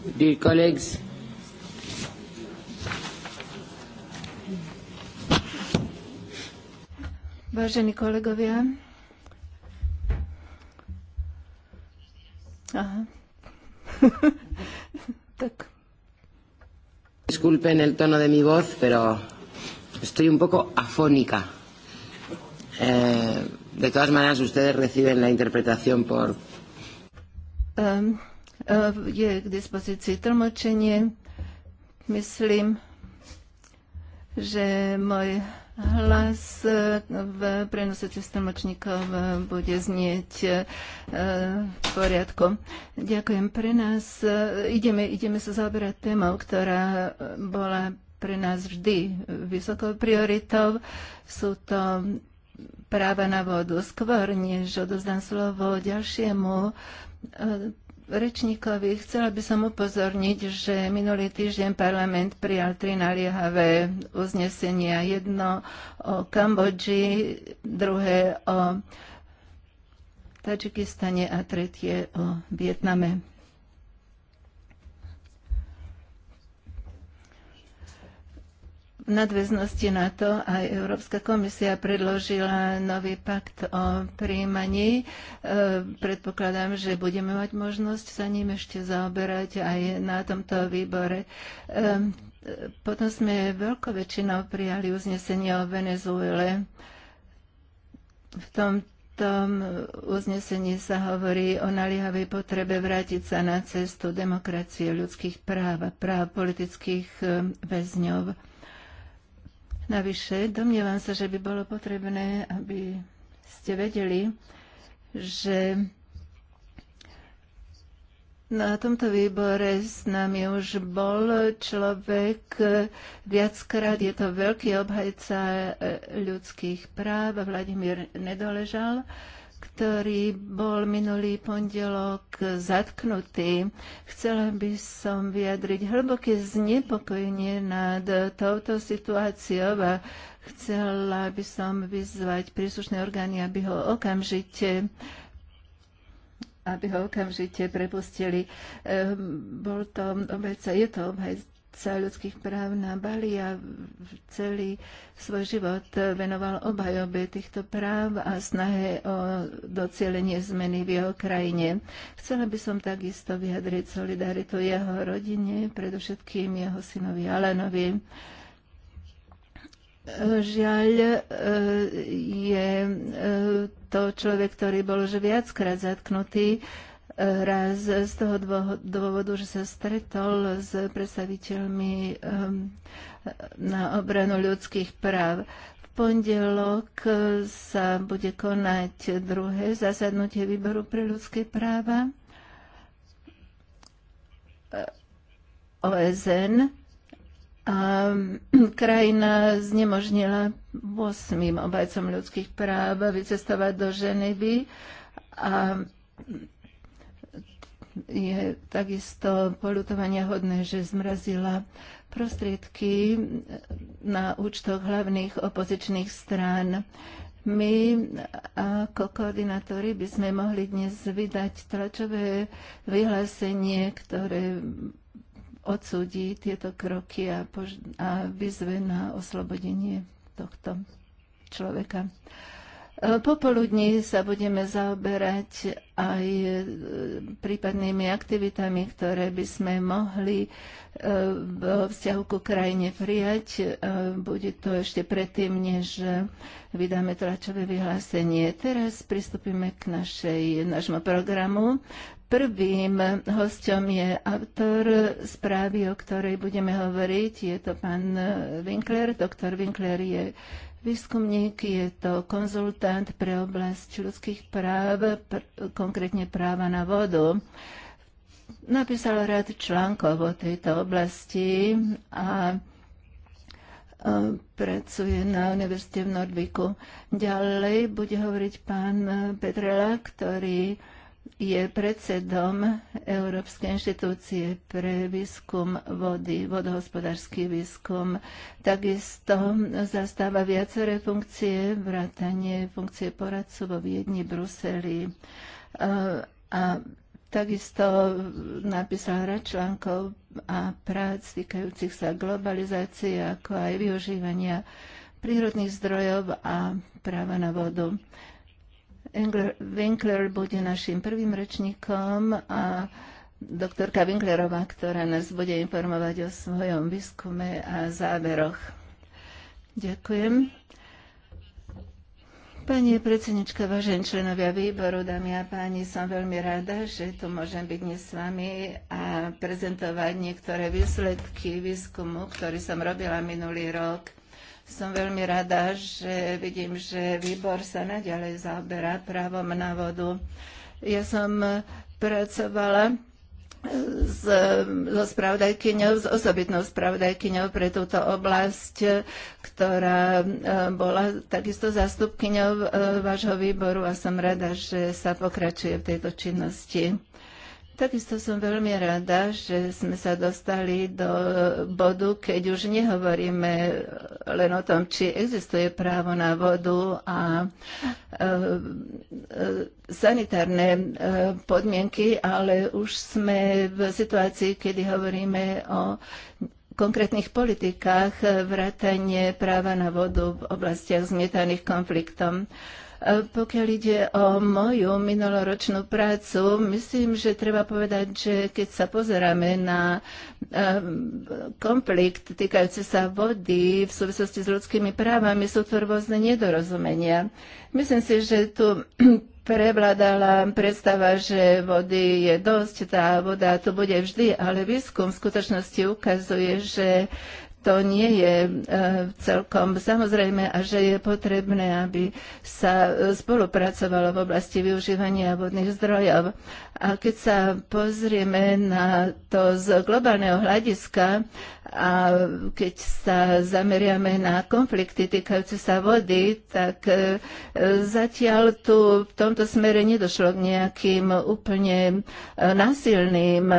Dear colleagues, Vážení kolegovia, Aha. tak. Disculpen el tono de mi voz, pero estoy un poco afónica. Eh, de todas maneras, ustedes reciben la interpretación por. Um Eh, je k dispozícii tlmočenie. Myslím, že môj hlas eh, v prenose cez tlmočníkov eh, bude znieť v poriadku. Ďakujem pre nás. Ideme, ideme sa zaoberať témou, ktorá bola pre nás vždy vysokou prioritou. Sú to práva na vodu. Skôr, než odozdám slovo ďalšiemu rečníkovi. Chcela by som upozorniť, že minulý týždeň parlament prijal tri naliehavé uznesenia. Jedno o Kambodži, druhé o Tadžikistane a tretie o Vietname. V nadväznosti na to aj Európska komisia predložila nový pakt o príjmaní. E, predpokladám, že budeme mať možnosť sa ním ešte zaoberať aj na tomto výbore. E, potom sme veľkou väčšinou prijali uznesenie o Venezuele. V tom tom uznesení sa hovorí o naliehavej potrebe vrátiť sa na cestu demokracie ľudských práv a práv politických e, väzňov. Navyše, domnievam sa, že by bolo potrebné, aby ste vedeli, že na tomto výbore s nami už bol človek viackrát. Je to veľký obhajca ľudských práv, Vladimír Nedoležal ktorý bol minulý pondelok zatknutý. Chcela by som vyjadriť hlboké znepokojenie nad touto situáciou a chcela by som vyzvať príslušné orgány, aby ho okamžite aby ho okamžite prepustili. Ehm, bol to obhajca, je to obhajca obhajca ľudských práv na Bali a celý svoj život venoval obhajobe týchto práv a snahe o docielenie zmeny v jeho krajine. Chcela by som takisto vyjadriť solidaritu jeho rodine, predovšetkým jeho synovi Alanovi. Žiaľ, e, je e, to človek, ktorý bol už viackrát zatknutý raz z toho dôvodu, že sa stretol s predstaviteľmi ehm, na obranu ľudských práv V pondelok sa bude konať druhé zasadnutie výboru pre ľudské práva OSN a krajina znemožnila 8 obajcom ľudských práv vycestovať do Ženevy a je takisto polutovania hodné, že zmrazila prostriedky na účtoch hlavných opozičných strán. My ako koordinátori by sme mohli dnes vydať tlačové vyhlásenie, ktoré odsúdi tieto kroky a, pož- a vyzve na oslobodenie tohto človeka. E, popoludní sa budeme zaoberať aj e, prípadnými aktivitami, ktoré by sme mohli e, vo vzťahu ku krajine prijať. Bude to ešte predtým, než vydáme tlačové vyhlásenie. Teraz pristúpime k našej, našmu programu. Prvým hostom je autor správy, o ktorej budeme hovoriť. Je to pán Winkler. Doktor Winkler je Výskumník je to konzultant pre oblasť ľudských práv, pr- konkrétne práva na vodu. Napísal rád článkov o tejto oblasti a e, pracuje na Univerzite v Nordviku. Ďalej bude hovoriť pán Petrela, ktorý je predsedom Európskej inštitúcie pre výskum vody, vodohospodársky výskum. Takisto zastáva viaceré funkcie, vrátanie funkcie poradcu vo Viedni, Bruseli. A, a Takisto napísal rad článkov a prác týkajúcich sa globalizácie, ako aj využívania prírodných zdrojov a práva na vodu. Winkler bude našim prvým rečníkom a doktorka Winklerová, ktorá nás bude informovať o svojom výskume a záveroch. Ďakujem. Pani predsednička, vážení členovia výboru, dámy a páni, som veľmi rada, že tu môžem byť dnes s vami a prezentovať niektoré výsledky výskumu, ktorý som robila minulý rok som veľmi rada, že vidím, že výbor sa naďalej zaoberá právom na vodu. Ja som pracovala s, so spravodajkyňou, s osobitnou spravodajkyňou pre túto oblasť, ktorá e, bola takisto zastupkyňou e, vášho výboru a som rada, že sa pokračuje v tejto činnosti. Takisto som veľmi rada, že sme sa dostali do bodu, keď už nehovoríme len o tom, či existuje právo na vodu a e, e, sanitárne e, podmienky, ale už sme v situácii, kedy hovoríme o konkrétnych politikách e, vrátanie práva na vodu v oblastiach zmietaných konfliktom. E, pokiaľ ide o moju minuloročnú prácu, myslím, že treba povedať, že keď sa pozeráme na e, konflikt týkajúci sa vody v súvislosti s ľudskými právami, sú to rôzne nedorozumenia. Myslím si, že tu prevládala predstava, že vody je dosť, tá voda tu bude vždy, ale výskum v skutočnosti ukazuje, že to nie je e, celkom samozrejme a že je potrebné, aby sa e, spolupracovalo v oblasti využívania vodných zdrojov. A keď sa pozrieme na to z globálneho hľadiska a keď sa zameriame na konflikty týkajúce sa vody, tak e, zatiaľ tu v tomto smere nedošlo k nejakým úplne e, násilným e,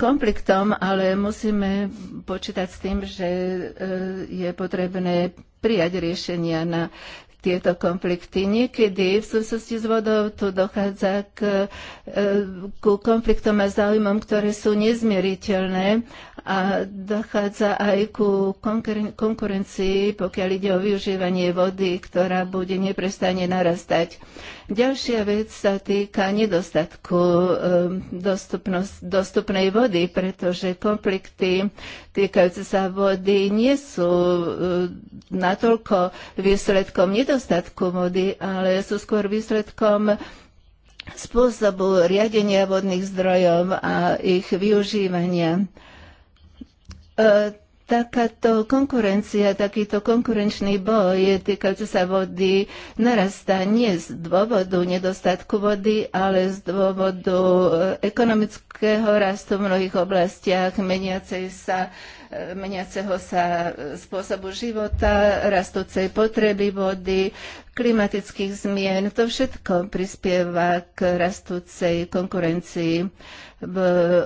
konfliktom, ale musíme počítať s tým, že je potrebné prijať riešenia na tieto konflikty. Niekedy v súvislosti s vodou tu dochádza k, e, ku konfliktom a záujmom, ktoré sú nezmieriteľné a dochádza aj ku konkurencii, pokiaľ ide o využívanie vody, ktorá bude neprestane narastať. Ďalšia vec sa týka nedostatku ehm, dostupnej vody, pretože konflikty týkajúce sa vody nie sú ehm, natoľko výsledkom nedostatku vody, ale sú skôr výsledkom spôsobu riadenia vodných zdrojov a ich využívania. E, takáto konkurencia, takýto konkurenčný boj týkajúci sa vody narastá nie z dôvodu nedostatku vody, ale z dôvodu e, ekonomického rastu v mnohých oblastiach, meniacej sa meniaceho sa spôsobu života, rastúcej potreby vody, klimatických zmien. To všetko prispieva k rastúcej konkurencii v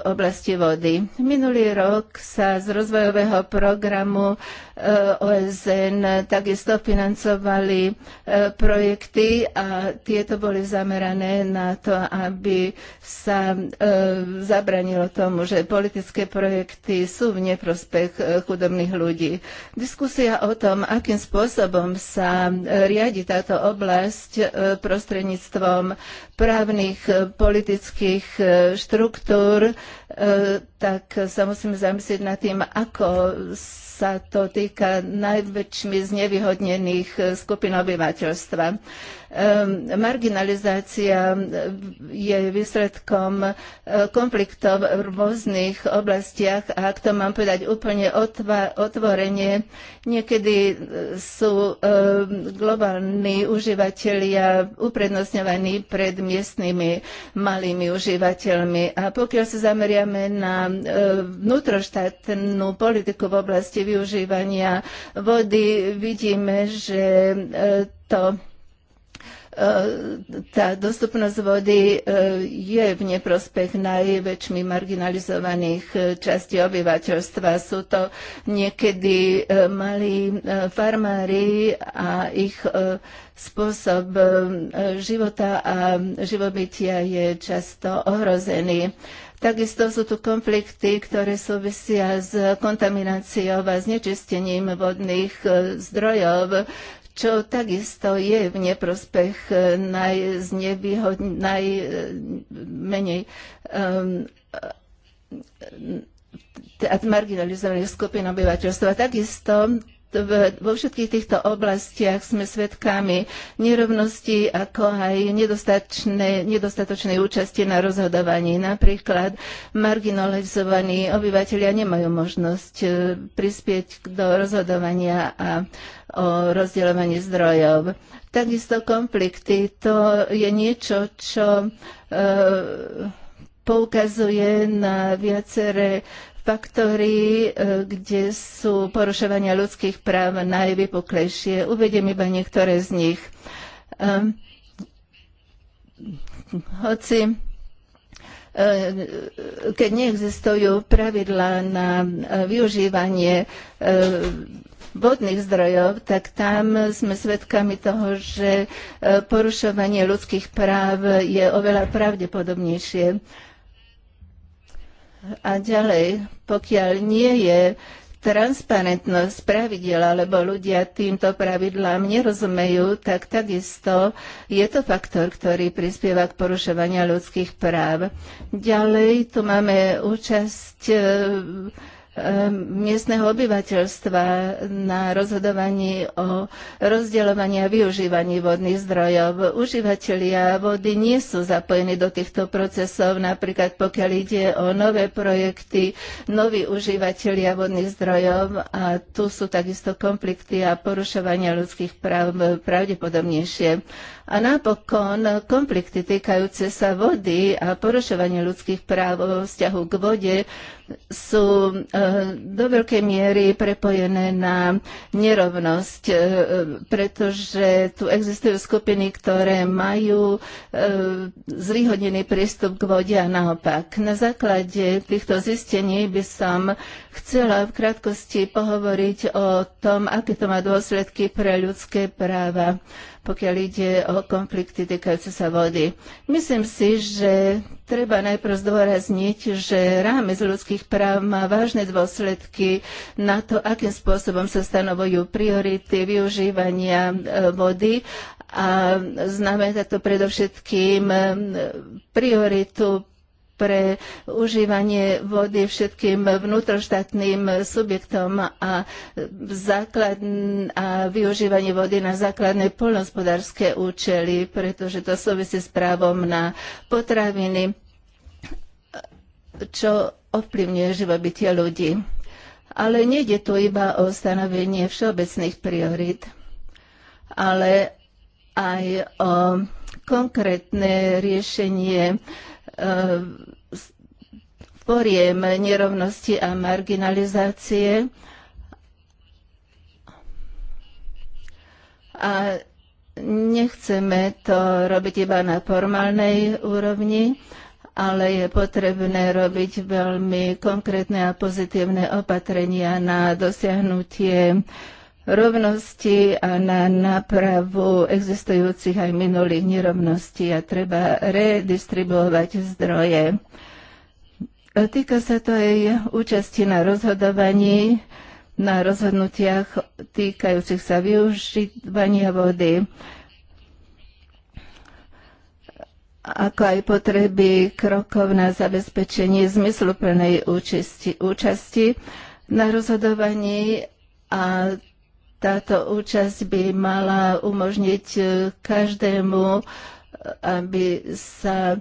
oblasti vody. Minulý rok sa z rozvojového programu eh, OSN takisto financovali eh, projekty a tieto boli zamerané na to, aby sa eh, zabranilo tomu, že politické projekty sú v neprospech prospech e, chudobných ľudí. Diskusia o tom, akým spôsobom sa e, riadi táto oblasť e, prostredníctvom právnych politických štruktúr, tak sa musíme zamyslieť nad tým, ako sa to týka najväčšmi znevýhodnených skupín obyvateľstva. Marginalizácia je výsledkom e, konfliktov v rôznych oblastiach a ak to mám povedať úplne otvorene, niekedy e, sú globálni užívateľia uprednostňovaní pred miestnymi malými užívateľmi. A pokiaľ sa zameriame na e, vnútroštátnu politiku v oblasti využívania vody, vidíme, že to tá dostupnosť vody e, je v neprospech najväčšmi marginalizovaných e, častí obyvateľstva. Sú to niekedy e, malí farmári a ich spôsob života a živobytia je často ohrozený. Takisto sú tu konflikty, ktoré súvisia s kontamináciou a znečistením vodných zdrojov čo takisto je v neprospech eh, najznevýhod, najmenej um, marginalizovaných skupín obyvateľstva. Takisto vo všetkých týchto oblastiach sme svedkami nerovnosti, ako aj nedostatočnej účasti na rozhodovaní. Napríklad marginalizovaní obyvateľia nemajú možnosť e, prispieť do rozhodovania a o rozdeľovaní zdrojov. Takisto konflikty, to je niečo, čo e, poukazuje na viaceré faktory, e, kde sú porušovania ľudských práv najvypuklejšie. Uvediem iba niektoré z nich. Ehm, hoci e, keď neexistujú pravidlá na e, využívanie vodných zdrojov, tak tam sme svedkami toho, že porušovanie ľudských práv je oveľa pravdepodobnejšie a ďalej, pokiaľ nie je transparentnosť pravidel, alebo ľudia týmto pravidlám nerozumejú, tak takisto je to faktor, ktorý prispieva k porušovania ľudských práv. Ďalej tu máme účasť e, miestneho obyvateľstva na rozhodovaní o rozdeľovaní a využívaní vodných zdrojov. Užívateľia vody nie sú zapojení do týchto procesov, napríklad pokiaľ ide o nové projekty, noví užívateľia vodných zdrojov a tu sú takisto konflikty a porušovania ľudských práv pravdepodobnejšie. A napokon konflikty týkajúce sa vody a porušovanie ľudských práv vo vzťahu k vode sú e, do veľkej miery prepojené na nerovnosť, e, pretože tu existujú skupiny, ktoré majú e, zvýhodnený prístup k vode a naopak. Na základe týchto zistení by som chcela v krátkosti pohovoriť o tom, aké to má dôsledky pre ľudské práva pokiaľ ide o konflikty týkajúce sa vody. Myslím si, že treba najprv zdôrazniť, že rámec ľudských práv má vážne dôsledky na to, akým spôsobom sa stanovujú priority využívania e, vody a znamená to predovšetkým e, prioritu pre užívanie vody všetkým vnútroštátnym subjektom a, základ, a využívanie vody na základné polnospodárske účely, pretože to súvisí s právom na potraviny, čo ovplyvňuje živobytie ľudí. Ale nejde tu iba o stanovenie všeobecných priorit, ale aj o konkrétne riešenie uh, E, poriem nerovnosti a marginalizácie. A nechceme to robiť iba na formálnej úrovni, ale je potrebné robiť veľmi konkrétne a pozitívne opatrenia na dosiahnutie uh, rovnosti a na napravu existujúcich aj minulých nerovností a treba redistribuovať zdroje. Týka sa to aj účasti na rozhodovaní, na rozhodnutiach týkajúcich sa využívania vody ako aj potreby krokov na zabezpečenie zmysluplnej účasti, účasti na rozhodovaní a táto účasť by mala umožniť e, každému, e, aby sa e,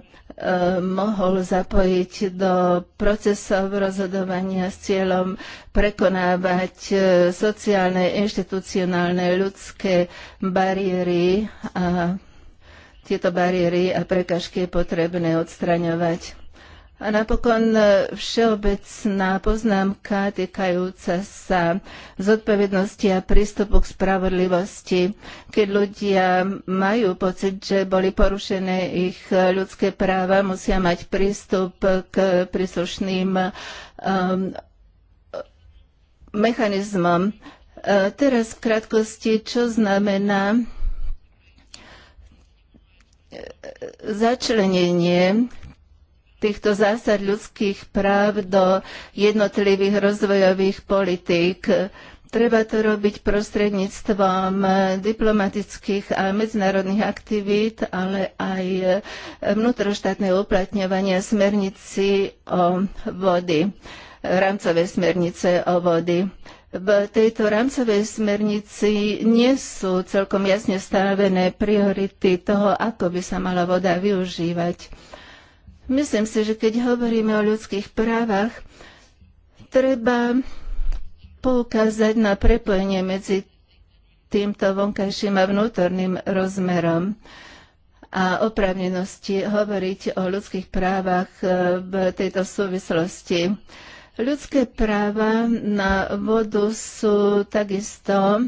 mohol zapojiť do procesov rozhodovania s cieľom prekonávať sociálne, inštitucionálne, ľudské bariéry a tieto bariéry a prekažky je potrebné odstraňovať. A napokon e, všeobecná poznámka týkajúca sa zodpovednosti a prístupu k spravodlivosti, keď ľudia majú pocit, že boli porušené ich ľudské práva, musia mať prístup k príslušným um, mechanizmom. E, teraz v krátkosti, čo znamená e, začlenenie týchto zásad ľudských práv do jednotlivých rozvojových politík. Treba to robiť prostredníctvom diplomatických a medzinárodných aktivít, ale aj vnútroštátne uplatňovania smernici o vody, rámcové smernice o vody. V tejto rámcovej smernici nie sú celkom jasne stanovené priority toho, ako by sa mala voda využívať Myslím si, že keď hovoríme o ľudských právach, treba poukázať na prepojenie medzi týmto vonkajším a vnútorným rozmerom a oprávnenosti hovoriť o ľudských právach e, v tejto súvislosti. Ľudské práva na vodu sú takisto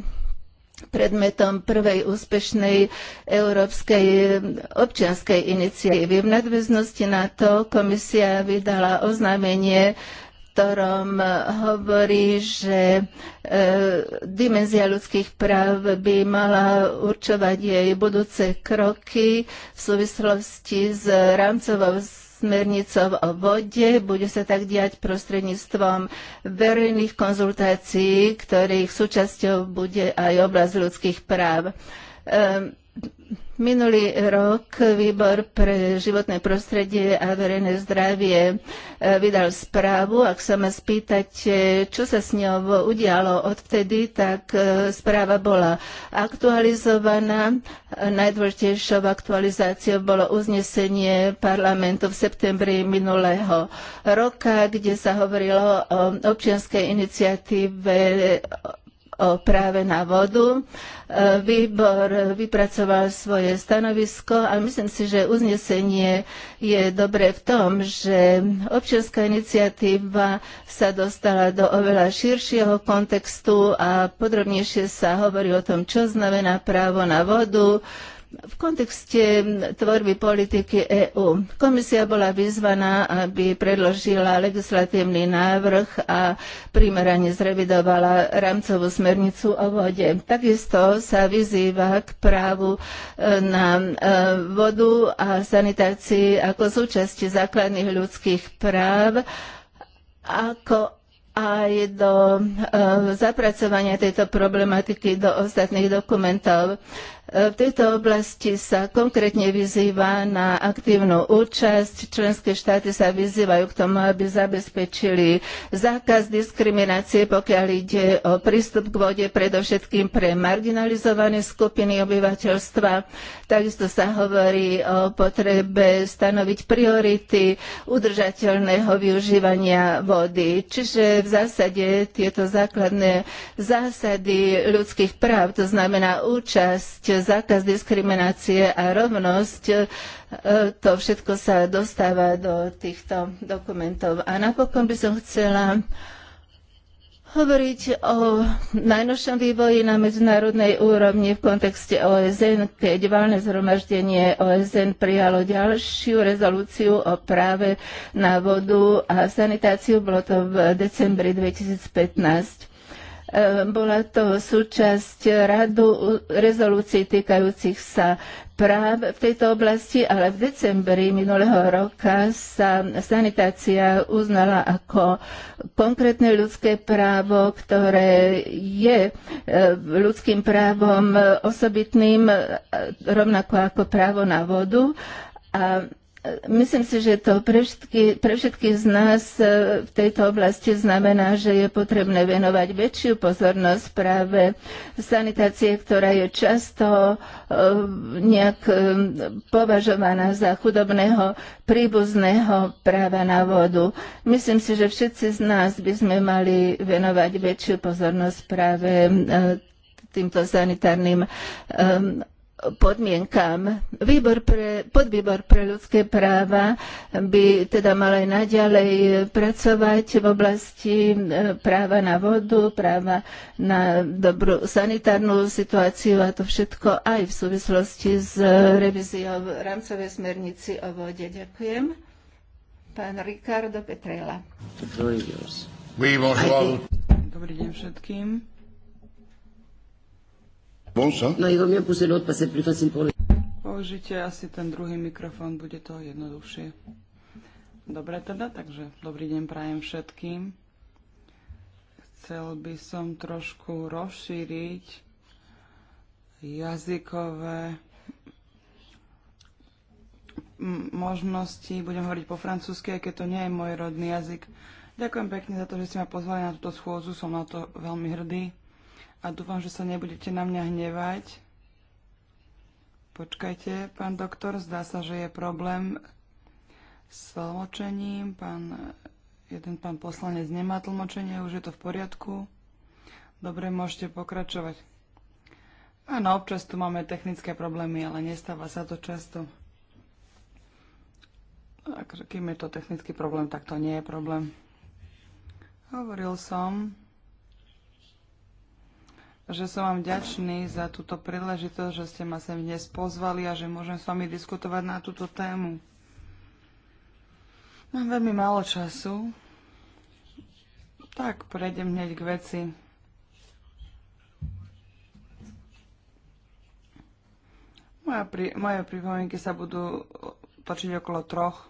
predmetom prvej úspešnej európskej občianskej iniciatívy. V nadväznosti na to komisia vydala oznámenie ktorom hovorí, že e, dimenzia ľudských práv by mala určovať jej budúce kroky v súvislosti s rámcovou smernicou o vode. Bude sa tak diať prostredníctvom verejných konzultácií, ktorých súčasťou bude aj oblasť ľudských práv. Um, Minulý rok výbor pre životné prostredie a verejné zdravie e, vydal správu. Ak sa ma spýtate, čo sa s ňou udialo odvtedy, tak e, správa bola aktualizovaná. Najdôležitejšou aktualizáciou bolo uznesenie parlamentu v septembri minulého roka, kde sa hovorilo o občianskej iniciatíve o práve na vodu. E, výbor vypracoval svoje stanovisko a myslím si, že uznesenie je dobré v tom, že občianská iniciatíva sa dostala do oveľa širšieho kontextu a podrobnejšie sa hovorí o tom, čo znamená právo na vodu, v kontexte tvorby politiky EÚ. Komisia bola vyzvaná, aby predložila legislatívny návrh a primerane zrevidovala rámcovú smernicu o vode. Takisto sa vyzýva k právu e, na e, vodu a sanitácii ako súčasti základných ľudských práv ako aj do e, zapracovania tejto problematiky do ostatných dokumentov. E, v tejto oblasti sa konkrétne vyzýva na aktívnu účasť. Členské štáty sa vyzývajú k tomu, aby zabezpečili zákaz diskriminácie, pokiaľ ide o prístup k vode, predovšetkým pre marginalizované skupiny obyvateľstva. Takisto sa hovorí o potrebe stanoviť priority udržateľného využívania vody. Čiže v zásade tieto základné zásady ľudských práv, to znamená účasť, zákaz diskriminácie a rovnosť, e, to všetko sa dostáva do týchto dokumentov. A napokon by som chcela hovoriť o najnovšom vývoji na medzinárodnej úrovni v kontexte OSN, keď valné zhromaždenie OSN prijalo ďalšiu rezolúciu o práve na vodu a sanitáciu, bolo to v decembri 2015. Ehm, bola to súčasť radu rezolúcií týkajúcich sa práv v tejto oblasti, ale v decembri minulého roka sa sanitácia uznala ako konkrétne ľudské právo, ktoré je ehm, ľudským právom osobitným, rovnako ako právo na vodu. A Myslím si, že to pre, všetky, pre všetky z nás e, v tejto oblasti znamená, že je potrebné venovať väčšiu pozornosť práve sanitácie, ktorá je často e, nejak e, považovaná za chudobného príbuzného práva na vodu. Myslím si, že všetci z nás by sme mali venovať väčšiu pozornosť práve týmto sanitárnym podmienkam. Výbor pre, podvýbor pre ľudské práva by teda mal aj naďalej pracovať v oblasti e, práva na vodu, práva na dobrú sanitárnu situáciu a to všetko aj v súvislosti s revíziou rámcovej smernici o vode. Ďakujem. Pán Ricardo Petrela. Dobrý deň všetkým. No, Použite asi ten druhý mikrofón, bude to jednoduchšie. Dobre teda, takže dobrý deň prajem všetkým. Chcel by som trošku rozšíriť jazykové možnosti. Budem hovoriť po francúzsky, aj keď to nie je môj rodný jazyk. Ďakujem pekne za to, že ste ma pozvali na túto schôzu. Som na to veľmi hrdý a dúfam, že sa nebudete na mňa hnevať. Počkajte, pán doktor, zdá sa, že je problém s tlmočením. Pán, jeden pán poslanec nemá tlmočenie, už je to v poriadku. Dobre, môžete pokračovať. Áno, občas tu máme technické problémy, ale nestáva sa to často. Ak, kým je to technický problém, tak to nie je problém. Hovoril som, že som vám vďačný za túto príležitosť, že ste ma sem dnes pozvali a že môžem s vami diskutovať na túto tému. Mám veľmi málo času, tak prejdem hneď k veci. Moja pri, moje pripomienky sa budú točiť okolo troch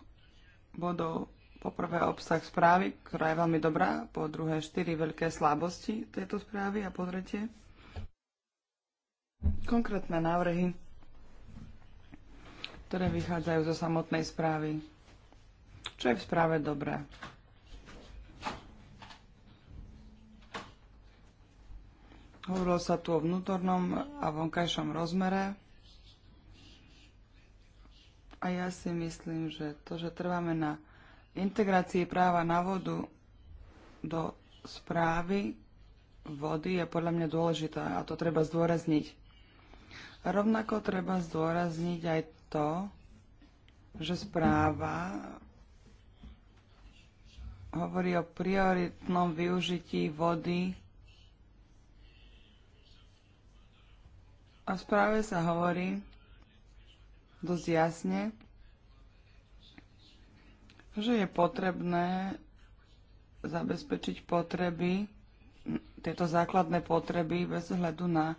bodov. Po prvé obsah správy, ktorá je veľmi dobrá, po druhé štyri veľké slabosti tejto správy a po tretie Konkrétne návrhy, ktoré vychádzajú zo samotnej správy. Čo je v správe dobré? Hovorilo sa tu o vnútornom a vonkajšom rozmere. A ja si myslím, že to, že trváme na integrácii práva na vodu do správy vody je podľa mňa dôležité a to treba zdôrazniť. Rovnako treba zdôrazniť aj to, že správa hovorí o prioritnom využití vody a v správe sa hovorí dosť jasne, že je potrebné zabezpečiť potreby, tieto základné potreby bez ohľadu na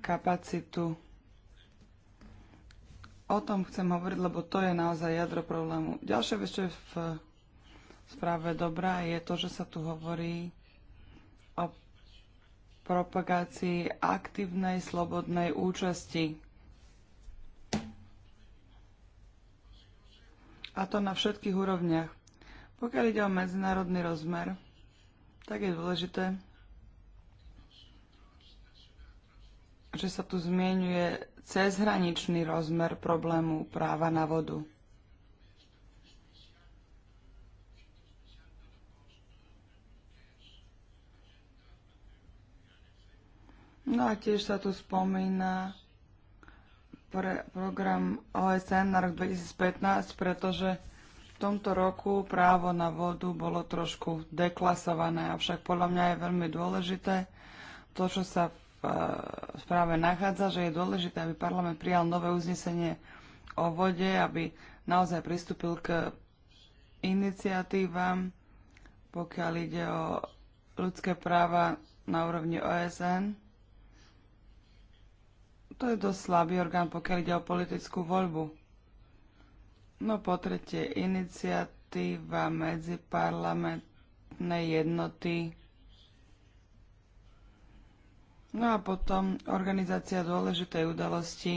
kapacitu. O tom chcem hovoriť, lebo to je naozaj jadro problému. Ďalšia vec, čo je v správe dobrá, je to, že sa tu hovorí o propagácii aktívnej slobodnej účasti. A to na všetkých úrovniach. Pokiaľ ide o medzinárodný rozmer, tak je dôležité, že sa tu zmienuje cezhraničný rozmer problému práva na vodu. No a tiež sa tu spomína pre program OSN na rok 2015, pretože v tomto roku právo na vodu bolo trošku deklasované, avšak podľa mňa je veľmi dôležité to, čo sa v Eh, správe nachádza, že je dôležité, aby parlament prijal nové uznesenie o vode, aby naozaj pristúpil k iniciatívam, pokiaľ ide o ľudské práva na úrovni OSN. To je dosť slabý orgán, pokiaľ ide o politickú voľbu. No po tretie, iniciatíva medziparlamentnej jednoty No a potom organizácia dôležitej udalosti,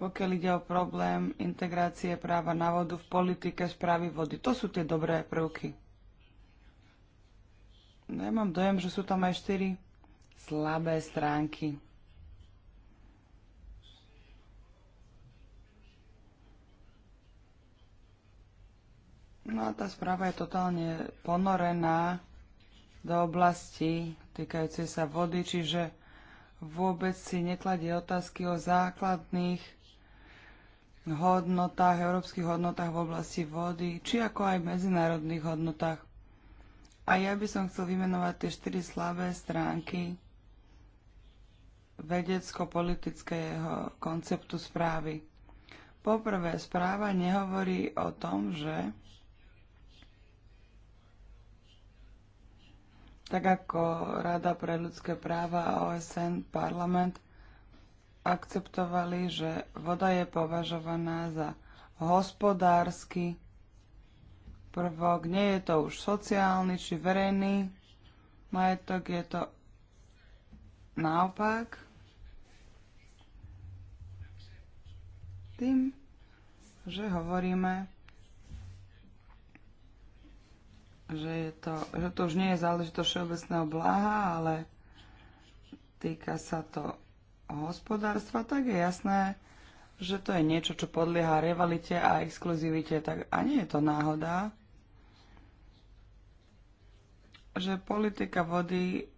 pokiaľ ide o problém integrácie práva na vodu v politike správy vody. To sú tie dobré prvky. No ja mám dojem, že sú tam aj štyri slabé stránky. No a tá správa je totálne ponorená do oblasti týkajúcej sa vody, čiže vôbec si nekladie otázky o základných hodnotách, európskych hodnotách v oblasti vody, či ako aj medzinárodných hodnotách. A ja by som chcel vymenovať tie štyri slabé stránky vedecko-politického konceptu správy. Poprvé, správa nehovorí o tom, že tak ako Rada pre ľudské práva a OSN parlament akceptovali, že voda je považovaná za hospodársky prvok, nie je to už sociálny či verejný majetok, je to naopak. Tým, že hovoríme že, je to, že to už nie je záležitosť všeobecného bláha, ale týka sa to hospodárstva, tak je jasné, že to je niečo, čo podlieha rivalite a exkluzivite, tak a nie je to náhoda, že politika vody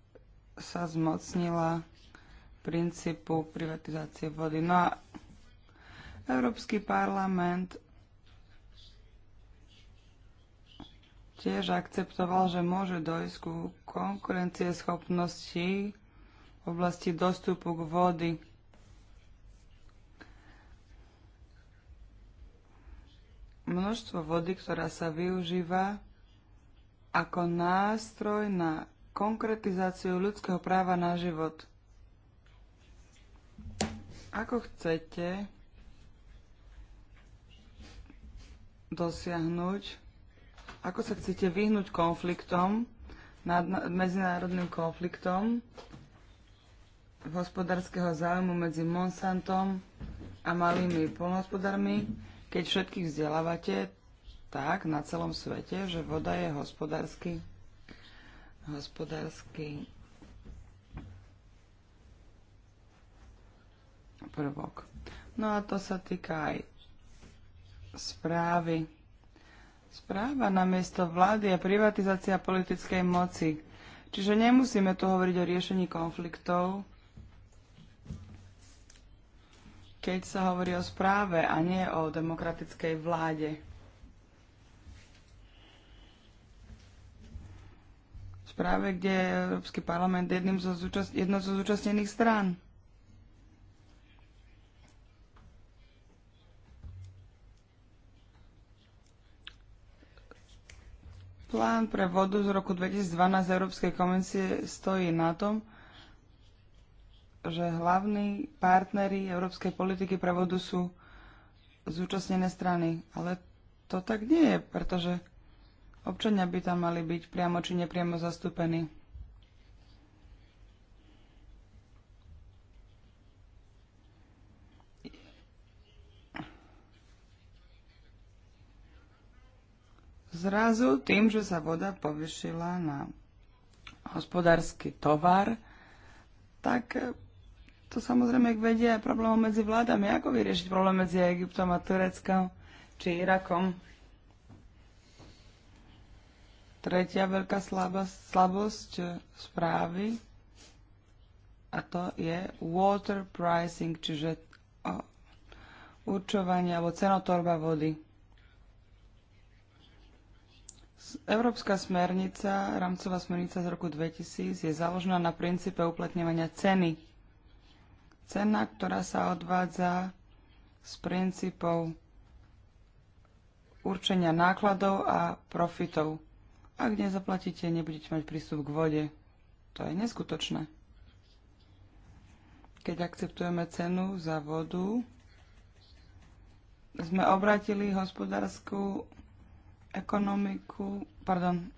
sa zmocnila princípu privatizácie vody. No a Európsky parlament tiež akceptoval, že môže dojsť ku schopností v oblasti dostupu k vody. Množstvo vody, ktorá sa využíva ako nástroj na konkretizáciu ľudského práva na život. Ako chcete dosiahnuť ako sa chcete vyhnúť konfliktom, nad, medzinárodným konfliktom hospodárskeho záujmu medzi Monsantom a malými polnohospodármi, keď všetkých vzdelávate tak na celom svete, že voda je hospodársky, hospodársky prvok. No a to sa týka aj správy správa na miesto vlády je privatizácia politickej moci. Čiže nemusíme tu hovoriť o riešení konfliktov, keď sa hovorí o správe a nie o demokratickej vláde. Správe, kde je Európsky parlament jedným zo zo zúčastnených strán. Plán pre vodu z roku 2012 Európskej komisie stojí na tom, že hlavní partnery európskej politiky pre vodu sú zúčastnené strany. Ale to tak nie je, pretože občania by tam mali byť priamo či nepriamo zastúpení. zrazu tým, že sa voda povyšila na hospodársky tovar, tak eh, to samozrejme vedie aj problémom medzi vládami. Ako vyriešiť problém medzi Egyptom a Tureckom či Irakom? Tretia veľká slabosť, slabosť eh, správy a to je water pricing, čiže eh, určovanie alebo cenotorba vody. Európska smernica, rámcová smernica z roku 2000 je založená na princípe uplatňovania ceny. Cena, ktorá sa odvádza z princípov určenia nákladov a profitov. Ak nezaplatíte, nebudete mať prístup k vode. To je neskutočné. Keď akceptujeme cenu za vodu, sme obratili hospodárskú ekonomiku, pardon,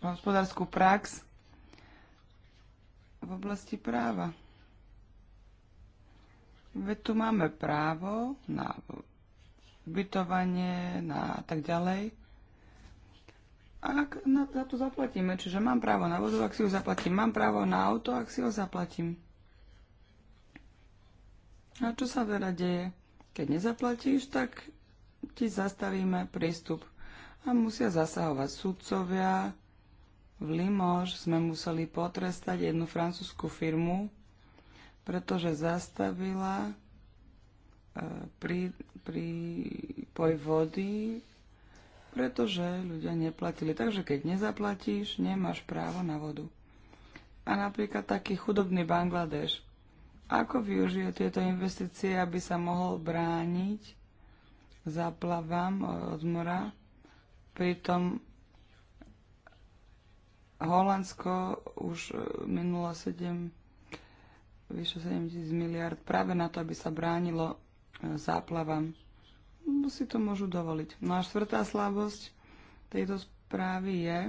hospodárskú prax v oblasti práva. Veď tu máme právo na ubytovanie, na tak ďalej. Ak na, za to zaplatíme, čiže mám právo na vodu, ak si ho zaplatím, mám právo na auto, ak si ho zaplatím. A čo sa teda deje? Keď nezaplatíš, tak ti zastavíme prístup a musia zasahovať sudcovia. V Limož sme museli potrestať jednu francúzsku firmu, pretože zastavila e, pri, pri poj vody, pretože ľudia neplatili. Takže keď nezaplatíš, nemáš právo na vodu. A napríklad taký chudobný Bangladeš. Ako využije tieto investície, aby sa mohol brániť zaplavám e, od mora? Pritom Holandsko už e, minulo 7, vyše 7 tisíc miliard práve na to, aby sa bránilo e, záplavám. No, si to môžu dovoliť. No a štvrtá slabosť tejto správy je,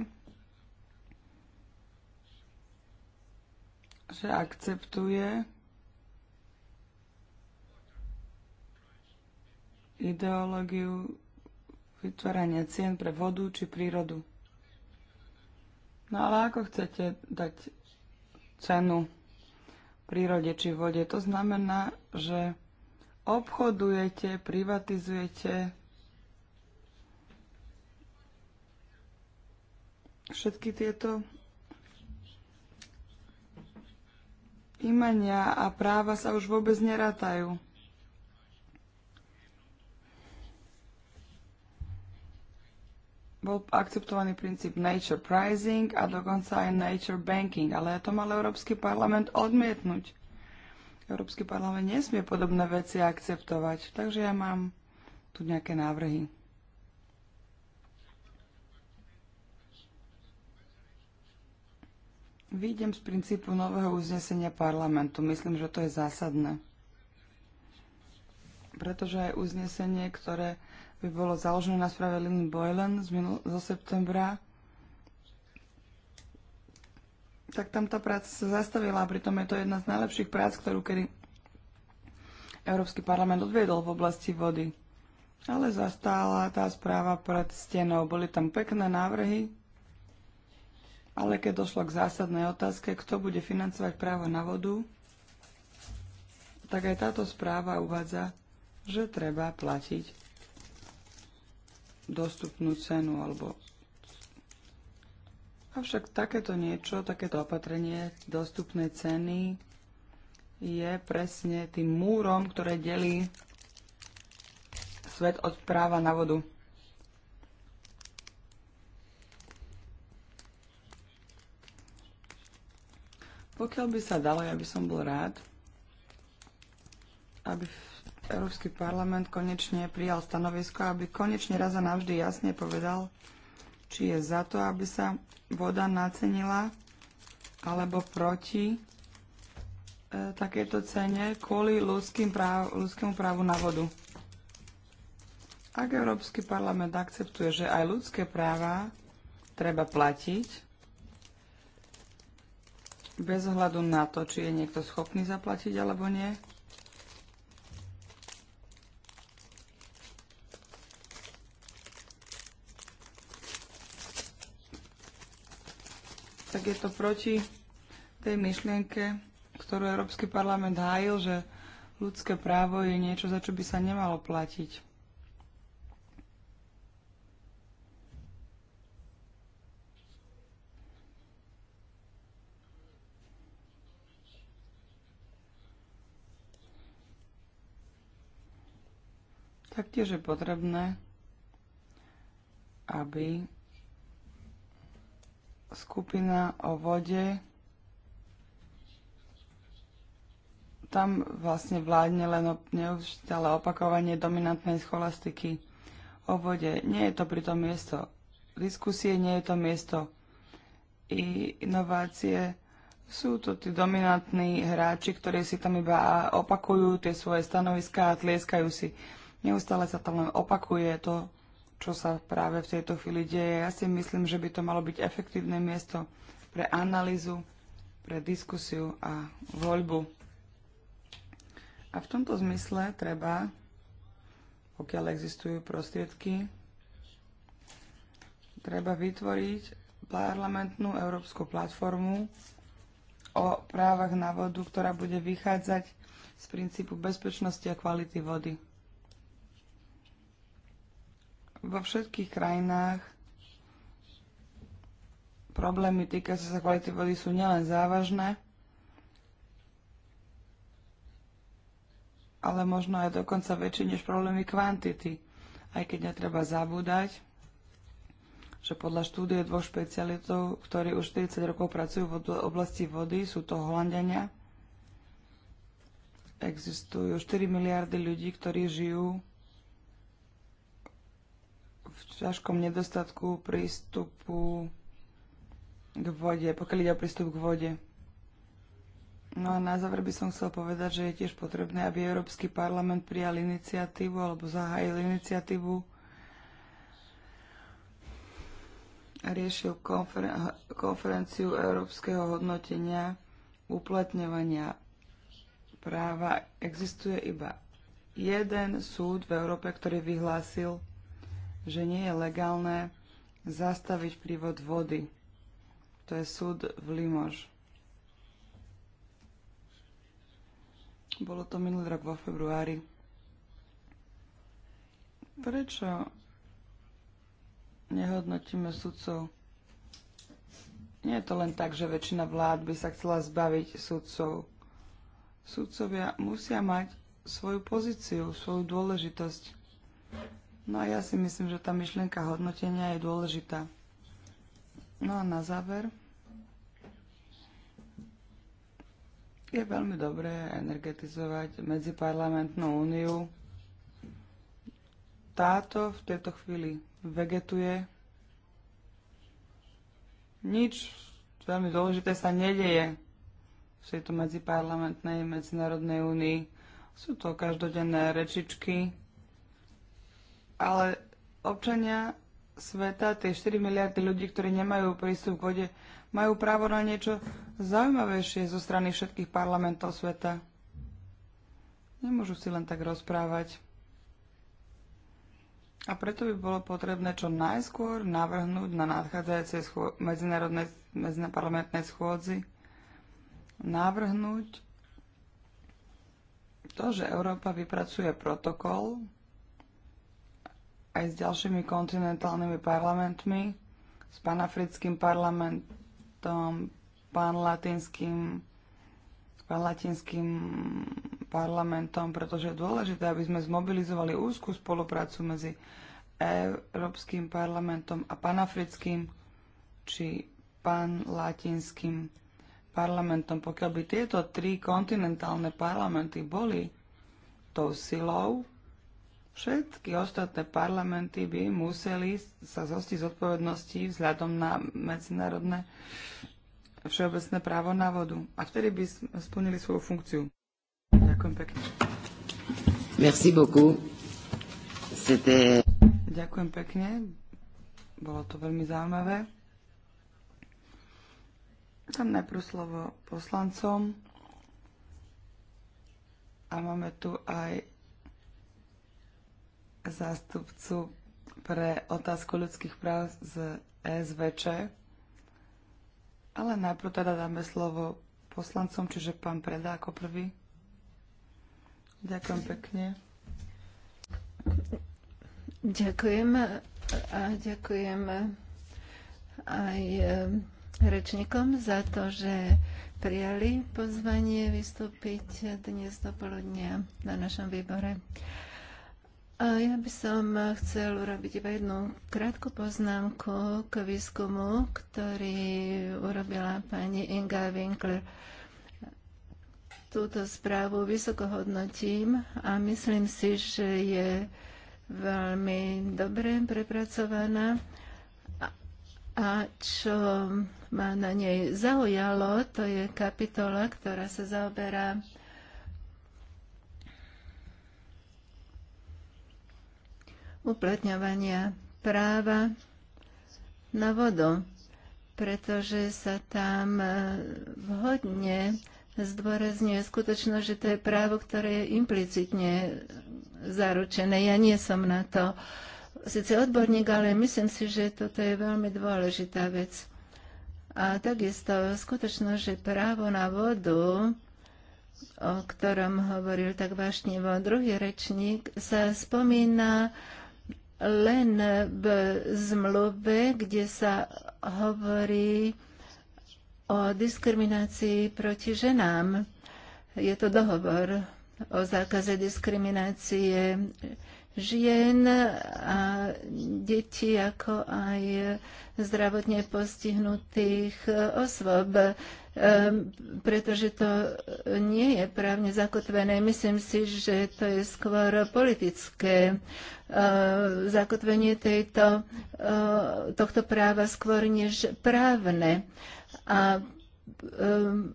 že akceptuje ideológiu vytvárania cien pre vodu či prírodu. No ale ako chcete dať cenu prírode či vode? To znamená, že obchodujete, privatizujete všetky tieto imania a práva sa už vôbec nerátajú. bol akceptovaný princíp nature pricing a dokonca aj nature banking, ale to mal Európsky parlament odmietnúť. Európsky parlament nesmie podobné veci akceptovať, takže ja mám tu nejaké návrhy. Výjdem z princípu nového uznesenia parlamentu. Myslím, že to je zásadné. Pretože aj uznesenie, ktoré by bolo založené na správe Lynn Boylan z, minul- zo septembra, tak tam tá práca sa zastavila a pritom je to jedna z najlepších prác, ktorú kedy Európsky parlament odviedol v oblasti vody. Ale zastála tá správa pred stenou. Boli tam pekné návrhy, ale keď došlo k zásadnej otázke, kto bude financovať právo na vodu, tak aj táto správa uvádza, že treba platiť dostupnú cenu alebo Avšak takéto niečo, takéto opatrenie dostupnej ceny je presne tým múrom, ktoré delí svet od práva na vodu. Pokiaľ by sa dalo, ja by som bol rád, aby Európsky parlament konečne prijal stanovisko, aby konečne raz a navždy jasne povedal, či je za to, aby sa voda nacenila, alebo proti e, takéto cene kvôli ľudským práv, ľudskému právu na vodu. Ak Európsky parlament akceptuje, že aj ľudské práva treba platiť, bez ohľadu na to, či je niekto schopný zaplatiť alebo nie, je to proti tej myšlienke, ktorú Európsky parlament hájil, že ľudské právo je niečo, za čo by sa nemalo platiť. Taktiež je potrebné, aby skupina o vode, tam vlastne vládne len neustále opakovanie dominantnej scholastiky o vode. Nie je to pritom miesto diskusie, nie je to miesto i inovácie. Sú to tí dominantní hráči, ktorí si tam iba opakujú tie svoje stanoviská a tlieskajú si. Neustále sa tam len opakuje to, čo sa práve v tejto chvíli deje. Ja si myslím, že by to malo byť efektívne miesto pre analýzu, pre diskusiu a voľbu. A v tomto zmysle treba, pokiaľ existujú prostriedky, treba vytvoriť parlamentnú európsku platformu o právach na vodu, ktorá bude vychádzať z princípu bezpečnosti a kvality vody vo všetkých krajinách problémy týkajúce sa kvality vody sú nielen závažné, ale možno aj dokonca väčšie než problémy kvantity. Aj keď netreba zabúdať, že podľa štúdie dvoch špecialitov, ktorí už 40 rokov pracujú v oblasti vody, sú to Holandiania, existujú 4 miliardy ľudí, ktorí žijú v ťažkom nedostatku prístupu k vode, pokiaľ ide o prístup k vode. No a na záver by som chcel povedať, že je tiež potrebné, aby Európsky parlament prijal iniciatívu alebo zahájil iniciatívu a riešil konferen- konferenciu Európskeho hodnotenia uplatňovania práva. Existuje iba jeden súd v Európe, ktorý vyhlásil že nie je legálne zastaviť prívod vody. To je súd v Limož. Bolo to minulý rok vo februári. Prečo nehodnotíme sudcov? Nie je to len tak, že väčšina vlád by sa chcela zbaviť sudcov. Sudcovia musia mať svoju pozíciu, svoju dôležitosť. No a ja si myslím, že tá myšlienka hodnotenia je dôležitá. No a na záver. Je veľmi dobré energetizovať medziparlamentnú úniu. Táto v tejto chvíli vegetuje. Nič veľmi dôležité sa nedeje v tejto medziparlamentnej medzinárodnej únii. Sú to každodenné rečičky, ale občania sveta, tie 4 miliardy ľudí, ktorí nemajú prístup k vode, majú právo na niečo zaujímavejšie zo strany všetkých parlamentov sveta. Nemôžu si len tak rozprávať. A preto by bolo potrebné čo najskôr navrhnúť na nadchádzajúcej schô- medzinárodnej medzinárodnej schôdzi navrhnúť to, že Európa vypracuje protokol, aj s ďalšími kontinentálnymi parlamentmi, s panafrickým parlamentom, pán latinským, pán latinským parlamentom, pretože je dôležité, aby sme zmobilizovali úzkú spoluprácu medzi Európskym parlamentom a panafrickým či panlatinským parlamentom. Pokiaľ by tieto tri kontinentálne parlamenty boli tou silou, Všetky ostatné parlamenty by museli sa zostiť odpovednosti vzhľadom na medzinárodné všeobecné právo na vodu. A vtedy by splnili svoju funkciu. Ďakujem pekne. Merci beaucoup. C'était... Ďakujem pekne. Bolo to veľmi zaujímavé. Tam najprv slovo poslancom. A máme tu aj zástupcu pre otázku ľudských práv z SVČ. Ale najprv teda dáme slovo poslancom, čiže pán Preda ako prvý. Ďakujem pekne. Ďakujem a ďakujem aj eh, rečníkom za to, že prijali pozvanie vystúpiť dnes do poludnia na našom výbore. Ja by som chcel urobiť iba jednu krátku poznámku k výskumu, ktorý urobila pani Inga Winkler. Túto správu vysoko hodnotím a myslím si, že je veľmi dobre prepracovaná. A čo ma na nej zaujalo, to je kapitola, ktorá sa zaoberá uplatňovania práva na vodu, pretože sa tam e, vhodne zdôrazňuje skutočnosť, že to je právo, ktoré je implicitne zaručené. Ja nie som na to síce odborník, ale myslím si, že toto je veľmi dôležitá vec. A takisto skutočnosť, že právo na vodu o ktorom hovoril tak vášnivo druhý rečník, sa spomína len v zmluve, kde sa hovorí o diskriminácii proti ženám. Je to dohovor o zákaze diskriminácie žien a detí, ako aj zdravotne postihnutých osôb. Ehm, pretože to nie je právne zakotvené. Myslím si, že to je skôr politické eh, zakotvenie tejto, eh, tohto práva skôr než právne. A ehm,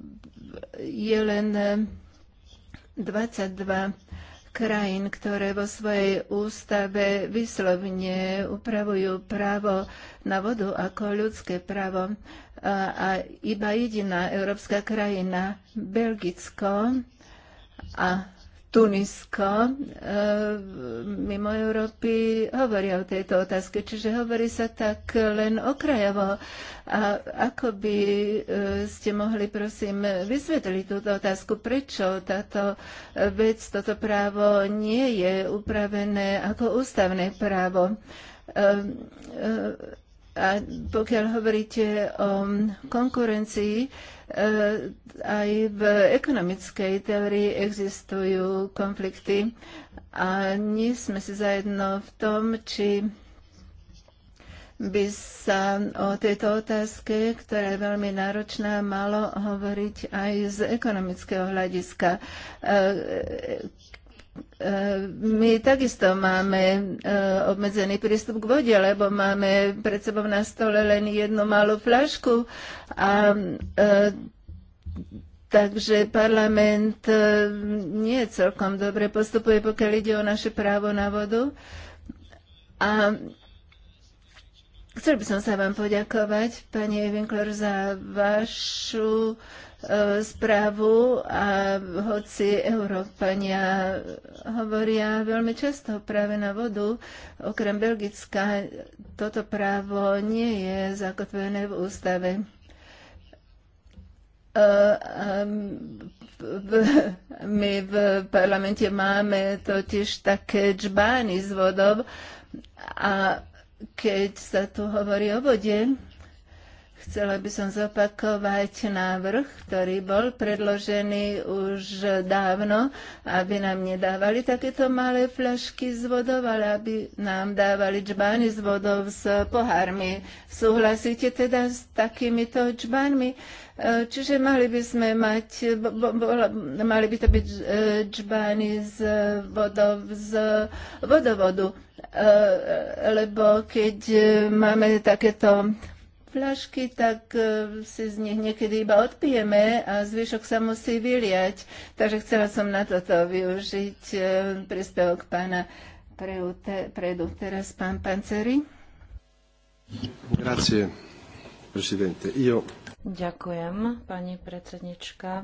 je len 22 eh, krajín, ktoré vo svojej ústave vyslovne upravujú právo na vodu ako ľudské právo. A, a iba jediná európska krajina, Belgicko, a Tunisko e, mimo Európy hovoria o tejto otázke, čiže hovorí sa tak len okrajovo. A ako by e, ste mohli, prosím, vysvetliť túto otázku, prečo táto vec, toto právo nie je upravené ako ústavné právo? E, a pokiaľ hovoríte o konkurencii, e, aj v ekonomickej teórii existujú konflikty a nie sme si zajedno v tom, či by sa o tejto otázke, ktorá je veľmi náročná, malo hovoriť aj z ekonomického hľadiska. E, my takisto máme eh, obmedzený prístup k vode, lebo máme pred sebou na stole len jednu malú flašku a eh, Takže parlament eh, nie celkom dobre postupuje, pokiaľ ide o naše právo na vodu. A chcel by som sa vám poďakovať, pani Winkler, za vašu E, správu a hoci Európania hovoria veľmi často práve na vodu, okrem Belgická toto právo nie je zakotvené v ústave. E, my v parlamente máme totiž také džbány z vodov a keď sa tu hovorí o vode, Chcela by som zopakovať návrh, ktorý bol predložený už dávno, aby nám nedávali takéto malé fľašky s vodou, ale aby nám dávali džbány s vodou s pohármi. Súhlasíte teda s takýmito džbánmi? E, čiže mali by sme mať, bo, bo, mali by to byť e, džbány z vodov, z vodovodu, e, lebo keď máme takéto fľašky, tak e, si z nich niekedy iba odpijeme a zvyšok sa musí vyliať. Takže chcela som na toto využiť e, príspevok pána Predu. Teraz pán Panceri. Grazie, presidente. Io... Ďakujem, pani predsednička.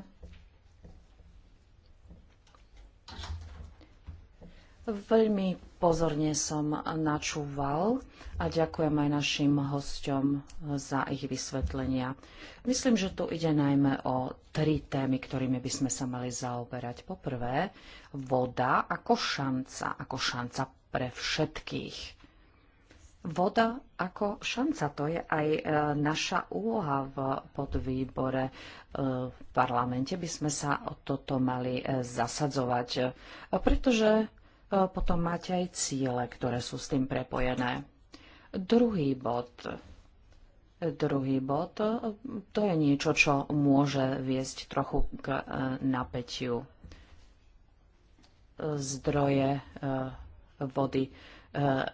Veľmi Pozorne som načúval a ďakujem aj našim hosťom za ich vysvetlenia. Myslím, že tu ide najmä o tri témy, ktorými by sme sa mali zaoberať. Poprvé, voda ako šanca, ako šanca pre všetkých. Voda ako šanca, to je aj e, naša úloha v podvýbore e, v parlamente, by sme sa o toto mali e, zasadzovať, pretože E, potom máte aj ciele, ktoré sú s tým prepojené. Druhý bod. Druhý bod, e, to je niečo, čo môže viesť trochu k e, napätiu zdroje vody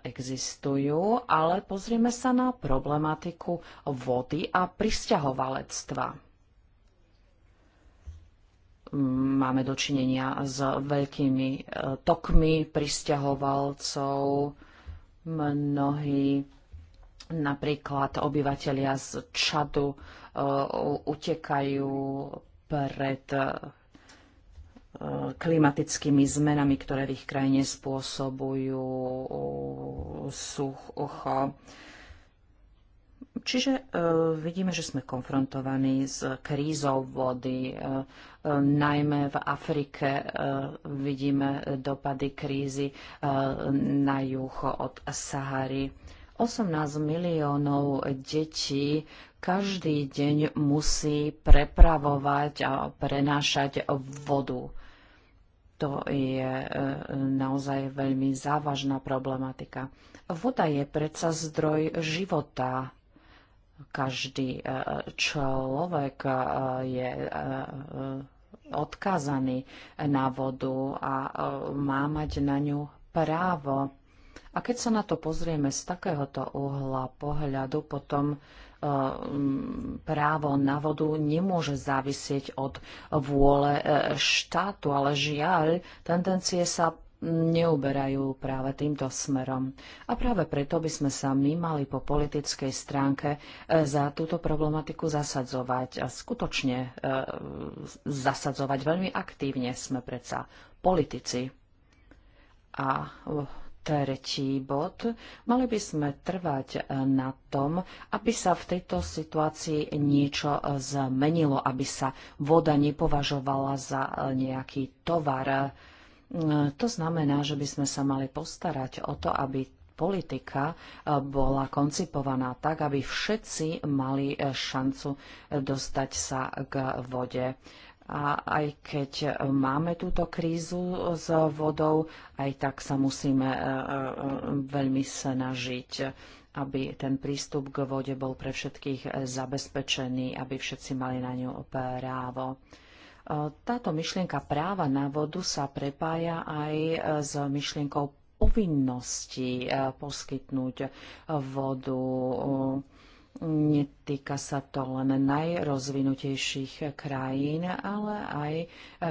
existujú, ale pozrieme sa na problematiku vody a prisťahovalectva. Máme dočinenia s veľkými e, tokmi pristahovalcov. Mnohí napríklad obyvateľia z Čadu e, utekajú pred e, klimatickými zmenami, ktoré v ich krajine spôsobujú sucho Čiže e, vidíme, že sme konfrontovaní s krízou vody, e, e, najmä v Afrike vidíme dopady krízy na juh od Sahary. 18 miliónov detí každý deň musí prepravovať a prenášať vodu. To je naozaj veľmi závažná problematika. Voda je predsa zdroj života každý e, človek e, je e, odkázaný na vodu a má mať na ňu právo. A keď sa na to pozrieme z takéhoto uhla pohľadu, potom právo na vodu nemôže závisieť od vôle štátu, ale žiaľ, tendencie sa neuberajú práve týmto smerom. A práve preto by sme sa my mali po politickej stránke e, za túto problematiku zasadzovať a skutočne e, zasadzovať veľmi aktívne sme predsa politici. A Tretí bod. Mali by sme trvať e, na tom, aby sa v tejto situácii niečo zmenilo, aby sa voda nepovažovala za nejaký tovar, to znamená, že by sme sa mali postarať o to, aby politika e, bola koncipovaná tak, aby všetci mali e, šancu e, dostať sa k vode. A aj keď máme túto krízu s vodou, aj tak sa musíme veľmi snažiť aby ten prístup k vode bol pre všetkých zabezpečený, aby všetci mali na ňu právo. Táto myšlienka práva na vodu sa prepája aj e, s myšlienkou povinnosti e, poskytnúť e, vodu Netýka sa to len najrozvinutejších krajín, ale aj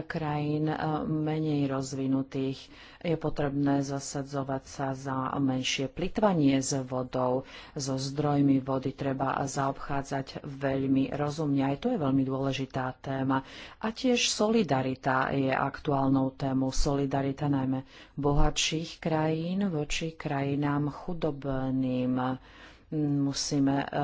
krajín eh, menej rozvinutých. Je potrebné zasadzovať sa za menšie plitvanie s vodou. So zdrojmi vody treba zaobchádzať veľmi rozumne. Aj to je veľmi dôležitá téma. A tiež solidarita je aktuálnou tému. Solidarita najmä bohatších krajín voči krajinám chudobným. Musíme e, e,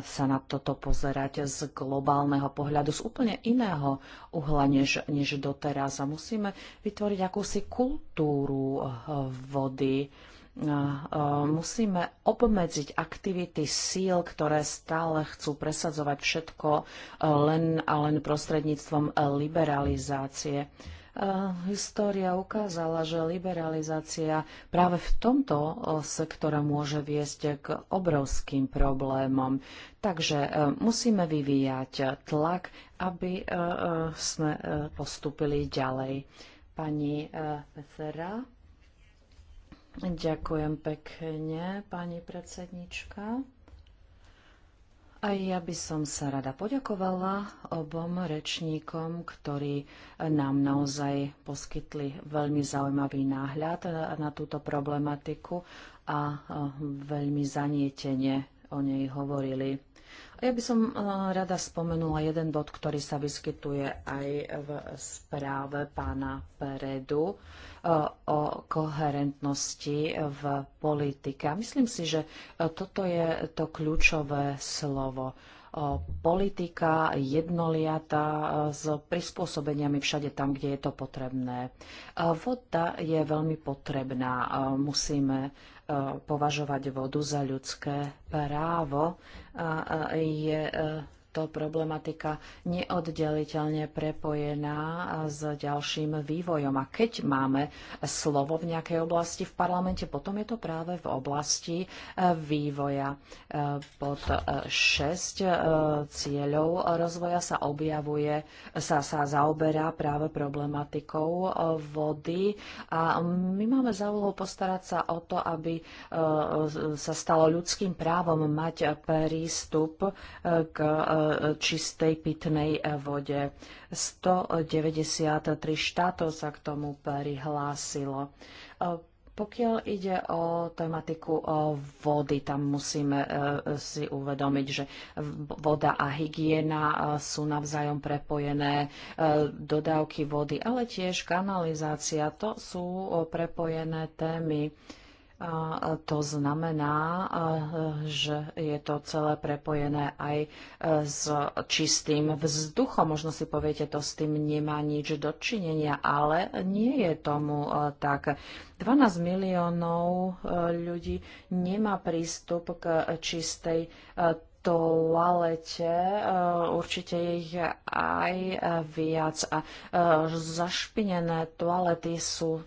sa na toto pozerať z globálneho pohľadu, z úplne iného uhla než, než doteraz. A musíme vytvoriť akúsi kultúru e, vody musíme obmedziť aktivity síl, ktoré stále chcú presadzovať všetko len a len prostredníctvom liberalizácie. História ukázala, že liberalizácia práve v tomto e, sektore môže viesť k obrovským problémom. Takže e, musíme vyvíjať tlak, aby e, sme postupili ďalej. Pani Fera. Ďakujem pekne, pani predsednička. Aj ja by som sa rada poďakovala obom rečníkom, ktorí nám naozaj poskytli veľmi zaujímavý náhľad na túto problematiku a veľmi zanietenie o nej hovorili. Ja by som eh, rada spomenula jeden bod, ktorý sa vyskytuje aj v správe pána Peredu o koherentnosti v politike. A myslím si, že e, toto je to kľúčové slovo politika jednoliata e, s prispôsobeniami všade tam, kde je to potrebné. E, voda je veľmi potrebná. Musíme považovať vodu za ľudské právo. Je táto problematika neoddeliteľne prepojená s ďalším vývojom. A keď máme slovo v nejakej oblasti v parlamente, potom je to práve v oblasti e, vývoja. E, pod e, šesť cieľov rozvoja sa objavuje, sa, sa zaoberá práve problematikou vody a my máme za úlohu postarať sa o to, aby sa stalo ľudským právom mať prístup k čistej pitnej vode. 193 štátov sa k tomu prihlásilo. E, pokiaľ ide o tematiku o vody, tam musíme e, si uvedomiť, že voda a hygiena e, sú navzájom prepojené, dodávky vody, ale tiež kanalizácia, to sú prepojené témy. To znamená, eh, že je to celé prepojené aj eh, s čistým vzduchom. Možno si poviete, to s tým nemá nič dočinenia, ale nie je tomu eh, tak. 12 miliónov ľudí nemá prístup k čistej toalete, určite ich aj viac. A zašpinené toalety sú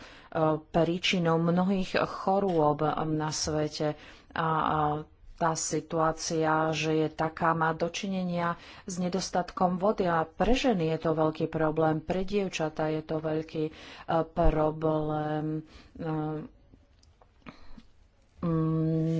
príčinou mnohých chorôb na svete. A tá situácia, že je taká, má dočinenia s nedostatkom vody a pre ženy je to veľký problém, pre dievčatá je to veľký eh, problém eh,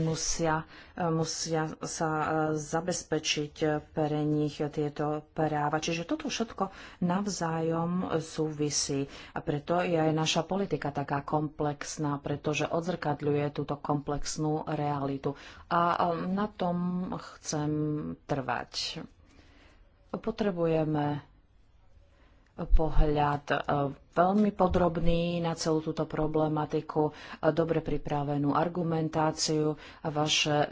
musia, e, musia sa e, zabezpečiť pre nich tieto práva. Čiže toto všetko navzájom súvisí a preto je aj naša politika taká komplexná, pretože odzrkadľuje túto komplexnú realitu. A e, na tom chcem trvať. Potrebujeme pohľad e, veľmi podrobný na celú túto problematiku, e, dobre pripravenú argumentáciu. Vaše e,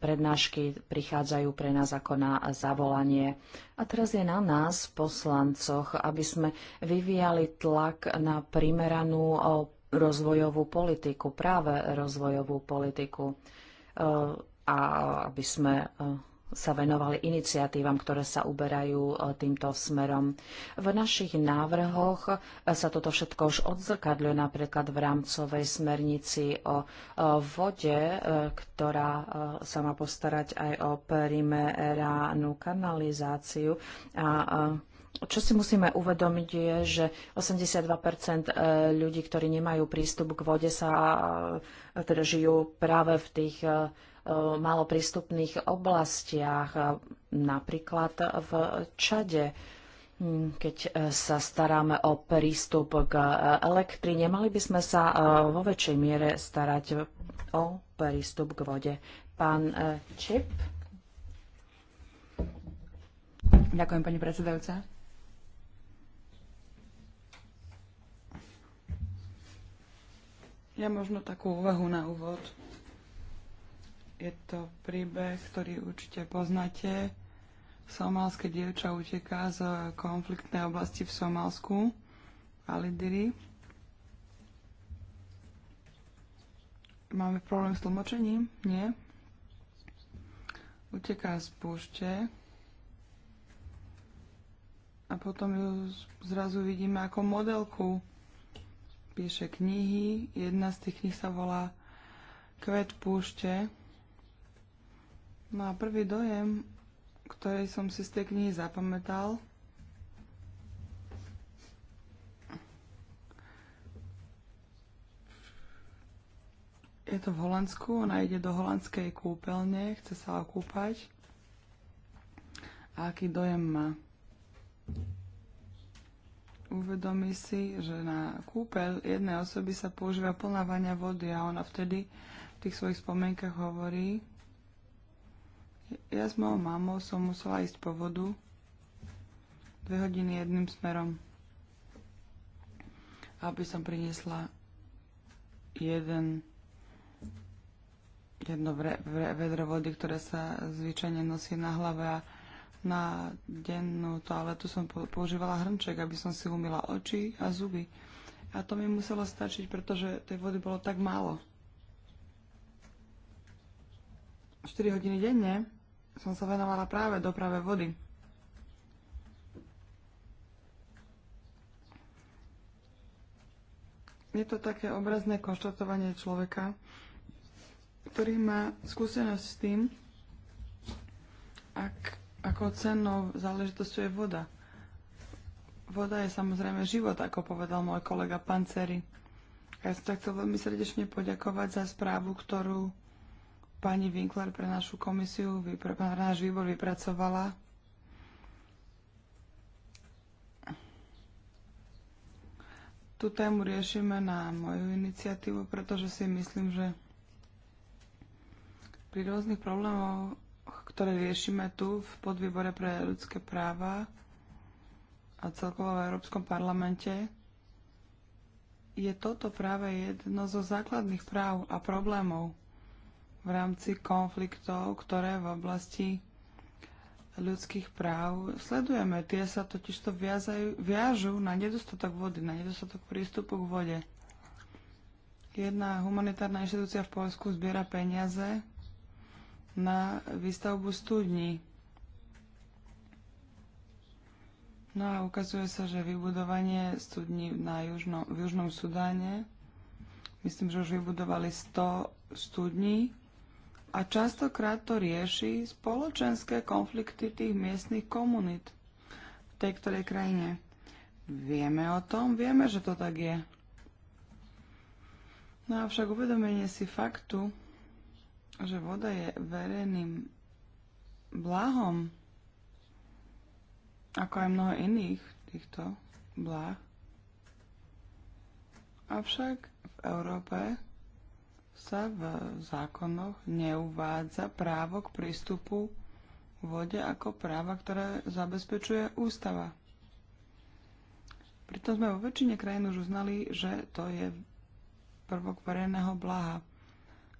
prednášky prichádzajú pre nás ako na zavolanie. A teraz je na nás, poslancoch, aby sme vyvíjali tlak na primeranú rozvojovú politiku, práve rozvojovú politiku. A aby sme sa venovali iniciatívam, ktoré sa uberajú e, týmto smerom. V našich návrhoch e, sa toto všetko už odzrkadľuje napríklad v rámcovej smernici o vode, e, ktorá sa má postarať aj o perimeránnu kanalizáciu a čo si musíme uvedomiť je, že 82% ľudí, ktorí nemajú prístup k vode, sa teda žijú práve v tých E, maloprístupných prístupných oblastiach, napríklad v Čade. Hm, keď e, sa staráme o prístup k e, elektrine, mali by sme sa vo väčšej miere starať o prístup k vode. Pán Čip. Ďakujem, pani predsedajúca. Ja možno takú úvahu na úvod. Je to príbeh, ktorý určite poznáte. Somálske dievča uteká z konfliktnej oblasti v Somálsku, Alidiri. Máme problém s tlmočením? Nie? Uteká z púšte a potom ju zrazu vidíme ako modelku. Píše knihy, jedna z tých knih sa volá Kvet púšte No a prvý dojem, ktorý som si z tej knihy zapamätal, je to v Holandsku, ona ide do holandskej kúpeľne, chce sa okúpať. A aký dojem má? Uvedomí si, že na kúpeľ jednej osoby sa používa plná vania vody a ona vtedy v tých svojich spomienkach hovorí, ja s mojou mamou som musela ísť po vodu dve hodiny jedným smerom, aby som priniesla jeden jedno vre, vre, vedro vody, ktoré sa zvyčajne nosí na hlave a na dennú toaletu som používala hrnček, aby som si umila oči a zuby. A to mi muselo stačiť, pretože tej vody bolo tak málo. 4 hodiny denne som sa venovala práve doprave vody. Je to také obrazné konštatovanie človeka, ktorý má skúsenosť s tým, ak, ako cennou záležitosťou je voda. Voda je samozrejme život, ako povedal môj kolega Panceri. Ja som tak chcel veľmi srdečne poďakovať za správu, ktorú pani Winkler pre našu komisiu, pre náš výbor vypracovala. Tú tému riešime na moju iniciatívu, pretože si myslím, že pri rôznych problémoch, ktoré riešime tu v podvýbore pre ľudské práva a celkovo v Európskom parlamente, je toto práve jedno zo základných práv a problémov, v rámci konfliktov, ktoré v oblasti ľudských práv sledujeme. Tie sa totiž to viazajú, viažu na nedostatok vody, na nedostatok prístupu k vode. Jedna humanitárna inštitúcia v Polsku zbiera peniaze na výstavbu studní. No a ukazuje sa, že vybudovanie studní na južno, v Južnom Sudáne, myslím, že už vybudovali 100 studní, a častokrát to rieši spoločenské konflikty tých miestnych komunít v tej ktorej krajine. Vieme o tom, vieme, že to tak je. No a však uvedomenie si faktu, že voda je verejným blahom, ako aj mnoho iných týchto blah. Avšak v Európe sa v zákonoch neuvádza právo k prístupu k vode ako práva, ktoré zabezpečuje ústava. Pritom sme vo väčšine krajín už uznali, že to je prvok verejného blaha.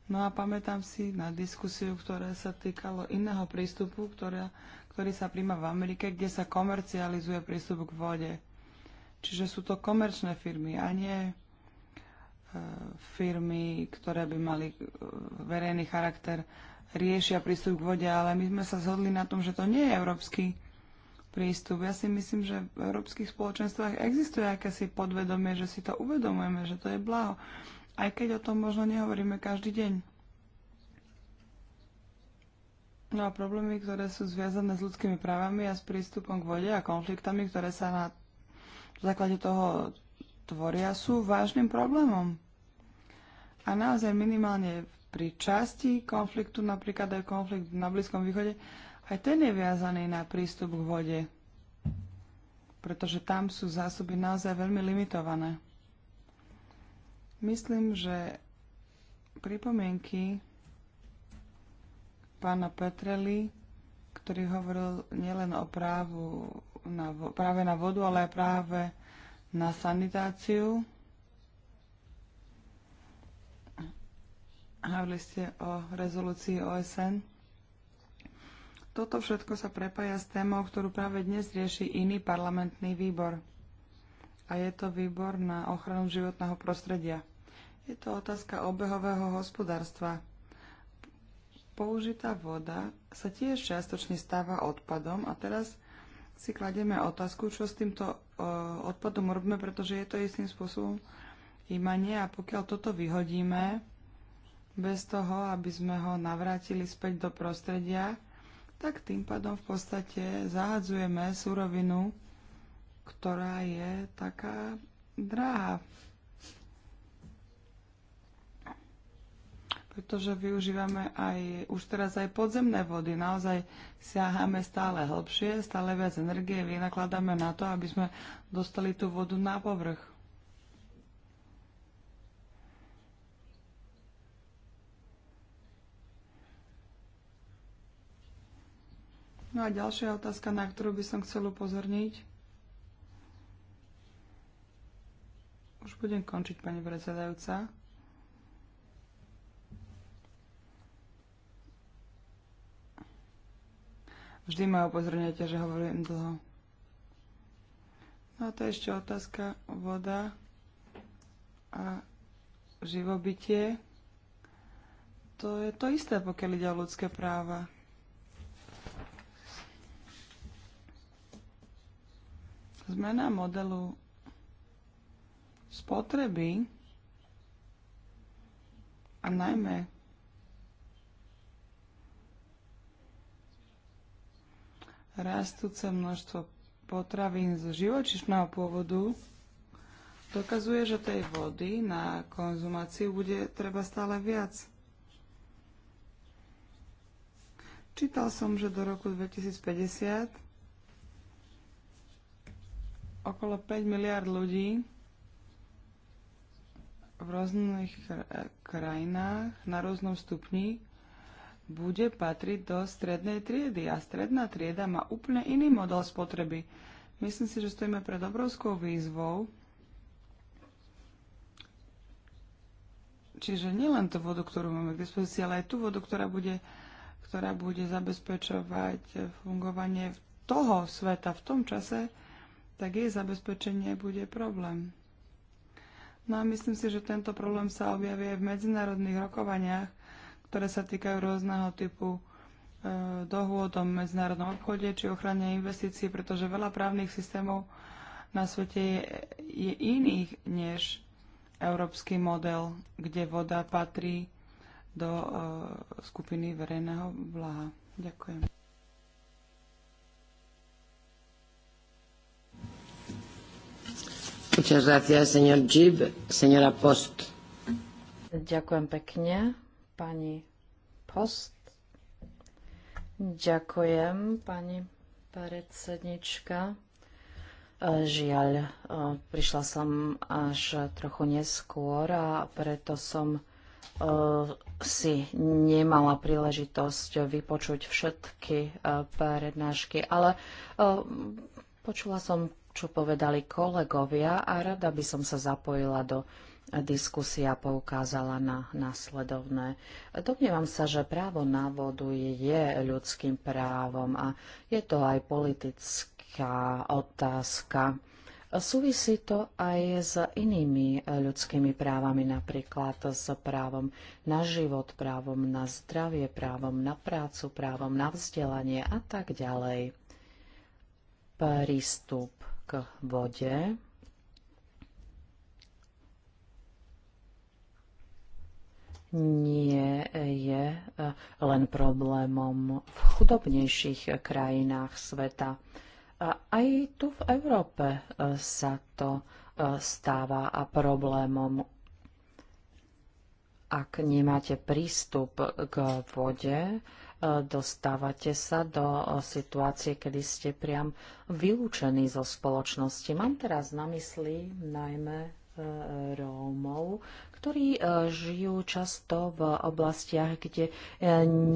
No a pamätám si na diskusiu, ktorá sa týkalo iného prístupu, ktorá, ktorý sa príjma v Amerike, kde sa komercializuje prístup k vode. Čiže sú to komerčné firmy a nie firmy, ktoré by mali e, verejný charakter, riešia prístup k vode, ale my sme sa zhodli na tom, že to nie je európsky prístup. Ja si myslím, že v európskych spoločenstvách existuje akési podvedomie, že si to uvedomujeme, že to je blaho. Aj keď o tom možno nehovoríme každý deň. No a problémy, ktoré sú zviazané s ľudskými právami a s prístupom k vode a konfliktami, ktoré sa na základe toho tvoria, sú vážnym problémom. A naozaj minimálne pri časti konfliktu, napríklad aj konflikt na Blízkom východe, aj ten je viazaný na prístup k vode, pretože tam sú zásoby naozaj veľmi limitované. Myslím, že pripomienky pána Petreli, ktorý hovoril nielen o právu na, práve na vodu, ale aj práve na sanitáciu. Hovorili ste o rezolúcii OSN. Toto všetko sa prepája s témou, ktorú práve dnes rieši iný parlamentný výbor. A je to výbor na ochranu životného prostredia. Je to otázka obehového hospodárstva. Použitá voda sa tiež čiastočne stáva odpadom a teraz si kladieme otázku, čo s týmto odpadom robíme, pretože je to istým spôsobom imanie a pokiaľ toto vyhodíme, bez toho, aby sme ho navrátili späť do prostredia, tak tým pádom v podstate zahadzujeme surovinu, ktorá je taká drahá pretože využívame aj už teraz aj podzemné vody. Naozaj siahame stále hlbšie, stále viac energie vynakladáme na to, aby sme dostali tú vodu na povrch. No a ďalšia otázka, na ktorú by som chcel upozorniť. Už budem končiť, pani predsedajúca. Vždy ma upozorňujete, že hovorím dlho. No a to je ešte otázka voda a živobytie. To je to isté, pokiaľ ide o ľudské práva. Zmena modelu spotreby a najmä rastúce množstvo potravín z živočišného pôvodu dokazuje, že tej vody na konzumáciu bude treba stále viac. Čítal som, že do roku 2050 okolo 5 miliard ľudí v rôznych eh, krajinách na rôznom stupni bude patriť do strednej triedy a stredná trieda má úplne iný model spotreby. Myslím si, že stojíme pred obrovskou výzvou. Čiže nielen tú vodu, ktorú máme k dispozícii, ale aj tú vodu, ktorá bude, ktorá bude zabezpečovať fungovanie toho sveta v tom čase, tak jej zabezpečenie bude problém. No a myslím si, že tento problém sa objaví aj v medzinárodných rokovaniach, ktoré sa týkajú rôzneho typu e, dohôd o medzinárodnom obchode či ochrane investícií, pretože veľa právnych systémov na svete je, je iných než európsky model, kde voda patrí do uh, skupiny verejného blaha. Ďakujem. Ďakujem pekne pani Post. Ďakujem, pani predsednička. E, žiaľ, e, prišla som až trochu neskôr a preto som e, si nemala príležitosť vypočuť všetky prednášky, ale počula som, čo povedali kolegovia a rada by som sa zapojila do diskusia poukázala na následovné. Domnievam sa, že právo na vodu je ľudským právom a je to aj politická otázka. Súvisí to aj s inými ľudskými právami, napríklad s právom na život, právom na zdravie, právom na prácu, právom na vzdelanie a tak ďalej. Prístup k vode nie je eh, len problémom v chudobnejších krajinách sveta. Aj tu v Európe eh, sa to eh, stáva a problémom. Ak nemáte prístup k vode, dostávate sa do situácie, kedy ste priam vylúčení zo spoločnosti. Mám teraz na mysli najmä Rómov, ktorí e, žijú často v oblastiach, kde e,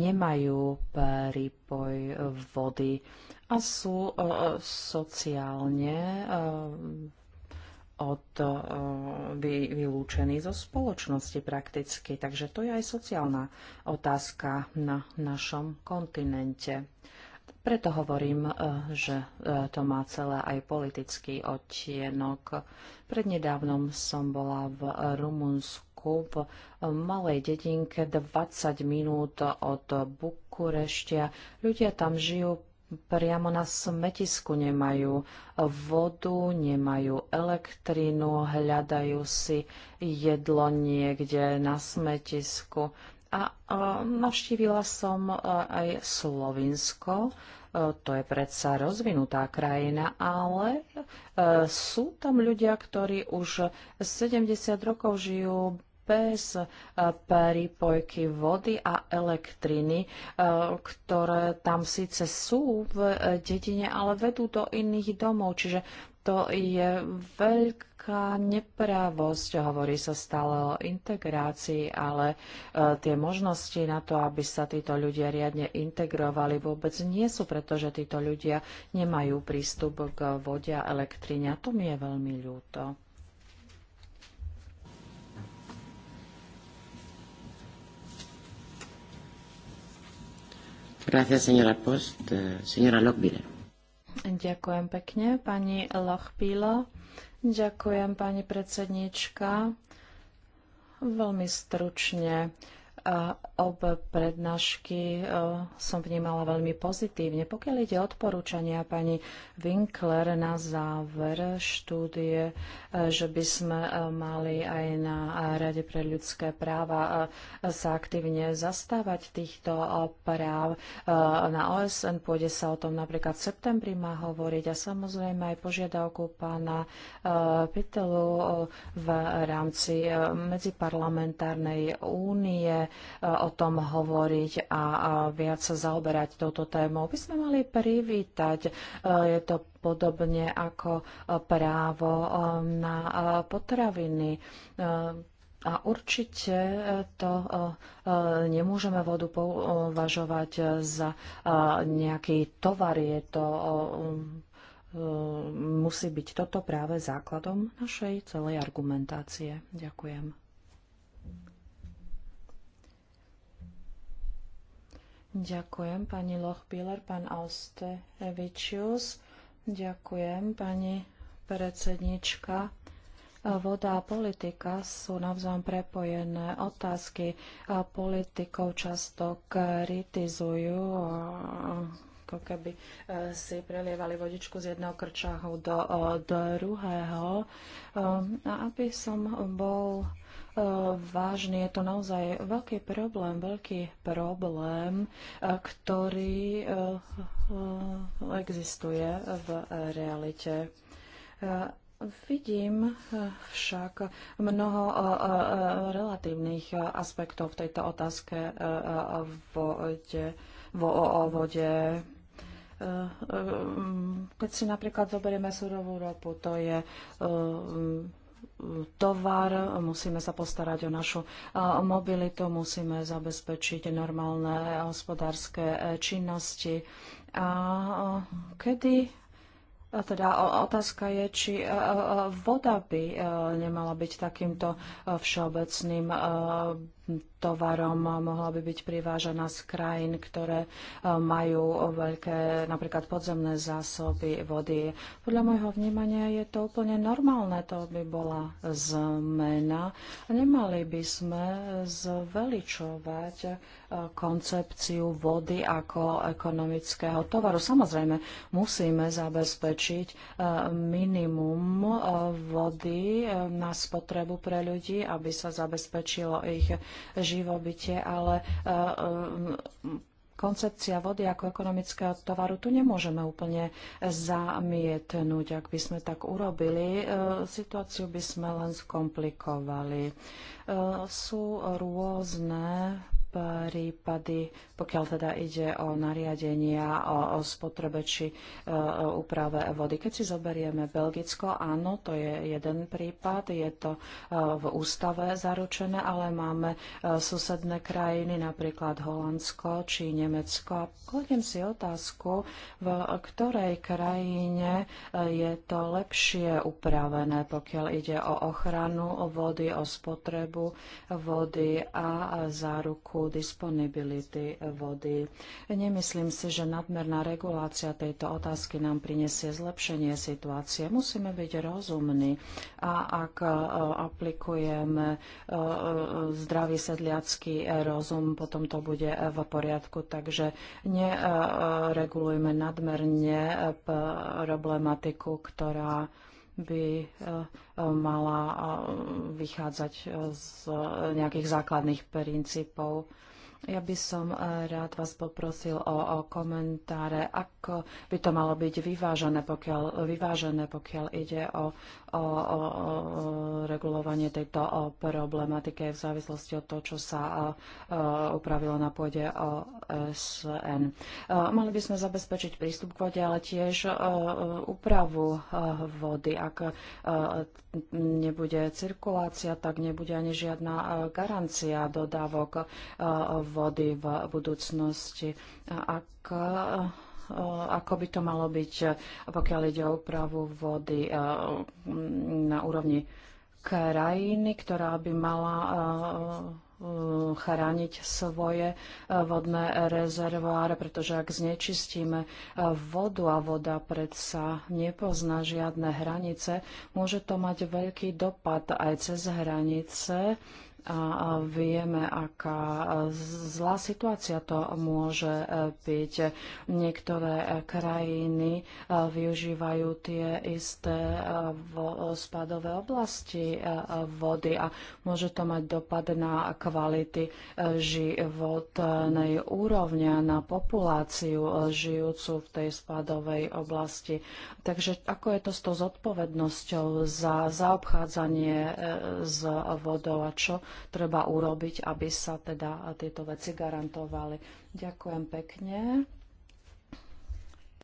nemajú prípoj vody a sú e, sociálne od, vylúčení zo spoločnosti prakticky. Takže to je aj sociálna otázka na našom kontinente. Preto hovorím, e, že e, to má celé aj politický odtienok. Prednedávnom som bola v Rumunsku v malej dedinke 20 minút od Bukureštia. Ľudia tam žijú priamo na smetisku nemajú vodu, nemajú elektrínu, hľadajú si jedlo niekde na smetisku. A e, navštívila som e, aj Slovinsko, e, to je predsa rozvinutá krajina, ale sú tam ľudia, ktorí už 70 rokov žijú bez prípojky vody a elektriny, ktoré tam síce sú v dedine, ale vedú do iných domov. Čiže to je veľká neprávosť. Hovorí sa stále o integrácii, ale e, tie možnosti na to, aby sa títo ľudia riadne integrovali, vôbec nie sú, pretože títo ľudia nemajú prístup k vode a elektrine. A to mi je veľmi ľúto. Gracias, señora Post. Eh, señora Lockbiller. Ďakujem pekne, pani Lochpílo. Ďakujem, pani predsednička. Veľmi stručne. A obe prednášky e, som vnímala veľmi pozitívne. Pokiaľ ide odporúčania pani Winkler na záver štúdie, e, že by sme e, mali aj na Rade pre ľudské práva sa aktívne zastávať týchto práv. Na OSN pôjde sa o tom napríklad v septembri má hovoriť a samozrejme aj požiadavku pána Pitelu v rámci Medziparlamentárnej únie o tom hovoriť a viac sa zaoberať touto témou. By sme mali privítať. E, je to podobne ako e, právo e, na potraviny. A určite to nemôžeme vodu považovať za nejaký tovar. Je to, musí byť toto práve základom našej celej argumentácie. Ďakujem. Ďakujem pani Lochbiller, pán Austevičius. Ďakujem pani predsednička. Voda a politika sú navzájom prepojené. Otázky politikov často kritizujú ako keby e, si prelievali vodičku z jedného krčahu do e, druhého. E, aby som bol vážny. Je to naozaj veľký problém, veľký problém, ktorý existuje v realite. Vidím však mnoho relatívnych aspektov v tejto otázke v o vode. Keď si napríklad zoberieme surovú ropu, to je tovar, musíme sa postarať o našu mobilitu, musíme zabezpečiť normálne hospodárske e, činnosti. A kedy teda otázka je, či e, e, voda by nemala byť takýmto všeobecným tovarom mohla by byť privážaná z krajín, ktoré e, majú veľké napríklad podzemné zásoby vody. Podľa môjho vnímania je to úplne normálne, to by bola zmena. Nemali by sme zveličovať e, koncepciu vody ako ekonomického tovaru. Samozrejme, musíme zabezpečiť e, minimum vody na spotrebu pre ľudí, aby sa zabezpečilo ich živobytie, ale eh, koncepcia vody ako ekonomického tovaru tu nemôžeme úplne zamietnúť. Ak by sme tak urobili, eh, situáciu by sme len skomplikovali. Eh, sú rôzne prípady, pokiaľ teda ide o nariadenia o, o spotrebe či o e, e, úprave vody. Keď si zoberieme Belgicko, áno, to je jeden prípad, je to e, v ústave zaručené, ale máme susedné krajiny, napríklad Holandsko či Nemecko. A kladiem si otázku, v ktorej krajine je to lepšie upravené, pokiaľ ide o ochranu vody, o spotrebu vody a záruku disponibility vody. Nemyslím si, že nadmerná regulácia tejto otázky nám prinesie zlepšenie situácie. Musíme byť rozumní a ak e, aplikujeme e, e, zdravý sedliacký rozum, potom to bude v poriadku. Takže neregulujme nadmerne problematiku, ktorá by e, e, mala e, vychádzať z nejakých základných princípov. Ja by som eh, rád vás poprosil o, o komentáre, ako by to malo byť vyvážené, pokiaľ, vyvážené, pokiaľ ide o, o, o, regulovanie tejto problematike v závislosti od toho, čo sa eh, eh, upravilo na pôde OSN. Mali by sme zabezpečiť prístup k vode, ale tiež úpravu vody. Ak nebude cirkulácia, tak nebude ani žiadna garancia dodávok vody v budúcnosti. ak ako by to malo byť, pokiaľ ide o úpravu vody na úrovni krajiny, ktorá by mala chrániť svoje vodné rezervoáre, pretože ak znečistíme vodu a voda predsa nepozná žiadne hranice, môže to mať veľký dopad aj cez hranice a vieme, aká zlá situácia to môže e, byť. Niektoré e, krajiny e, využívajú tie isté spadové oblasti vody a môže to mať dopad na kvality životnej úrovne, na populáciu žijúcu v tej spadovej oblasti. Takže ako je to s tou zodpovednosťou za zaobchádzanie s vodou a čo treba urobiť, aby sa teda tieto veci garantovali. Ďakujem pekne.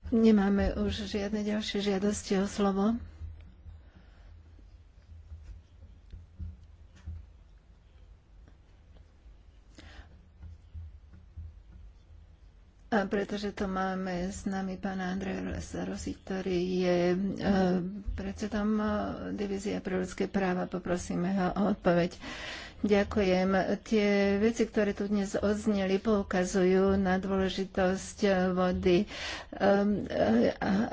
Nemáme už žiadne ďalšie žiadosti o slovo. A pretože to máme s nami pána Andreja Sarosi, ktorý je e, predsedom e, divízie pre ľudské práva, poprosíme ho o odpoveď. E, Ďakujem. Tie veci, ktoré tu dnes odzneli, poukazujú na dôležitosť vody. Ehm,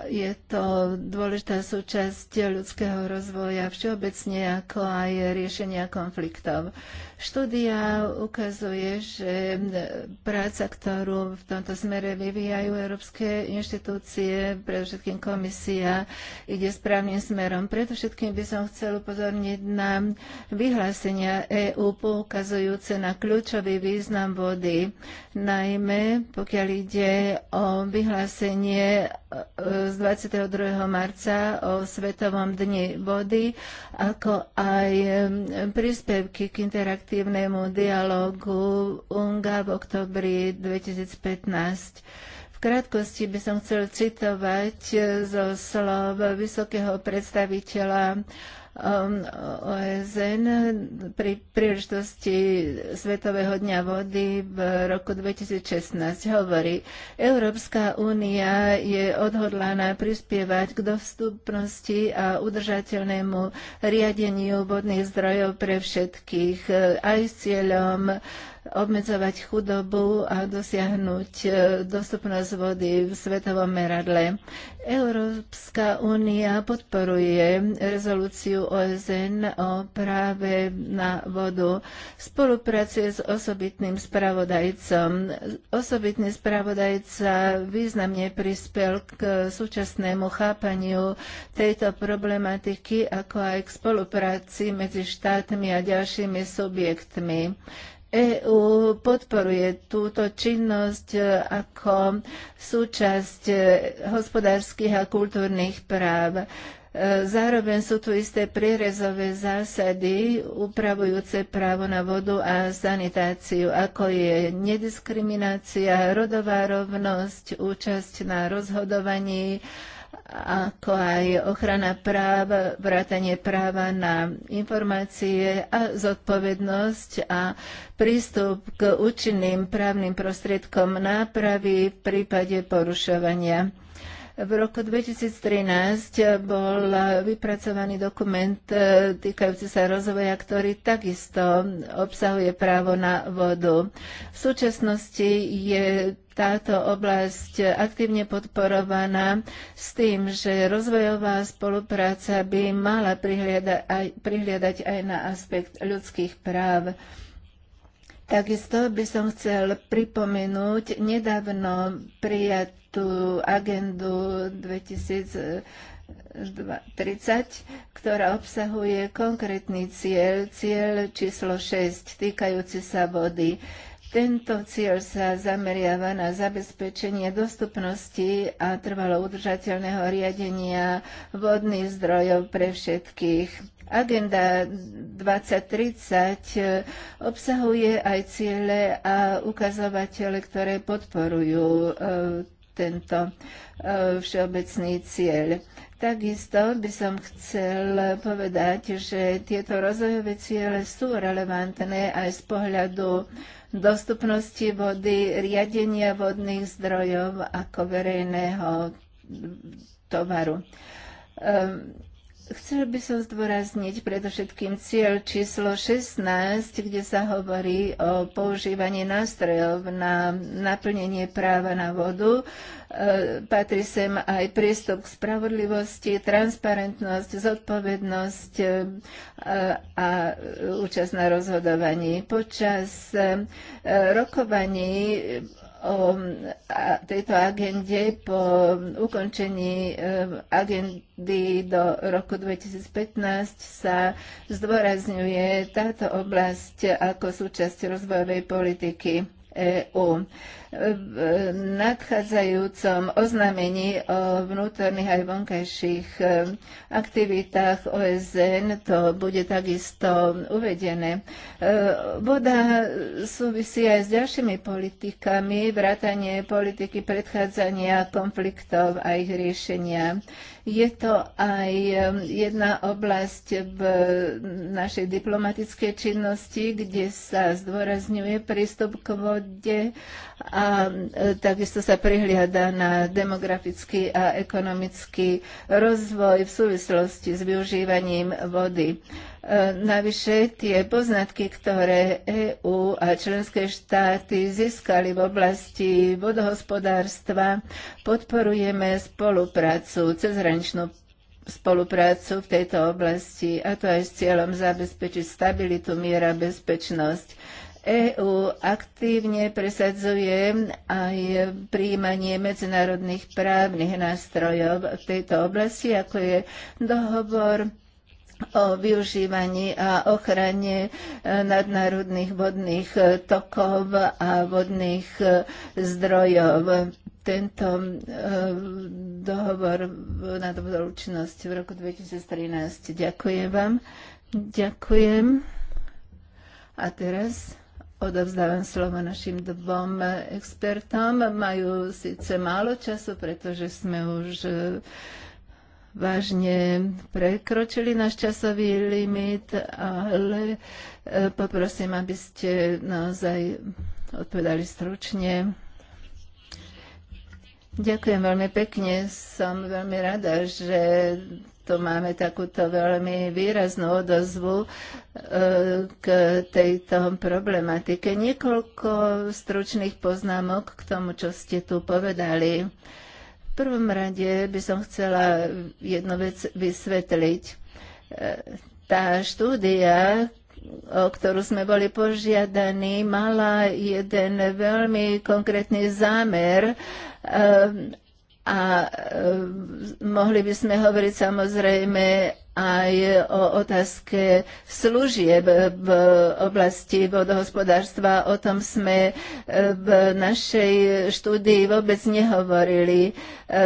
je to dôležitá súčasť ľudského rozvoja všeobecne, ako aj riešenia konfliktov. Štúdia ukazuje, že práca, ktorú v tomto smere vyvíjajú európske inštitúcie, predovšetkým komisia, ide správnym smerom. Predovšetkým by som chcel upozorniť na vyhlásenia EU EÚ poukazujúce na kľúčový význam vody, najmä pokiaľ ide o vyhlásenie e, z 22. marca o Svetovom dni vody, ako aj e, príspevky k interaktívnemu dialogu UNGA v oktobri 2015 V krátkosti by som chcel citovať e, zo slov vysokého predstaviteľa Um, OSN pri príležitosti Svetového dňa vody v roku 2016 hovorí, Európska únia je odhodlaná prispievať k dostupnosti a udržateľnému riadeniu vodných zdrojov pre všetkých aj s cieľom obmedzovať chudobu a dosiahnuť e, dostupnosť vody v svetovom meradle. Európska únia podporuje rezolúciu OSN o práve na vodu. Spolupracuje s osobitným spravodajcom. Osobitný spravodajca významne prispel k súčasnému chápaniu tejto problematiky, ako aj k spolupráci medzi štátmi a ďalšími subjektmi. EÚ podporuje túto činnosť e, ako súčasť e, hospodárskych a kultúrnych práv. E, zároveň sú tu isté prierezové zásady upravujúce právo na vodu a sanitáciu, ako je nediskriminácia, rodová rovnosť, účasť na rozhodovaní, ako aj ochrana práv, vrátanie práva na informácie a zodpovednosť a prístup k účinným právnym prostriedkom nápravy v prípade porušovania v roku 2013 bol vypracovaný dokument e, týkajúci sa rozvoja, ktorý takisto obsahuje právo na vodu. V súčasnosti je táto oblasť aktívne podporovaná s tým, že rozvojová spolupráca by mala aj, prihliadať aj na aspekt ľudských práv. Takisto by som chcel pripomenúť nedávno prijatú agendu 2030, ktorá obsahuje konkrétny cieľ, cieľ číslo 6, týkajúci sa vody. Tento cieľ sa zameriava na zabezpečenie dostupnosti a trvalo udržateľného riadenia vodných zdrojov pre všetkých. Agenda 2030 eh, obsahuje aj ciele a ukazovatele, ktoré podporujú eh, tento eh, všeobecný cieľ. Takisto by som chcel povedať, že tieto rozvojové ciele sú relevantné aj z pohľadu dostupnosti vody, riadenia vodných zdrojov ako verejného tovaru. Ehm, Chcel by som zdôrazniť predovšetkým cieľ číslo 16, kde sa hovorí o používaní nástrojov na naplnenie práva na vodu. E, patrí sem aj prístup k spravodlivosti, transparentnosť, zodpovednosť e, a účasť na rozhodovaní. Počas e, rokovaní Um, tejto agende po um, ukončení um, agendy do roku 2015 sa zdôrazňuje táto oblasť ako súčasť rozvojovej politiky EÚ. V nadchádzajúcom oznámení o vnútorných aj vonkajších e, aktivitách OSN to bude takisto uvedené. E, voda súvisí aj s ďalšími politikami, vrátanie politiky predchádzania konfliktov a ich riešenia. Je to aj e, jedna oblasť v našej diplomatickej činnosti, kde sa zdôrazňuje prístup k vode a e, takisto sa prihliada na demografický a ekonomický rozvoj v súvislosti s využívaním vody. E, navyše tie poznatky, ktoré EÚ a členské štáty získali v oblasti vodohospodárstva, podporujeme spoluprácu, cezhraničnú spoluprácu v tejto oblasti, a to aj s cieľom zabezpečiť stabilitu, miera, bezpečnosť EÚ aktívne presadzuje aj príjmanie medzinárodných právnych nástrojov v tejto oblasti, ako je dohovor o využívaní a ochrane e, nadnárodných vodných e, tokov a vodných e, zdrojov. Tento dohovor na dobročnosť v roku 2013. Ďakujem vám. Ďakujem. A teraz odovzdávam slovo našim dvom expertom. Majú síce málo času, pretože sme už e, vážne prekročili náš časový limit, ale e, poprosím, aby ste naozaj odpovedali stručne. Ďakujem veľmi pekne. Som veľmi rada, že to máme takúto veľmi výraznú odozvu e, k tejto problematike. Niekoľko stručných poznámok k tomu, čo ste tu povedali. V prvom rade by som chcela jednu vec vysvetliť. E, tá štúdia, o ktorú sme boli požiadaní, mala jeden veľmi konkrétny zámer e, a e, mohli by sme hovoriť samozrejme aj o otázke služieb v oblasti vodohospodárstva. O tom sme e, v našej štúdii vôbec nehovorili. E,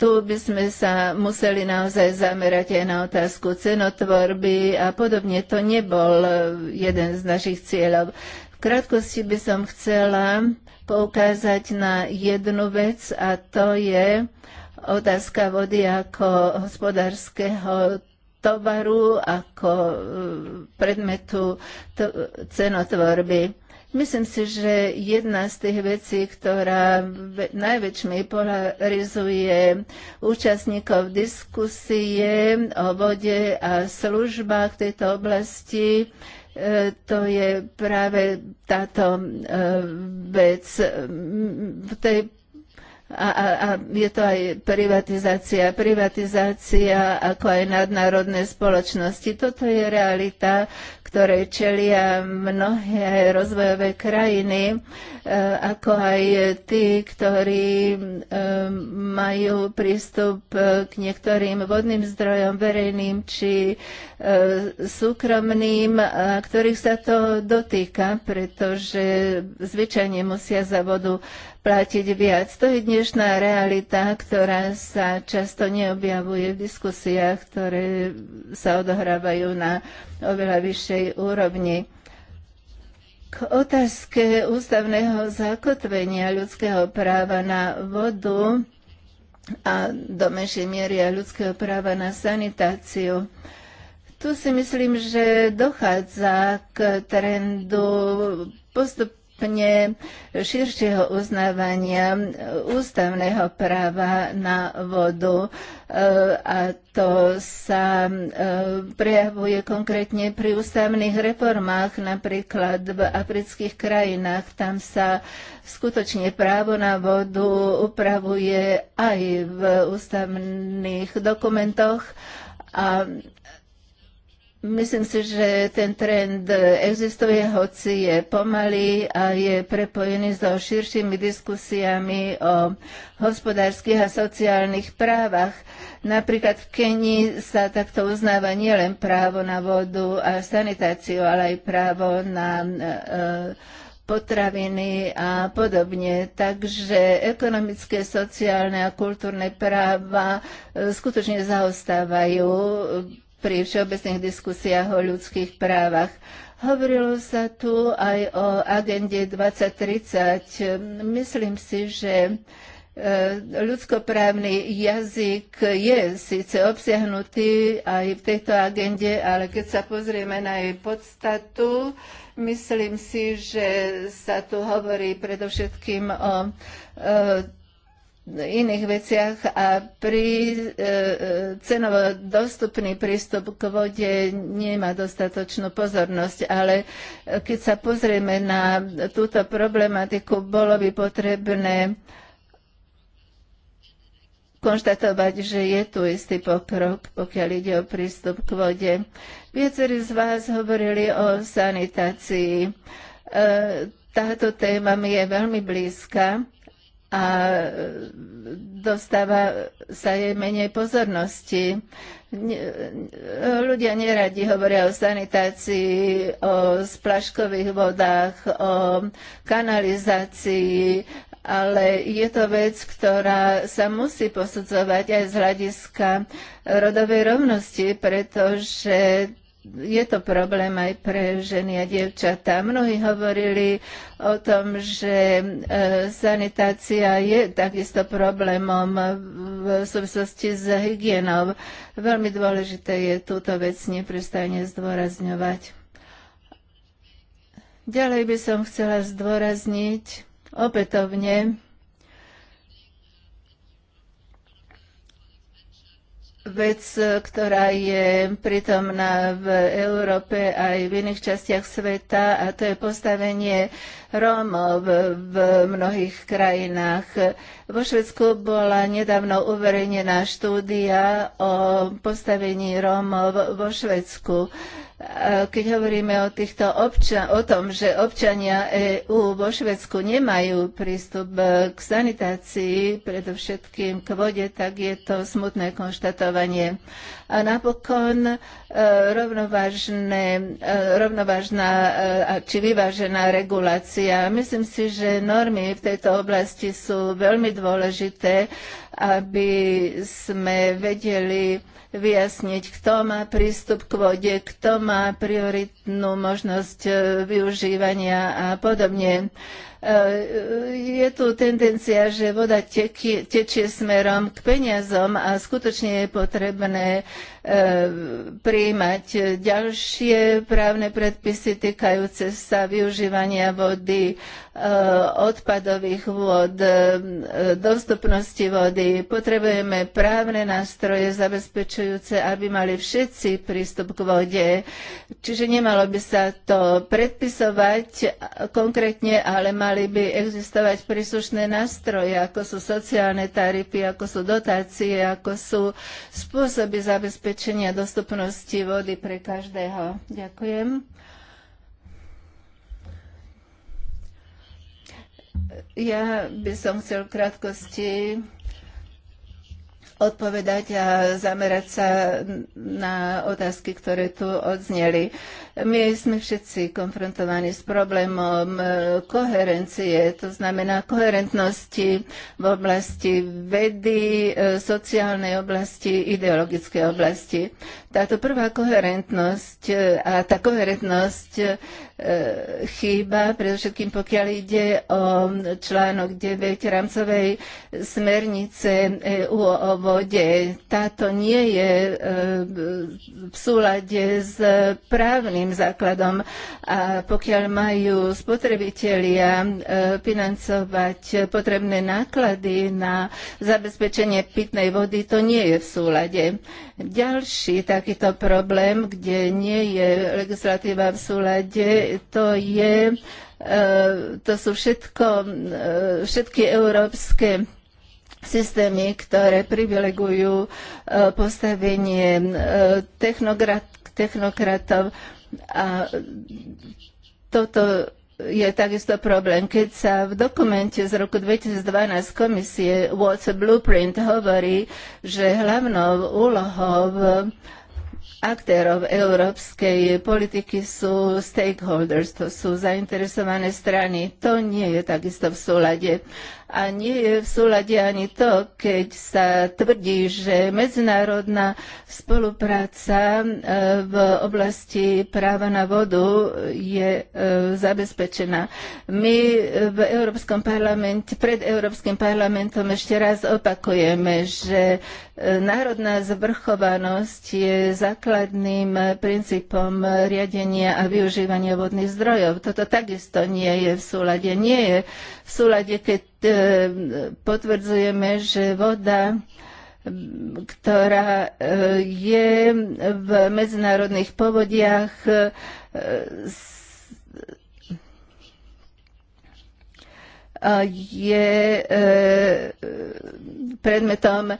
tu by sme sa museli naozaj zamerať aj na otázku cenotvorby a podobne. To nebol jeden z našich cieľov krátkosti by som chcela poukázať na jednu vec a to je otázka vody ako hospodárskeho tovaru, ako e, predmetu cenotvorby. Myslím si, že jedna z tých vecí, ktorá najväčšmi polarizuje účastníkov diskusie o vode a službách v tejto oblasti, E, to je práve táto e, vec. V tej, a, a, a je to aj privatizácia, privatizácia ako aj nadnárodné spoločnosti. Toto je realita, ktoré čelia mnohé rozvojové krajiny, e, ako aj tí, ktorí e, majú prístup e, k niektorým vodným zdrojom verejným či súkromným, ktorých sa to dotýka, pretože zvyčajne musia za vodu platiť viac. To je dnešná realita, ktorá sa často neobjavuje v diskusiách, ktoré sa odohrávajú na oveľa vyššej európskej úrovni. K otázke ústavného zakotvenia ľudského práva na vodu a do menšej miery a ľudského práva na sanitáciu. Tu si myslím, že dochádza k trendu postupu stupne širšieho uznávania ústavného práva na vodu eh, a to sa eh, prejavuje konkrétne pri ústavných reformách, napríklad v afrických krajinách. Tam sa skutočne právo na vodu upravuje aj v ústavných dokumentoch a Myslím si, že ten trend existuje, hoci je pomalý a je prepojený so širšími diskusiami o hospodárskych a sociálnych právach. Napríklad v Kenii sa takto uznáva nielen právo na vodu a sanitáciu, ale aj právo na e, e, potraviny a podobne. Takže ekonomické, sociálne a kultúrne práva e, skutočne zaostávajú pri všeobecných diskusiách o ľudských právach. Hovorilo sa tu aj o agende 2030. Myslím si, že e, ľudskoprávny jazyk je síce obsiahnutý aj v tejto agende, ale keď sa pozrieme na jej podstatu, myslím si, že sa tu hovorí predovšetkým o e, iných veciach a pri, e, e, cenovo dostupný prístup k vode nemá dostatočnú pozornosť, ale keď sa pozrieme na túto problematiku, bolo by potrebné konštatovať, že je tu istý pokrok, pokiaľ ide o prístup k vode. Viacerí z vás hovorili o sanitácii. E, táto téma mi je veľmi blízka a dostáva sa jej menej pozornosti. Ľudia neradi hovoria o sanitácii, o splaškových vodách, o kanalizácii, ale je to vec, ktorá sa musí posudzovať aj z hľadiska rodovej rovnosti, pretože je to problém aj pre ženy a dievčatá. Mnohí hovorili o tom, že e, sanitácia je takisto problémom v súvislosti s hygienou. Veľmi dôležité je túto vec neprestajne zdôrazňovať. Ďalej by som chcela zdôrazniť opätovne vec, ktorá je prítomná v Európe aj v iných častiach sveta a to je postavenie Rómov v mnohých krajinách. Vo Švedsku bola nedávno uverejnená štúdia o postavení Rómov vo Švedsku. E, keď hovoríme o, týchto obča- o tom, že občania EÚ vo Švedsku nemajú prístup e, k sanitácii, predovšetkým k vode, tak je to smutné konštatovanie. A napokon e, rovnovážne, rovnovážna či vyvážená regulácia. Myslím si, že normy v tejto oblasti sú veľmi dôležité, aby sme vedeli, vyjasniť, kto má prístup k vode, kto má prioritnú možnosť eh, využívania a podobne. Eh, je tu tendencia, že voda tečie smerom k peniazom a skutočne je potrebné eh, prijímať ďalšie právne predpisy týkajúce sa využívania vody, eh, odpadových vôd, dostupnosti vody. Potrebujeme právne nástroje zabezpečujúce, aby mali všetci prístup k vode. Čiže nemalo by sa to predpisovať konkrétne, ale malo mali by existovať príslušné nástroje, ako sú sociálne tarify, ako sú dotácie, ako sú spôsoby zabezpečenia dostupnosti vody pre každého. Ďakujem. Ja by som chcel v krátkosti odpovedať a zamerať sa na otázky, ktoré tu odzneli. My sme všetci konfrontovaní s problémom e, koherencie, to znamená koherentnosti v oblasti vedy, e, sociálnej oblasti, ideologickej oblasti. Táto prvá koherentnosť e, a tá koherentnosť chýba, predovšetkým pokiaľ ide o článok 9 rámcovej smernice EU o vode. Táto nie je v súlade s právnym právnym základom. A pokiaľ majú spotrebitelia e, financovať potrebné náklady na zabezpečenie pitnej vody, to nie je v súlade. Ďalší takýto problém, kde nie je legislatíva v súlade, to je e, to sú všetko, e, všetky európske systémy, ktoré privilegujú postavenie technokratov a toto je takisto problém. Keď sa v dokumente z roku 2012 komisie Water Blueprint hovorí, že hlavnou úlohou aktérov európskej politiky sú stakeholders, to sú zainteresované strany. To nie je takisto v súlade. A nie je v súlade ani to, keď sa tvrdí, že medzinárodná spolupráca e, v oblasti práva na vodu je e, zabezpečená. My v Európskom parlamente, pred Európskym parlamentom ešte raz opakujeme, že e, národná zvrchovanosť je základným princípom riadenia a využívania vodných zdrojov. Toto takisto nie je v súlade. Nie je v súlade, keď E, potvrdzujeme, že voda ktorá e, je v medzinárodných povodiach e, je e, predmetom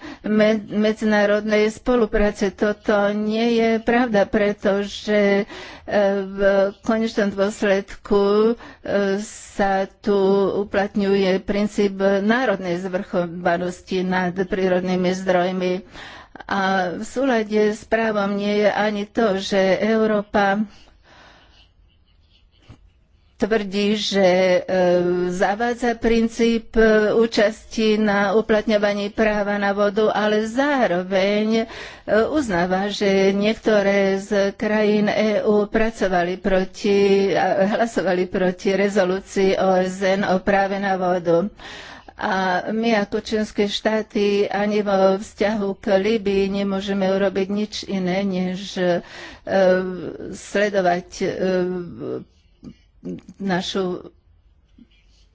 medzinárodnej spolupráce. Toto nie je pravda, pretože e, v konečnom dôsledku e, sa tu uplatňuje princíp národnej zvrchovanosti nad prírodnými zdrojmi. A v súlade s právom nie je ani to, že Európa tvrdí, že e, zavádza princíp e, účasti na uplatňovaní práva na vodu, ale zároveň e, uznáva, že niektoré z krajín EÚ pracovali proti, hlasovali proti rezolúcii OSN o práve na vodu. A my ako členské štáty ani vo vzťahu k Libii nemôžeme urobiť nič iné, než sledovať našu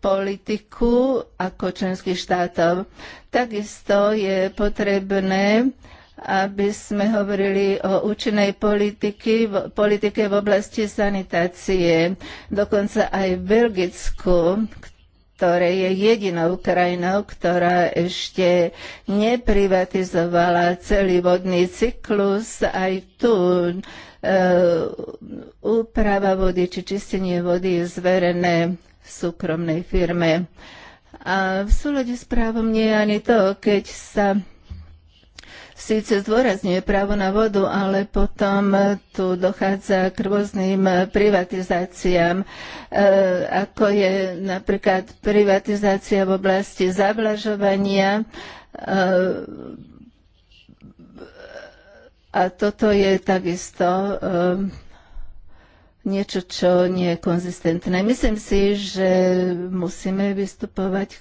politiku ako členských štátov. Takisto je potrebné aby sme hovorili o účinnej politiky, politike v oblasti sanitácie, dokonca aj v Belgicku, ktoré je jedinou krajinou, ktorá ešte neprivatizovala celý vodný cyklus. Aj tu E, úprava vody či čistenie vody je zverené súkromnej firme. A v súlade s právom nie je ani to, keď sa síce zdôrazňuje právo na vodu, ale potom tu dochádza k rôznym privatizáciám, e, ako je napríklad privatizácia v oblasti zavlažovania, e, a toto je takisto um, niečo, čo nie je konzistentné. Myslím si, že musíme vystupovať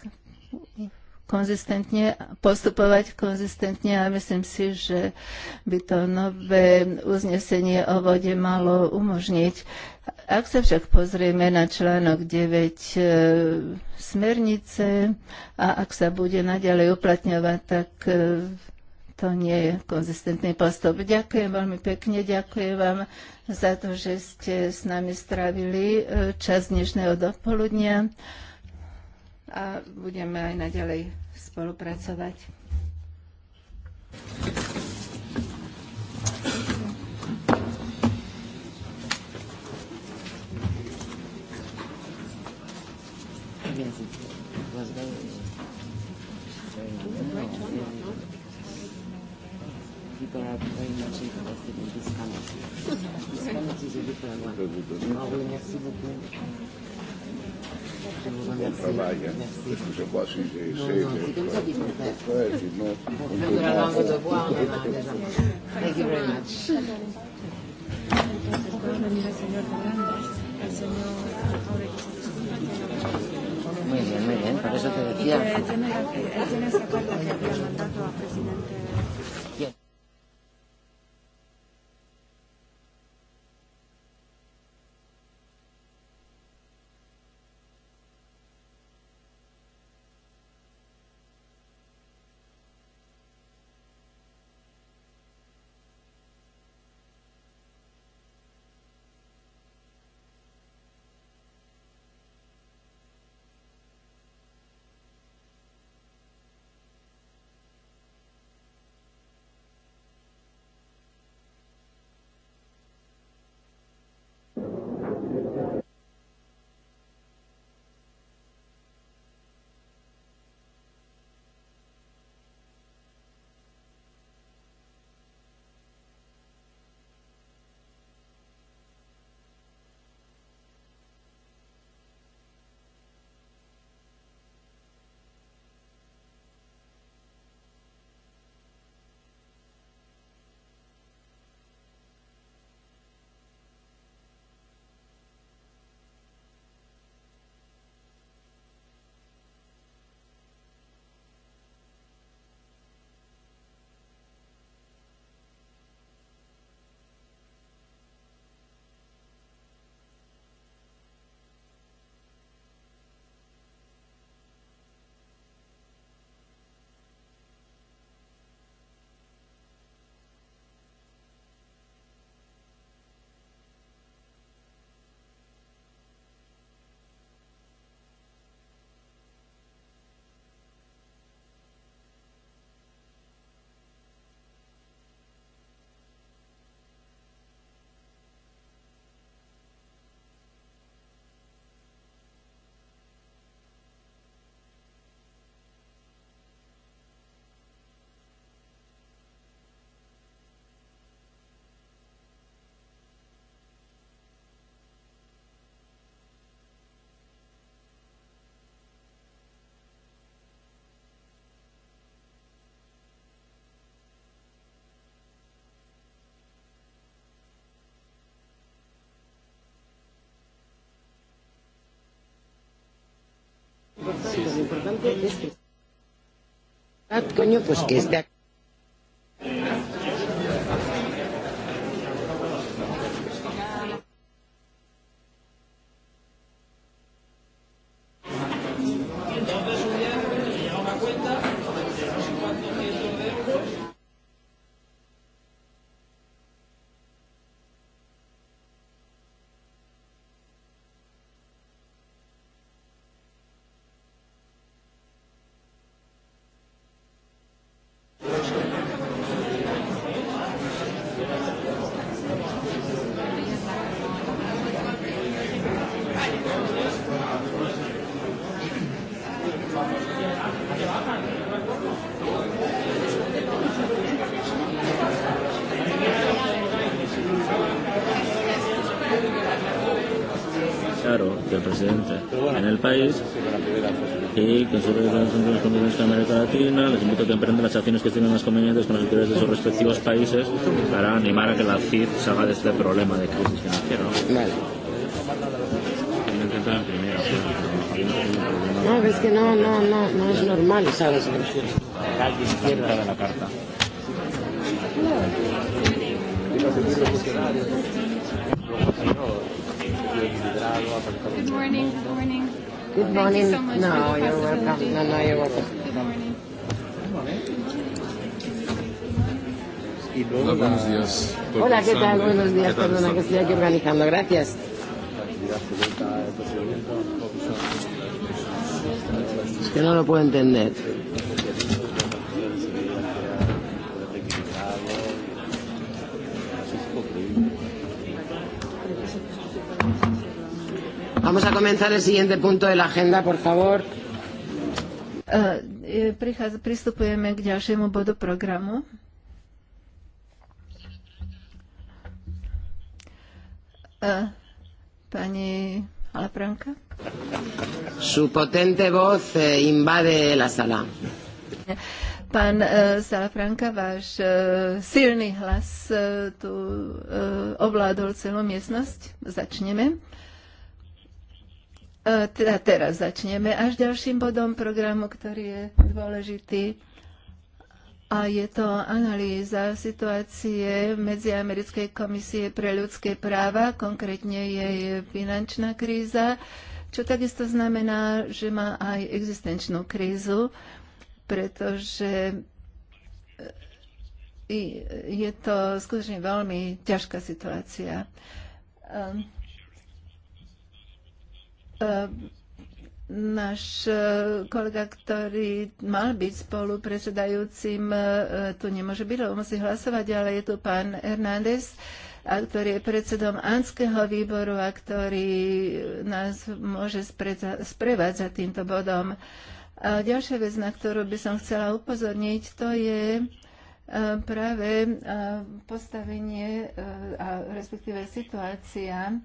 konzistentne, postupovať konzistentne a myslím si, že by to nové uznesenie o vode malo umožniť. Ak sa však pozrieme na článok 9 e, smernice a ak sa bude naďalej uplatňovať, tak e, to nie je konzistentný postup. Ďakujem veľmi pekne, ďakujem vám za to, že ste s nami strávili eh, čas dnešného dopoludnia a budeme aj naďalej spolupracovať. Thank you. people are very much interested in this committee. This committee is a different one. Non, merci beaucoup. Je vous remercie. Bon travail, si j'ai essayé. Non, non, c'est comme ça qu'il faut faire. Ouais, sinon, Pour faire Thank you very much. Muy bien, muy bien, por eso te decía. Y que, eh, tienes, acuerdo que había mandado al presidente tanto, lo importante es que... Ah, coño, pues que esté aquí. que emprenden las acciones que tienen más convenientes con las autoridades de sus respectivos países para animar a que la CID salga de este problema de crisis financiera. ¿no? Vale. ¿no? No, no, es que no, no, no, no es normal, ¿sabes? izquierda de la carta. Good morning. Good morning. Good morning. no, you're welcome. No, no, you're welcome. con Hola, buenos días. Estoy Hola, ¿qué tal? Buenos días. Tal, Perdona que estoy aquí organizando. Gracias. Es que no lo puedo entender. Vamos a comenzar el siguiente punto de la agenda, por favor. Uh, pristupujeme k ďalšiemu bodu programu. E, pani Alapranka. Su potente voz invade la sala. Pán uh, Salafranka, váš uh, silný hlas uh, tu uh, ovládol celú miestnosť. Začneme. Uh, Teda teraz začneme až ďalším bodom programu, ktorý je dôležitý a je to analýza situácie Medziamerickej komisie pre ľudské práva, konkrétne jej finančná kríza, čo takisto znamená, že má aj existenčnú krízu, pretože e, je to skutočne veľmi ťažká situácia. Náš e, kolega, ktorý mal byť spolu predsedajúcim, e, tu nemôže byť, lebo musí hlasovať, ale je tu pán Hernández, a ktorý je predsedom Anského výboru a ktorý nás môže sprevádzať týmto bodom. A ďalšia vec, na ktorú by som chcela upozorniť, to je e, práve postavenie a respektíve situácia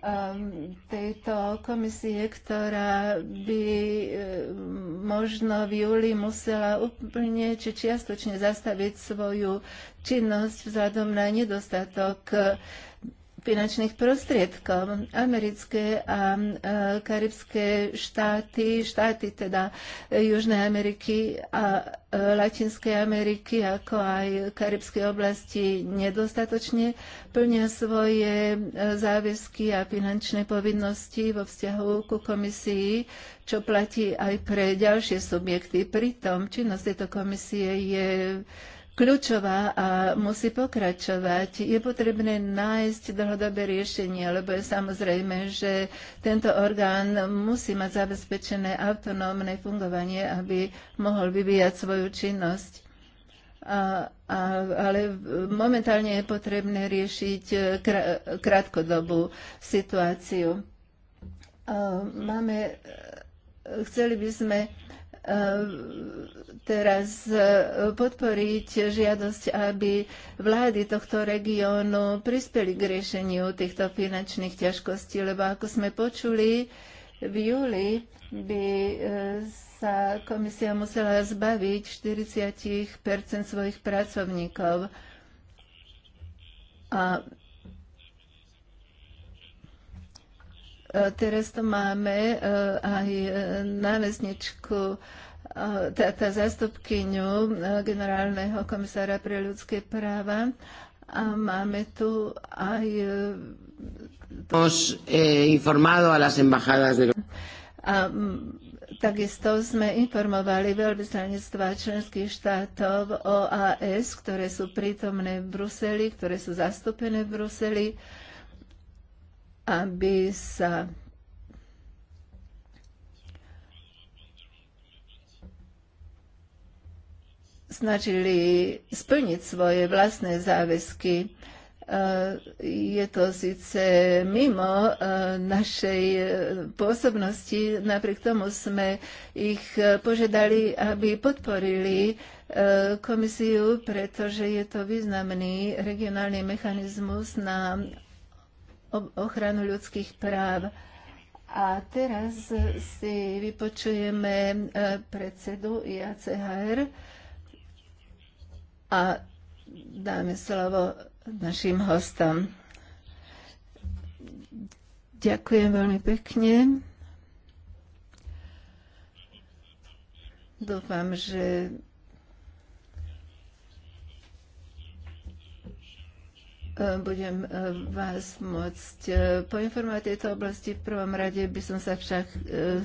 Ehm, tejto komisie, ktorá by ehm, možno v júli musela úplne či čiastočne zastaviť svoju činnosť vzhľadom na nedostatok finančných prostriedkov. Americké a e, karibské štáty, štáty teda e, Južnej Ameriky a e, Latinskej Ameriky, ako aj karibské oblasti nedostatočne plnia svoje záväzky a finančné povinnosti vo vzťahu ku komisii, čo platí aj pre ďalšie subjekty. Pritom činnosť tejto komisie je kľúčová a musí pokračovať. Je potrebné nájsť dlhodobé riešenie, lebo je samozrejme, že tento orgán musí mať zabezpečené autonómne fungovanie, aby mohol vyvíjať svoju činnosť. A, a, ale momentálne je potrebné riešiť e, kr- krátkodobú situáciu. A e, máme, e, chceli by sme Eh, teraz eh, podporiť žiadosť, aby vlády tohto regiónu prispeli k riešeniu týchto finančných ťažkostí, lebo ako sme počuli, v júli by eh, sa komisia musela zbaviť 40 svojich pracovníkov. A E, teraz tu máme e, aj e, námestničku tá, tá zastupkyňu generálneho komisára pre ľudské práva a máme tu aj eh, informado a las embajadas de... A, takisto sme informovali veľvyslanectva členských štátov OAS, ktoré sú prítomné v Bruseli, ktoré sú zastúpené v Bruseli aby sa snažili splniť svoje vlastné záväzky. Eh, je to síce mimo eh, našej eh, pôsobnosti, napriek tomu sme ich požiadali, aby podporili komisiu, pretože je to významný regionálny mechanizmus na ochranu ľudských práv. A teraz si vypočujeme e, predsedu IACHR a dáme slovo našim hostom. Ďakujem veľmi pekne. Dúfam, že E, budem e, vás môcť e, poinformovať v tejto oblasti. V prvom rade by som sa však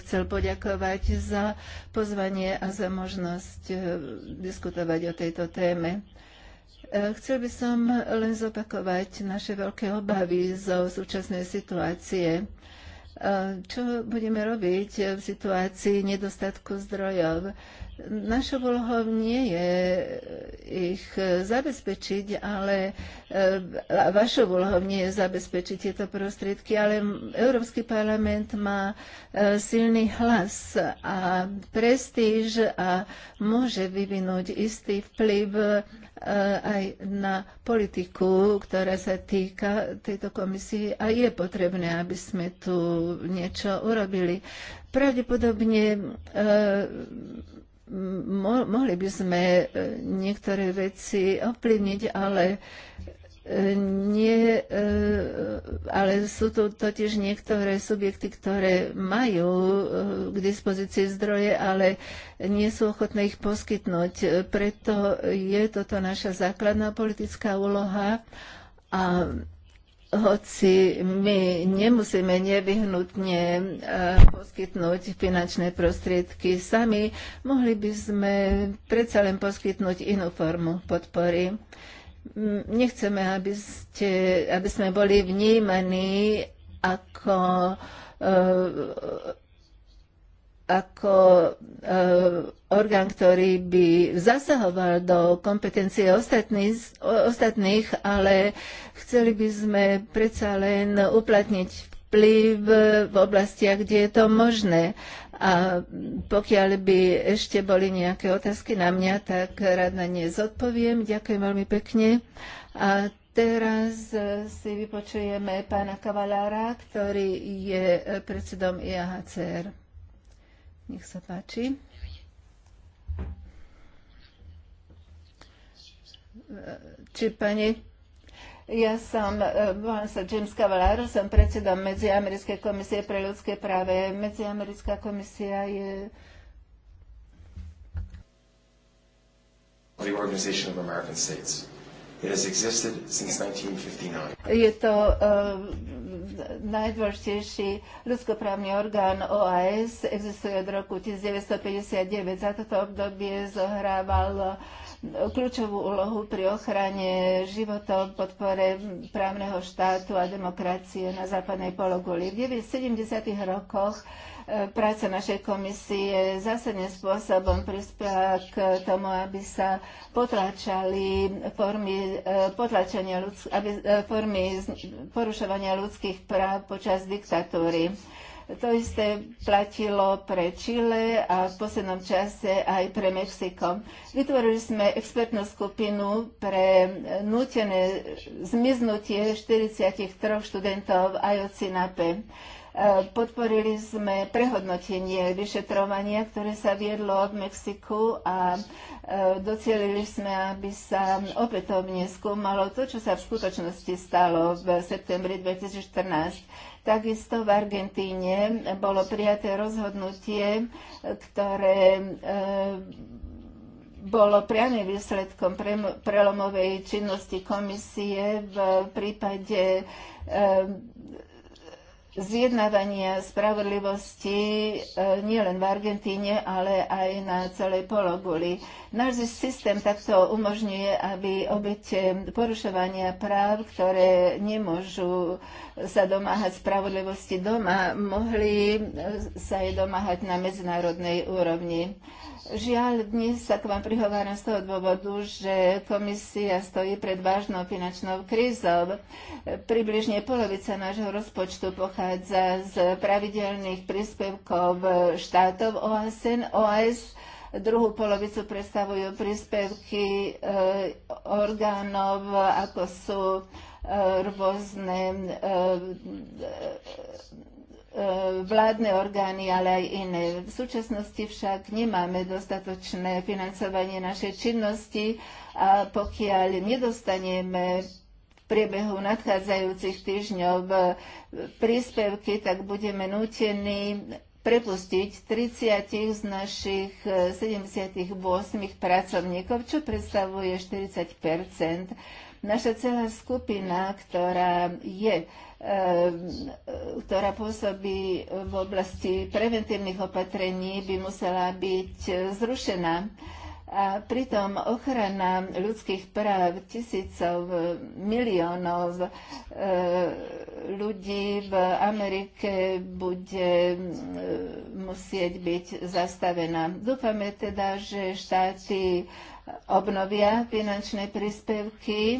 chcel poďakovať za pozvanie a za možnosť diskutovať o tejto téme. Chcel by som len zopakovať naše veľké obavy zo súčasnej situácie čo budeme robiť v situácii nedostatku zdrojov. Našou úlohou nie je eh, ich zabezpečiť, ale eh, vašou úlohou nie je zabezpečiť tieto prostriedky, ale Európsky parlament má eh, silný hlas a prestíž a môže vyvinúť istý vplyv aj na politiku, ktorá sa týka tejto komisie a je potrebné, aby sme tu niečo urobili. Pravdepodobne e, mohli by sme e, niektoré veci ovplyvniť, ale e, nie, ale sú tu totiž niektoré subjekty, ktoré majú k dispozícii zdroje, ale nie sú ochotné ich poskytnúť. Preto je toto naša základná politická úloha a hoci my nemusíme nevyhnutne e, poskytnúť finančné prostriedky sami, mohli by sme predsa len poskytnúť inú formu podpory. Nechceme, aby, ste, aby sme boli vnímaní ako e, ako e, orgán, ktorý by zasahoval do kompetencie ostatných, ostatných, ale chceli by sme predsa len uplatniť vplyv eh, v oblastiach, kde je to možné. A pokiaľ by ešte boli nejaké otázky na mňa, tak rád na ne zodpoviem. Ďakujem veľmi pekne. A Teraz eh, si vypočujeme pána Kavalára, ktorý je predsedom IAHCR. Nech sa páči. Či pani ja som, e, volám sa James Cavallaro, som predsedom Medziamerickej komisie pre ľudské práve. Medziamerická komisia je the Organization of American States. It has existed since 1959. Je to uh, najdôležitejší ľudskoprávny orgán OAS, existuje od roku 1959. Za toto obdobie zohrával eh, kľúčovú úlohu pri ochrane životov, podpore právneho štátu a demokracie na západnej pologuli. V 70. rokoch práca našej komisie zásadným spôsobom prispela k tomu, aby sa potlačali formy, e, potláčania ľudsk- aby, e, formy porušovania ľudských práv počas diktatúry. To isté platilo pre Čile a v poslednom čase aj pre Mexiko. Vytvorili sme expertnú skupinu pre nutené zmiznutie 43 študentov IOC Eh, podporili sme prehodnotenie vyšetrovania, ktoré sa viedlo od Mexiku a eh, docielili sme, aby sa opätovne skúmalo to, čo sa v skutočnosti stalo v septembri 2014. Takisto v Argentíne bolo prijaté rozhodnutie, ktoré eh, bolo priamým výsledkom prelomovej činnosti komisie v prípade zjednávania spravodlivosti e, nielen v Argentíne, ale aj na celej pologuli. Náš systém takto umožňuje, aby obete porušovania práv, ktoré nemôžu sa domáhať spravodlivosti doma, mohli e, sa jej domáhať na medzinárodnej úrovni. Žiaľ, dnes sa k vám prihováram z toho dôvodu, že komisia stojí pred vážnou finančnou krízou. Približne polovica nášho rozpočtu pochádza z pravidelných príspevkov štátov OSN, OS, druhú polovicu predstavujú príspevky e, orgánov, ako sú e, rôzne e, vládne orgány, ale aj iné. V súčasnosti však nemáme dostatočné financovanie našej činnosti a pokiaľ nedostaneme v priebehu nadchádzajúcich týždňov e, príspevky, tak budeme nútení prepustiť 30 z našich 78 e, pracovníkov, čo predstavuje 40 Naša celá skupina, ktorá je e, ktorá pôsobí v oblasti preventívnych opatrení, by musela byť zrušená. A pritom ochrana ľudských práv tisícov, e, miliónov e, ľudí v Amerike bude musieť byť zastavená. Dúfame teda, že štáty obnovia finančné príspevky, e,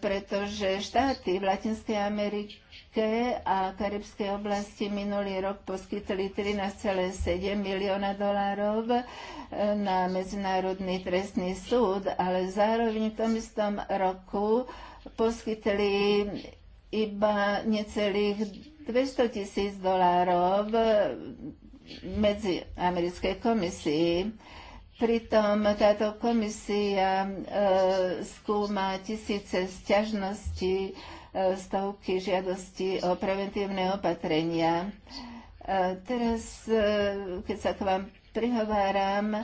pretože štáty v Latinskej Amerike a Karibskej oblasti minulý rok poskytli 13,7 milióna dolárov e, na Medzinárodný trestný súd, ale zároveň v tom istom roku poskytli iba necelých 200 tisíc dolárov e, medzi americkej komisii. Pritom táto komisia e, skúma tisíce sťažností, e, stovky žiadostí o preventívne opatrenia. E, teraz, keď sa k vám prihováram,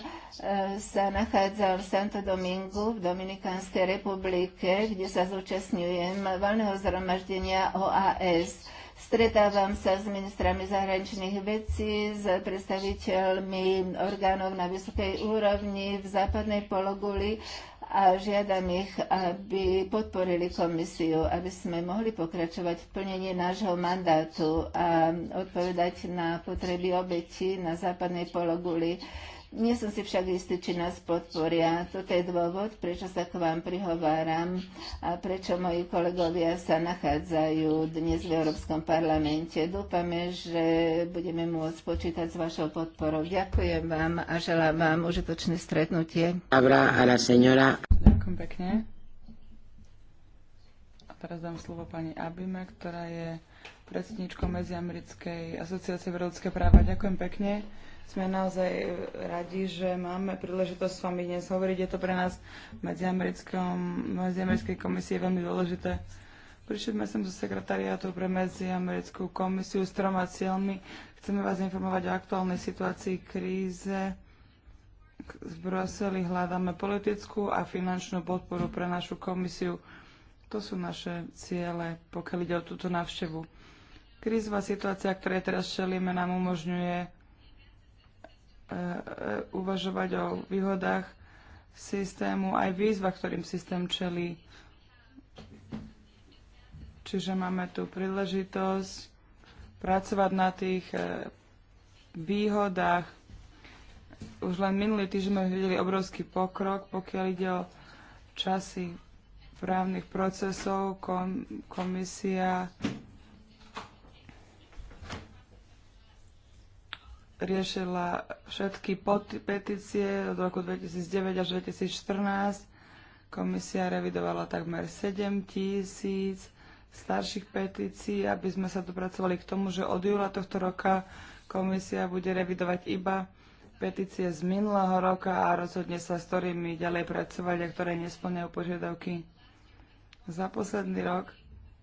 sa nachádzam v Santo Domingu v Dominikánskej republike, kde sa zúčastňujem valného zhromaždenia OAS. Stretávam sa s ministrami zahraničných vecí, s predstaviteľmi orgánov na vysokej úrovni v západnej pologuli a žiadam ich, aby podporili komisiu, aby sme mohli pokračovať v plnení nášho mandátu a odpovedať na potreby obetí na západnej pologuli. Nie som si však istý, či nás podporia. Toto je dôvod, prečo sa k vám prihováram a prečo moji kolegovia sa nachádzajú dnes v Európskom parlamente. Dúfame, že budeme môcť počítať s vašou podporou. Ďakujem vám a želám vám užitočné stretnutie. Ďakujem pekne. A teraz dám slovo pani Abime, ktorá je predsedničkou Medziamerickej asociácie pre ľudské práva. Ďakujem pekne. Sme naozaj e, radi, že máme príležitosť s vami dnes hovoriť. Je to pre nás v Medziamerickej americkej komisie veľmi dôležité. sme som zo sekretariátu pre medziamerickú komisiu s troma cieľmi. Chceme vás informovať o aktuálnej situácii kríze. Z Bruseli hľadáme politickú a finančnú podporu pre našu komisiu. To sú naše ciele, pokiaľ ide o túto návštevu. Krízová situácia, ktoré teraz čelíme, nám umožňuje E, e, uvažovať o výhodách systému, aj výzva, ktorým systém čelí. Čiže máme tu príležitosť pracovať na tých e, výhodách. Už len minulý týždeň sme videli obrovský pokrok, pokiaľ ide o časy právnych procesov. Kom, komisia riešila všetky petície od roku 2009 až 2014. Komisia revidovala takmer 7 tisíc starších petícií, aby sme sa dopracovali k tomu, že od júla tohto roka komisia bude revidovať iba petície z minulého roka a rozhodne sa, s ktorými ďalej pracovať a ktoré nesplňajú požiadavky. Za posledný rok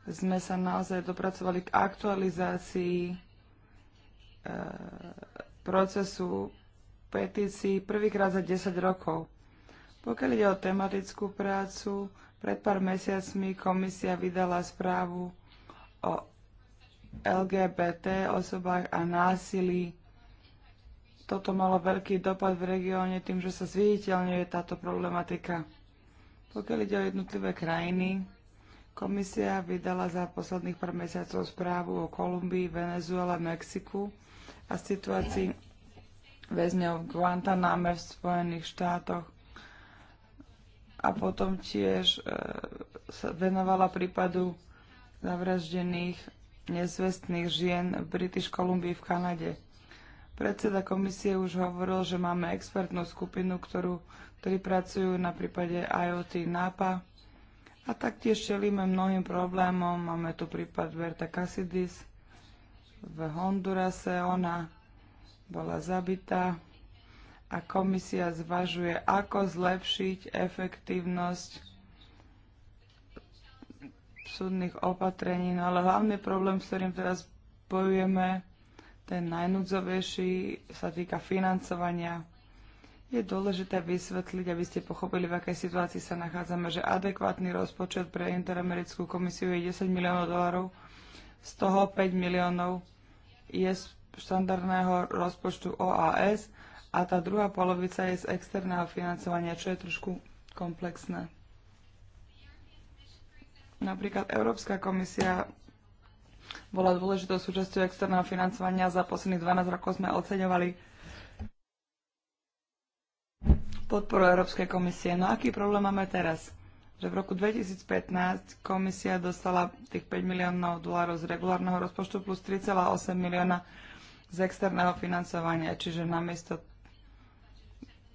sme sa naozaj dopracovali k aktualizácii e, procesu petícií prvýkrát za 10 rokov. Pokiaľ ide o tematickú prácu, pred pár mesiacmi komisia vydala správu o LGBT osobách a násilí. Toto malo veľký dopad v regióne tým, že sa zviditeľňuje táto problematika. Pokiaľ ide o jednotlivé krajiny, komisia vydala za posledných pár mesiacov správu o Kolumbii, Venezuele, Mexiku a situácii väzňov v Guantaname v Spojených štátoch. A potom tiež e, sa venovala prípadu zavraždených nezvestných žien v British Columbia v Kanade. Predseda komisie už hovoril, že máme expertnú skupinu, ktorú, ktorí pracujú na prípade IoT NAPA. A taktiež čelíme mnohým problémom. Máme tu prípad Verta Cassidis, v Hondurase. Ona bola zabitá a komisia zvažuje, ako zlepšiť efektívnosť súdnych opatrení, no ale hlavný problém, s ktorým teraz bojujeme, ten najnúdzovejší, sa týka financovania. Je dôležité vysvetliť, aby ste pochopili, v akej situácii sa nachádzame, že adekvátny rozpočet pre Interamerickú komisiu je 10 miliónov dolarov, z toho 5 miliónov je z štandardného rozpočtu OAS a tá druhá polovica je z externého financovania, čo je trošku komplexné. Napríklad Európska komisia bola dôležitou súčasťou externého financovania. Za posledných 12 rokov sme oceňovali podporu Európskej komisie. No aký problém máme teraz? že v roku 2015 komisia dostala tých 5 miliónov dolárov z regulárneho rozpočtu plus 3,8 milióna z externého financovania. Čiže namiesto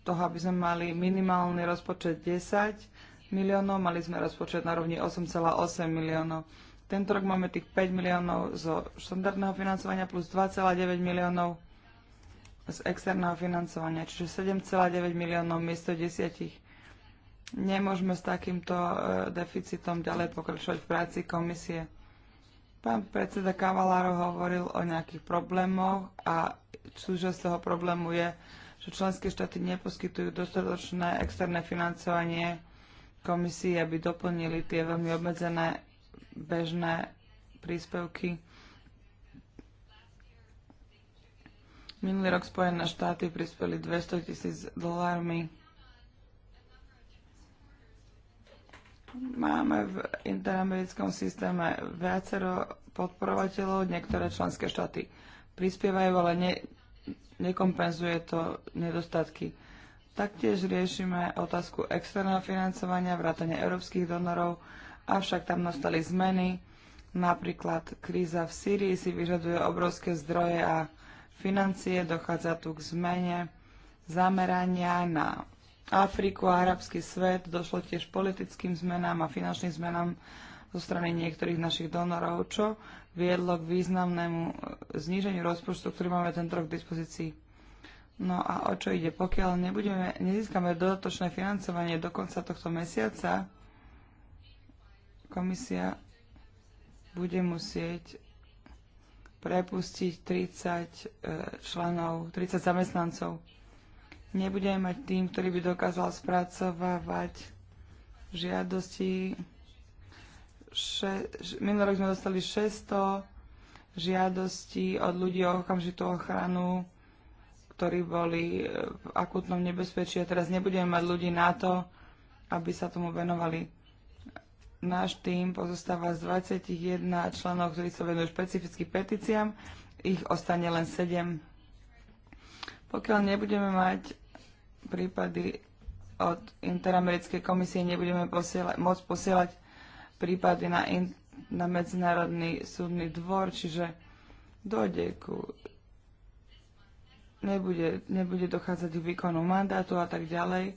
toho, aby sme mali minimálny rozpočet 10 miliónov, mali sme rozpočet na rovni 8,8 miliónov. Tento rok máme tých 5 miliónov zo štandardného financovania plus 2,9 miliónov z externého financovania, čiže 7,9 miliónov miesto 10 Nemôžeme s takýmto e, deficitom ďalej pokračovať v práci komisie. Pán predseda Kavalárov hovoril o nejakých problémoch a súčasť toho problému je, že členské štáty neposkytujú dostatočné externé financovanie komisii, aby doplnili tie veľmi obmedzené bežné príspevky. Minulý rok Spojené štáty prispeli 200 tisíc dolármi Máme v interamerickom systéme viacero podporovateľov, niektoré členské štáty prispievajú, ale ne, nekompenzuje to nedostatky. Taktiež riešime otázku externého financovania, vrátania európskych donorov, avšak tam nastali zmeny. Napríklad kríza v Sýrii si vyžaduje obrovské zdroje a financie, dochádza tu k zmene zamerania na Afriku a arabský svet. Došlo tiež politickým zmenám a finančným zmenám zo strany niektorých našich donorov, čo viedlo k významnému e, zníženiu rozpočtu, ktorý máme tento rok k dispozícii. No a o čo ide? Pokiaľ nebudeme, nezískame dodatočné financovanie do konca tohto mesiaca, komisia bude musieť prepustiť 30 e, členov, 30 zamestnancov Nebudeme mať tým, ktorý by dokázal spracovávať žiadosti. Še, minulý rok sme dostali 600 žiadostí od ľudí o okamžitú ochranu, ktorí boli e, v akutnom nebezpečí a teraz nebudeme mať ľudí na to, aby sa tomu venovali. Náš tým pozostáva z 21 členov, ktorí sa venujú špecificky petíciám, ich ostane len 7 pokiaľ nebudeme mať prípady od Interamerickej komisie, nebudeme môcť posielať prípady na, in- na Medzinárodný súdny dvor, čiže dojde ku nebude, nebude dochádzať k výkonu mandátu a tak ďalej.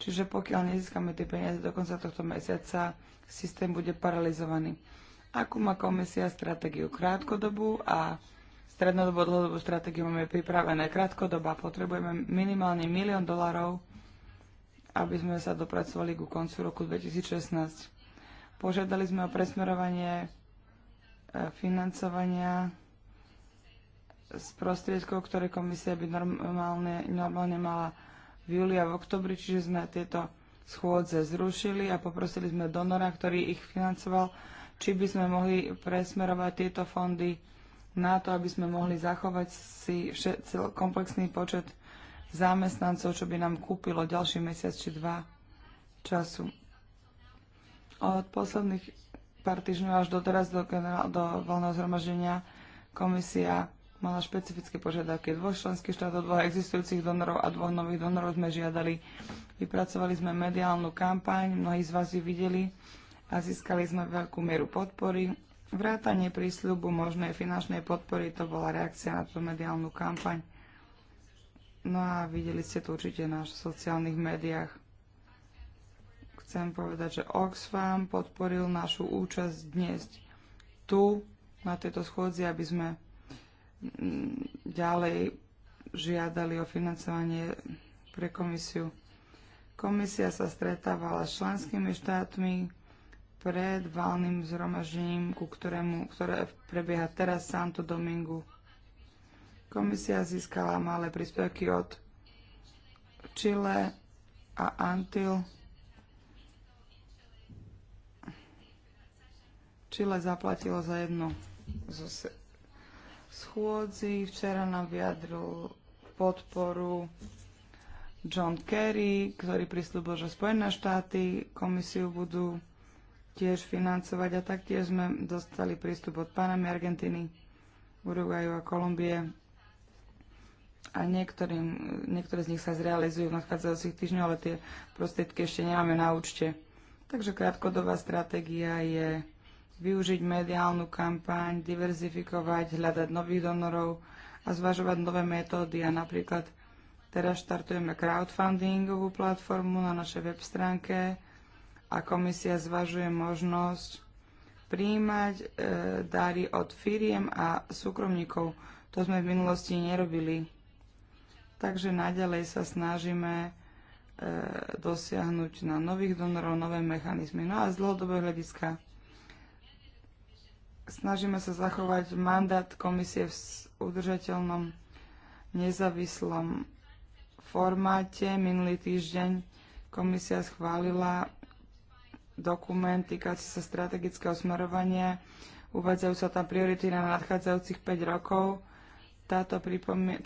Čiže pokiaľ nezískame tie peniaze do konca tohto mesiaca, systém bude paralizovaný. Akú má komisia stratégiu krátkodobú a Strednodobú dlhodobú stratégiu máme pripravené krátkodoba. Potrebujeme minimálne milión dolarov, aby sme sa dopracovali ku koncu roku 2016. Požiadali sme o presmerovanie e, financovania z prostriedkov, ktoré komisia by normálne, normálne mala v júli a v oktobri, čiže sme tieto schôdze zrušili a poprosili sme donora, ktorý ich financoval, či by sme mohli presmerovať tieto fondy na to, aby sme mohli zachovať si komplexný počet zamestnancov, čo by nám kúpilo ďalší mesiac či dva času. Od posledných pár týždňov až doteraz do, generál, do voľného zhromaždenia komisia mala špecifické požiadavky dvoch členských štátov, dvoch existujúcich donorov a dvoch nových donorov sme žiadali. Vypracovali sme mediálnu kampaň, mnohí z vás ju videli a získali sme veľkú mieru podpory Vrátanie prísľubu možnej finančnej podpory, to bola reakcia na tú mediálnu kampaň. No a videli ste to určite na sociálnych médiách. Chcem povedať, že Oxfam podporil našu účasť dnes tu, na tejto schôdzi, aby sme mm, ďalej žiadali o financovanie pre komisiu. Komisia sa stretávala s členskými štátmi, pred valným zhromaždením, ku ktorému, ktoré prebieha teraz Santo Domingu. Komisia získala malé príspevky od Chile a Antil. Chile zaplatilo za jednu z schôdzi. Včera nám vyjadril podporu John Kerry, ktorý prislúbil, že Spojené štáty komisiu budú tiež financovať a taktiež sme dostali prístup od Panamy, Argentiny, Uruguayu a Kolumbie a niektorým, niektoré z nich sa zrealizujú v nadchádzajúcich týždňoch, ale tie prostriedky ešte nemáme na účte. Takže krátkodobá stratégia je využiť mediálnu kampaň, diverzifikovať, hľadať nových donorov a zvažovať nové metódy a napríklad Teraz štartujeme crowdfundingovú platformu na našej web stránke, a komisia zvažuje možnosť príjmať e, dary od firiem a súkromníkov. To sme v minulosti nerobili. Takže naďalej sa snažíme e, dosiahnuť na nových donorov nové mechanizmy. No a z dlhodobého hľadiska snažíme sa zachovať mandát komisie v udržateľnom nezávislom formáte. Minulý týždeň komisia schválila dokument týkajúci sa strategického smerovania. Uvádzajú sa tam priority na nadchádzajúcich 5 rokov. Táto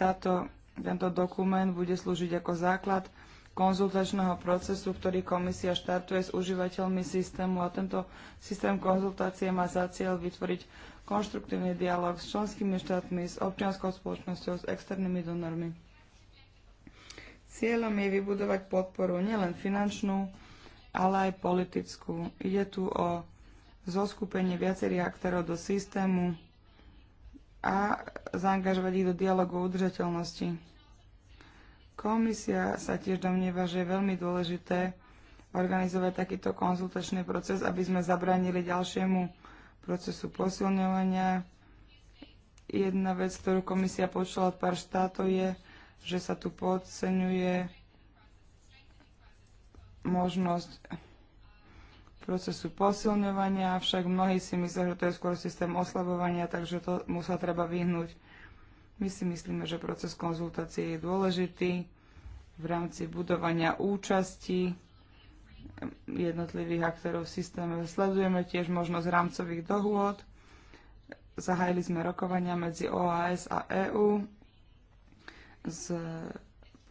táto, tento dokument bude slúžiť ako základ konzultačného procesu, ktorý komisia štartuje s užívateľmi systému a tento systém konzultácie má za cieľ vytvoriť konštruktívny dialog s členskými štátmi, s občianskou spoločnosťou, s externými donormi. Cieľom je vybudovať podporu nielen finančnú, ale aj politickú. Ide tu o zoskupenie viacerých aktérov do systému a zaangažovať ich do dialogu o udržateľnosti. Komisia sa tiež domnieva, že je veľmi dôležité organizovať takýto konzultačný proces, aby sme zabránili ďalšiemu procesu posilňovania. Jedna vec, ktorú komisia počula od pár štátov, je, že sa tu podceňuje možnosť procesu posilňovania, avšak mnohí si myslia, že to je skôr systém oslabovania, takže to mu sa treba vyhnúť. My si myslíme, že proces konzultácie je dôležitý v rámci budovania účasti jednotlivých aktérov v systéme. Sledujeme tiež možnosť rámcových dohôd. Zahájili sme rokovania medzi OAS a EÚ s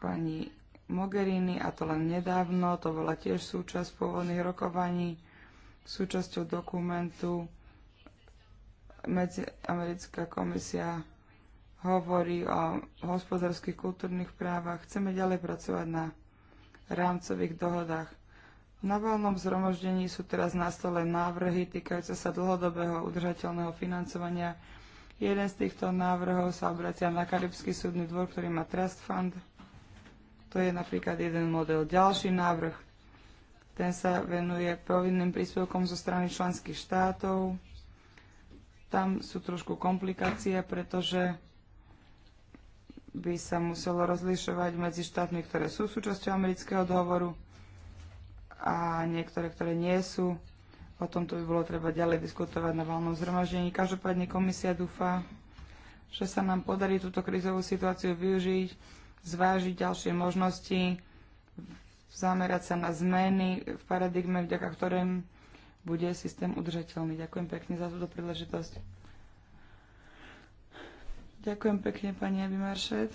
pani Mogherini a to len nedávno, to bola tiež súčasť pôvodných rokovaní, súčasťou dokumentu medzi americká komisia hovorí o hospodárskych kultúrnych právach. Chceme ďalej pracovať na rámcových dohodách. Na voľnom zhromaždení sú teraz na stole návrhy týkajúce sa dlhodobého udržateľného financovania. Jeden z týchto návrhov sa obracia na Karibský súdny dvor, ktorý má Trust Fund to je napríklad jeden model. Ďalší návrh, ten sa venuje povinným príspevkom zo strany členských štátov. Tam sú trošku komplikácie, pretože by sa muselo rozlišovať medzi štátmi, ktoré sú súčasťou amerického dohovoru a niektoré, ktoré nie sú. O tomto by bolo treba ďalej diskutovať na valnom zhromaždení. Každopádne komisia dúfa, že sa nám podarí túto krizovú situáciu využiť zvážiť ďalšie možnosti, zamerať sa na zmeny v paradigme, vďaka ktorým bude systém udržateľný. Ďakujem pekne za túto príležitosť. Ďakujem pekne, pani Abimaršet.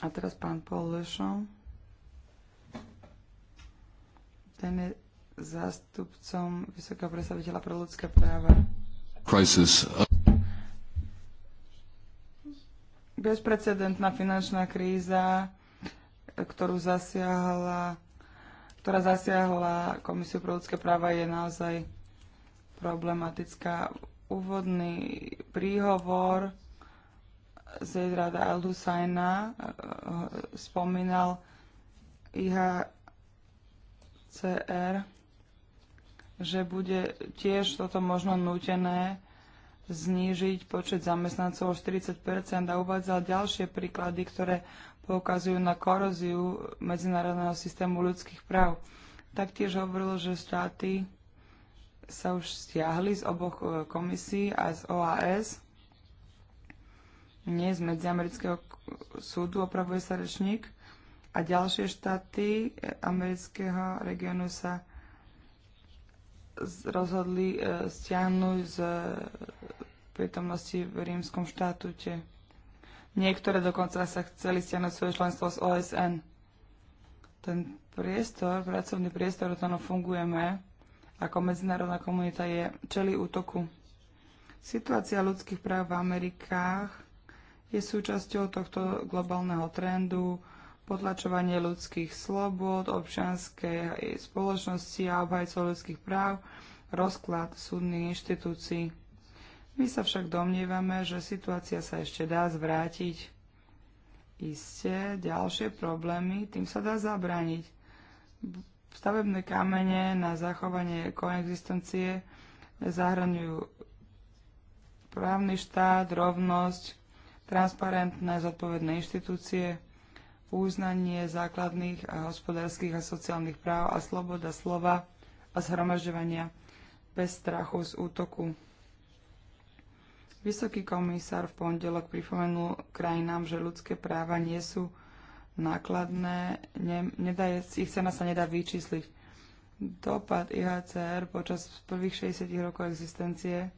A teraz pán Paul Lešom. Ten je zástupcom Vysokého predstaviteľa pre ľudské práva. Crisis bezprecedentná finančná kríza, ktorú zasiahla, ktorá zasiahla Komisiu pro ľudské práva, je naozaj problematická. Úvodný príhovor Zedrada Al-Husajna eh, spomínal IHCR, že bude tiež toto možno nútené znížiť počet zamestnancov o 40 a uvádzal ďalšie príklady, ktoré poukazujú na koróziu medzinárodného systému ľudských práv. Taktiež hovoril, že štáty sa už stiahli z oboch e, komisí a z OAS, nie z Medziamerického súdu, opravuje sa rečník, a ďalšie štáty e, amerického regiónu sa rozhodli e, stiahnuť z e, prítomnosti v rímskom štátute. Niektoré dokonca sa chceli stiahnuť svoje členstvo z OSN. Ten priestor, pracovný priestor, v ktorom fungujeme ako medzinárodná komunita, je čeli útoku. Situácia ľudských práv v Amerikách je súčasťou tohto globálneho trendu, potlačovanie ľudských slobod, občianskej spoločnosti a obhajcov ľudských práv, rozklad súdnych inštitúcií. My sa však domnievame, že situácia sa ešte dá zvrátiť. Isté, ďalšie problémy, tým sa dá zabrániť. Stavebné kamene na zachovanie koexistencie zahrňujú právny štát, rovnosť, transparentné zodpovedné inštitúcie, uznanie základných a hospodárskych a sociálnych práv a sloboda slova a zhromažďovania bez strachu z útoku. Vysoký komisár v pondelok pripomenul krajinám, že ľudské práva nie sú nákladné, ne, nedá, ich cena sa nedá vyčísliť. Dopad IHCR počas prvých 60 rokov existencie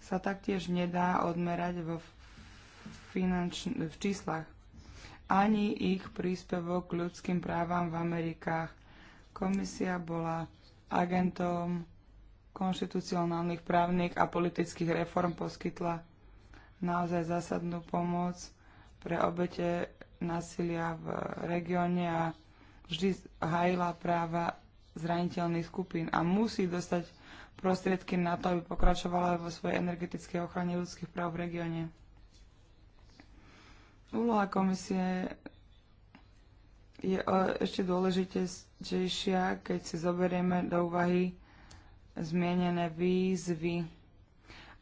sa taktiež nedá odmerať vo finančn- v číslach ani ich príspevok k ľudským právam v Amerikách. Komisia bola agentom konštitucionálnych právnych a politických reform poskytla naozaj zásadnú pomoc pre obete násilia v regióne a vždy hajila práva zraniteľných skupín a musí dostať prostriedky na to, aby pokračovala vo svojej energetickej ochrane ľudských práv v regióne. Úloha komisie je e, ešte dôležitejšia, keď si zoberieme do úvahy zmienené výzvy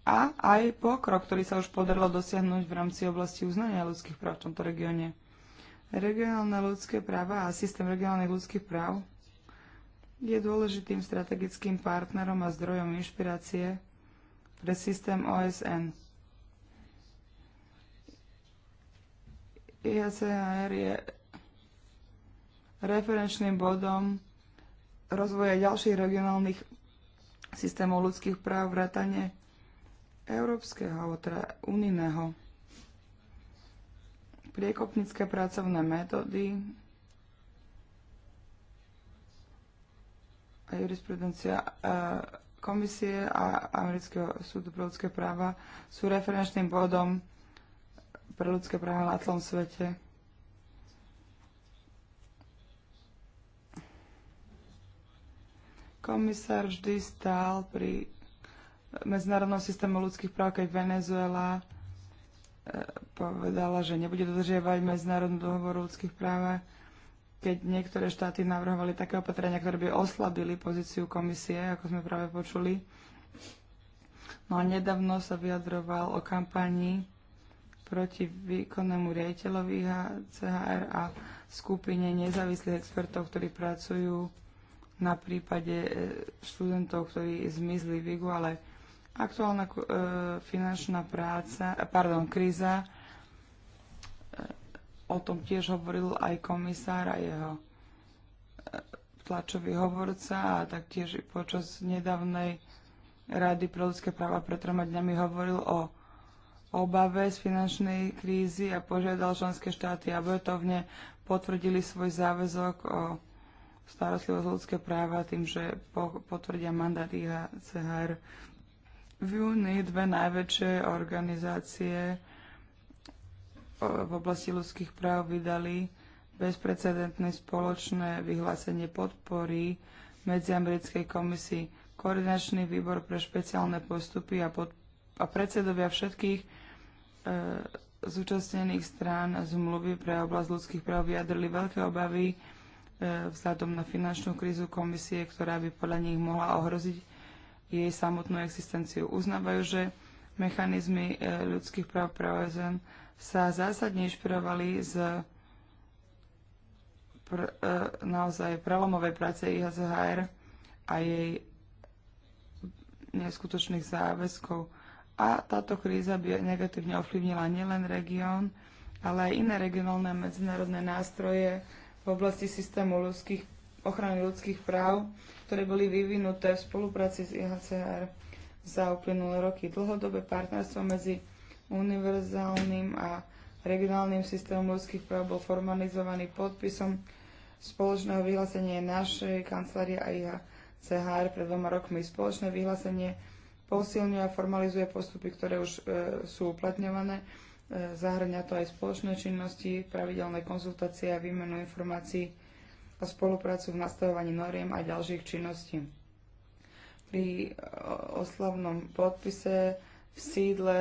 a aj pokrok, ktorý sa už podarilo dosiahnuť v rámci oblasti uznania ľudských práv v tomto regióne. Regionálne ľudské práva a systém regionálnych ľudských práv je dôležitým strategickým partnerom a zdrojom inšpirácie pre systém OSN. IACR je referenčným bodom rozvoja ďalších regionálnych systémov ľudských práv vrátane európskeho, alebo teda unijného. Priekopnícke pracovné metódy a jurisprudencia e, komisie a Amerického súdu pro ľudské práva sú referenčným bodom pre ľudské práva na celom svete. Komisár vždy stál pri medzinárodnom systému ľudských práv, keď Venezuela e, povedala, že nebude dodržiavať medzinárodnú dohovor o ľudských právach, keď niektoré štáty navrhovali také opatrenia, ktoré by oslabili pozíciu komisie, ako sme práve počuli. No a nedávno sa vyjadroval o kampanii proti výkonnému riaditeľovi CHR a skupine nezávislých expertov, ktorí pracujú na prípade e, študentov, ktorí zmizli v Igu, ale aktuálna e, finančná práca, e, pardon, kríza, e, o tom tiež hovoril aj komisár a jeho tlačový hovorca a taktiež i počas nedávnej Rady pre ľudské práva pred troma dňami hovoril o obave z finančnej krízy a požiadal členské štáty, aby otovne potvrdili svoj záväzok o starostlivosť ľudské práva tým, že potvrdia mandát IHCHR. V júni dve najväčšie organizácie v oblasti ľudských práv vydali bezprecedentné spoločné vyhlásenie podpory Medziamerickej komisii. Koordinačný výbor pre špeciálne postupy a, pod, a predsedovia všetkých E, zúčastnených strán zmluvy pre oblasť ľudských práv vyjadrili veľké obavy e, vzhľadom na finančnú krízu komisie, ktorá by podľa nich mohla ohroziť jej samotnú existenciu. Uznávajú, že mechanizmy e, ľudských práv pre OSN sa zásadne inšpirovali z pr- naozaj prelomovej práce IHZHR a jej neskutočných záväzkov a táto kríza by negatívne ovplyvnila nielen región, ale aj iné regionálne a medzinárodné nástroje v oblasti systému ľudských, ochrany ľudských práv, ktoré boli vyvinuté v spolupráci s IHCR za uplynulé roky. Dlhodobé partnerstvo medzi univerzálnym a regionálnym systémom ľudských práv bol formalizovaný podpisom spoločného vyhlásenia našej kancelárie a IHCR pred dvoma rokmi. Spoločné vyhlásenie posilňuje a formalizuje postupy, ktoré už e, sú uplatňované. E, zahrňa to aj spoločné činnosti, pravidelné konzultácie a výmenu informácií a spoluprácu v nastavovaní noriem a ďalších činností. Pri e, oslavnom podpise v sídle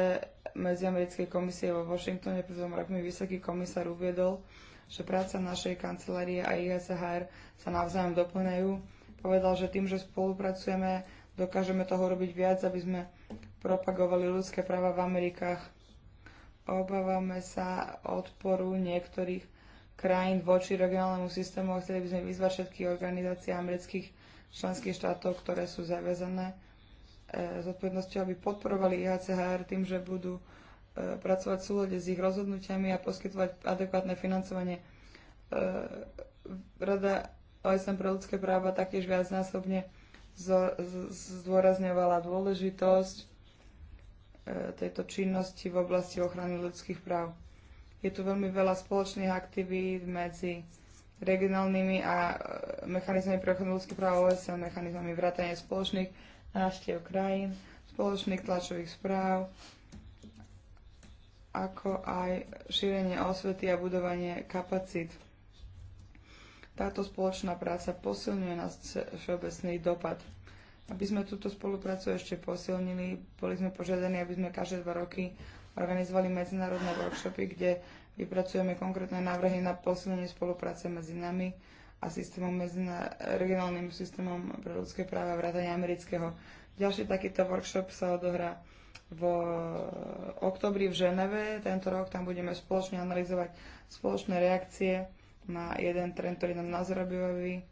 Medziamerickej komisie vo Washingtone pred dvoma rokmi vysoký komisár uviedol, že práca našej kancelárie a ISHR sa navzájom doplňajú. Povedal, že tým, že spolupracujeme, Dokážeme toho robiť viac, aby sme propagovali ľudské práva v Amerikách. Obávame sa odporu niektorých krajín voči regionálnemu systému a chceli by sme vyzvať všetky organizácie amerických členských štátov, ktoré sú zaviazané e, s odpovednosťou, aby podporovali IHCHR tým, že budú e, pracovať v súlade s ich rozhodnutiami a poskytovať adekvátne financovanie. E, Rada OSN pre ľudské práva taktiež viacnásobne zdôrazňovala dôležitosť e, tejto činnosti v oblasti ochrany ľudských práv. Je tu veľmi veľa spoločných aktivít medzi regionálnymi a e, mechanizmami pre ochranu ľudských práv OSN, mechanizmami vrátania spoločných návštev krajín, spoločných tlačových správ, ako aj šírenie osvety a budovanie kapacít. Táto spoločná práca posilňuje nás všeobecný dopad. Aby sme túto spoluprácu ešte posilnili, boli sme požiadaní, aby sme každé dva roky organizovali medzinárodné workshopy, kde vypracujeme konkrétne návrhy na posilnenie spolupráce medzi nami a systémom medziná, regionálnym systémom pre ľudské práva vrátania amerického. Ďalší takýto workshop sa odohrá v oktobri v Ženeve. Tento rok tam budeme spoločne analyzovať spoločné reakcie na jeden trend, ktorý nám na Zrabilovi,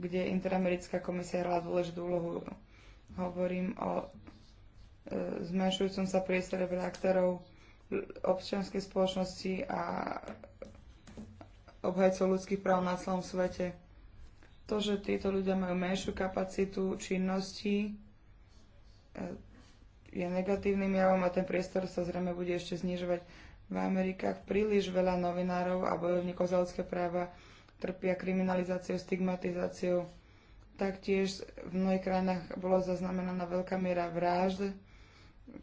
kde Interamerická komisia hrala dôležitú úlohu. Hovorím o e, zmenšujúcom sa priestore pre aktérov občianskej spoločnosti a obhajcov ľudských práv na celom svete. To, že títo ľudia majú menšiu kapacitu činnosti, e, je negatívnym javom a ten priestor sa zrejme bude ešte znižovať v Amerikách príliš veľa novinárov a bojovníkov za ľudské práva trpia kriminalizáciou, stigmatizáciou. Taktiež v mnohých krajinách bolo zaznamenaná veľká miera vražd.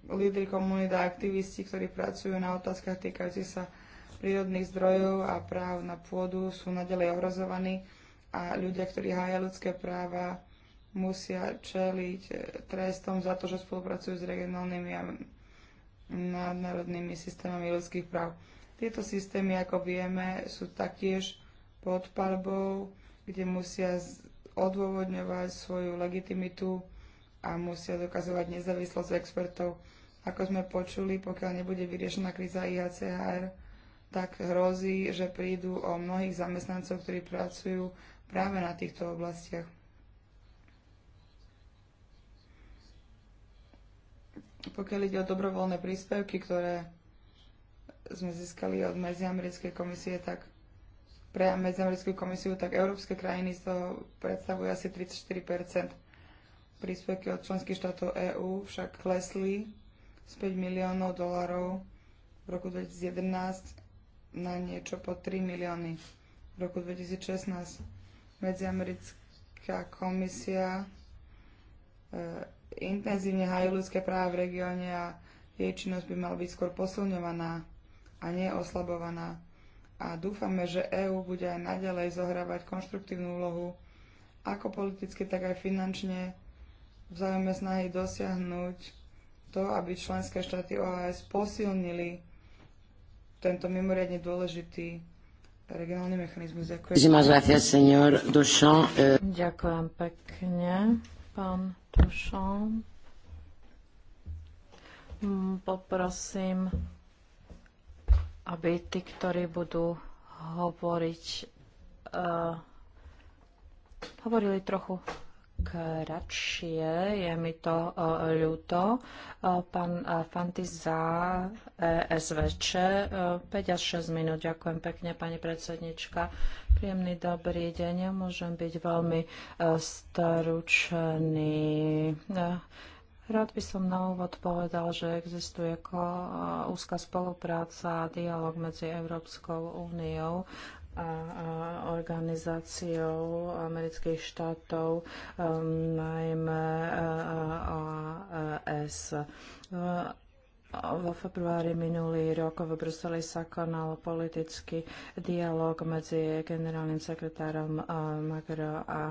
Lídry komunity a aktivisti, ktorí pracujú na otázkach týkajúcich sa prírodných zdrojov a práv na pôdu, sú nadalej ohrozovaní a ľudia, ktorí hája ľudské práva, musia čeliť trestom za to, že spolupracujú s regionálnymi a nadnárodnými systémami ľudských práv. Tieto systémy, ako vieme, sú taktiež pod palbou, kde musia odôvodňovať svoju legitimitu a musia dokazovať nezávislosť expertov. Ako sme počuli, pokiaľ nebude vyriešená kríza IHCHR, tak hrozí, že prídu o mnohých zamestnancov, ktorí pracujú práve na týchto oblastiach. Pokiaľ ide o dobrovoľné príspevky, ktoré sme získali od Medziamerickej komisie, tak pre Medziamerickú komisiu, tak európske krajiny z toho predstavujú asi 34 Príspevky od členských štátov EÚ však klesli z 5 miliónov dolárov v roku 2011 na niečo po 3 milióny v roku 2016. Medziamerická komisia e, intenzívne hájí ľudské práva v regióne a jej činnosť by mala byť skôr posilňovaná a nie oslabovaná. A dúfame, že EÚ bude aj naďalej zohrávať konštruktívnu úlohu, ako politicky, tak aj finančne, v záujme snahy dosiahnuť to, aby členské štáty OAS posilnili tento mimoriadne dôležitý regionálny mechanizmus. Ďakujem. Eh, Ďakujem pekne. Pán Tušon. Mm, poprosím, aby tí, ktorí budú hovoriť, uh, hovorili trochu kratšie, je mi to e, ľúto. E, pán e, Fantis za SVČ, 5 až 6 minút. Ďakujem pekne, pani predsednička. Príjemný dobrý deň. Ja môžem byť veľmi staručený. Rád by som na úvod povedal, že existuje úzka spolupráca a dialog medzi Európskou úniou organizáciou amerických štátov, um, najmä e, AS. Vo februári minulý rok v Bruseli sa konal politický dialog medzi generálnym sekretárom e, Magro a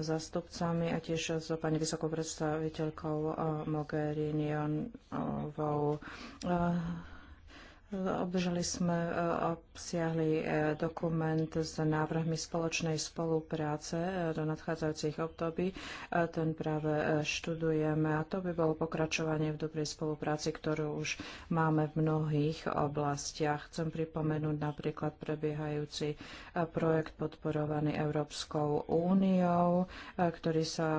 zastupcami a tiež s pani vysokou predstaviteľkou e, Mogheriniovou. Obdržali sme e, obsiahli e, dokument s návrhmi spoločnej spolupráce e, do nadchádzajúcich období. Ten práve študujeme a to by bolo pokračovanie v dobrej spolupráci, ktorú už máme v mnohých oblastiach. Chcem pripomenúť napríklad prebiehajúci projekt podporovaný Európskou úniou, ktorý sa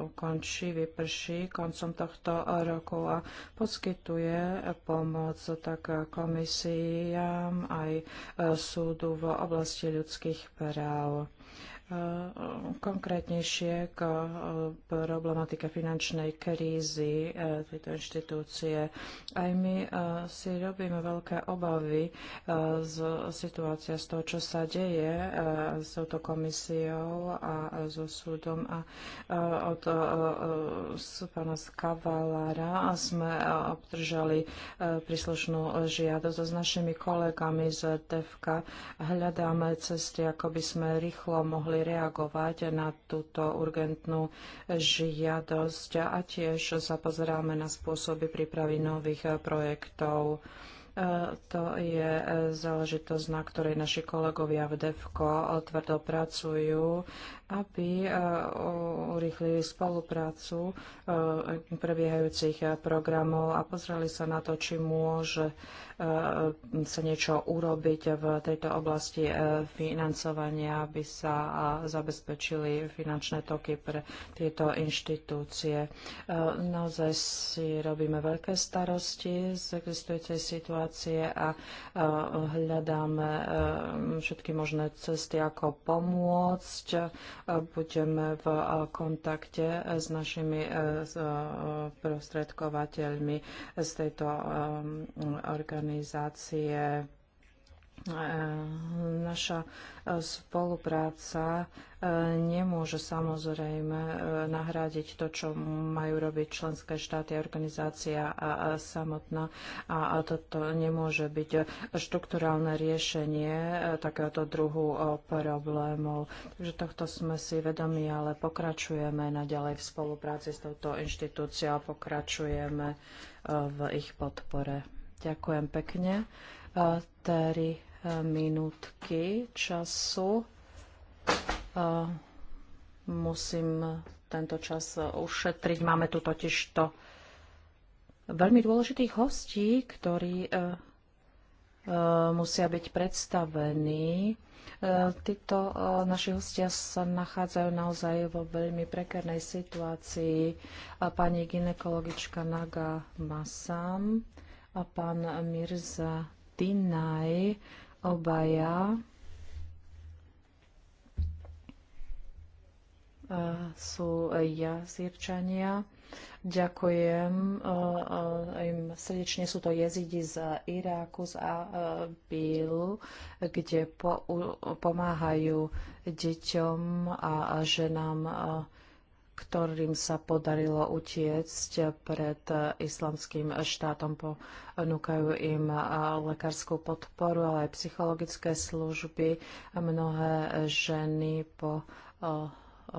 ukončí, vyprší koncom tohto roku a poskytuje pomoc tak komisiám aj e, súdu v oblasti ľudských práv. Eh, konkrétnejšie k eh, problematike finančnej krízy eh, tejto inštitúcie. Aj my si robíme veľké obavy z situácie, z toho, čo sa deje s touto komisiou a so súdom. A od pána Skavalára sme obdržali príslušnú žiadosť s našimi kolegami z DEFKA. Hľadáme cesty, ako by sme rýchlo mohli mohli reagovať na túto urgentnú žiadosť a tiež sa pozeráme na spôsoby prípravy nových projektov. E, to je záležitosť, na ktorej naši kolegovia v DEFCO tvrdo pracujú aby e, urýchlili spoluprácu e, prebiehajúcich e, programov a pozreli sa na to, či môže sa niečo urobiť v tejto oblasti financovania, aby sa zabezpečili finančné toky pre tieto inštitúcie. Naozaj si robíme veľké starosti z existujúcej situácie a hľadáme všetky možné cesty, ako pomôcť budeme v eh, kontakte eh, s našimi eh, prostredkovateľmi z tejto organizácie. Eh, naša eh, spolupráca eh, nemôže samozrejme nahradiť to, čo majú robiť členské štáty a organizácia a samotná. A toto nemôže byť štrukturálne riešenie takéhoto druhu problémov. Takže tohto sme si vedomi, ale pokračujeme naďalej v spolupráci s touto inštitúciou a pokračujeme v ich podpore. Ďakujem pekne. Terry minútky času. E, musím tento čas ušetriť. Máme tu totiž to veľmi dôležitých hostí, ktorí e, e, musia byť predstavení. Títo naši hostia sa nachádzajú naozaj vo veľmi prekernej situácii. Pani ginekologička Naga Masam a pán Mirza Dinaj Obaja e, sú jazirčania. Ďakujem e, e, im srdečne. Sú to jezidi z Iráku, z Abilu, kde po, pomáhajú deťom a ženám ktorým sa podarilo utiecť pred islamským štátom. Ponúkajú im lekárskú podporu, ale aj psychologické služby. Mnohé ženy po Eh,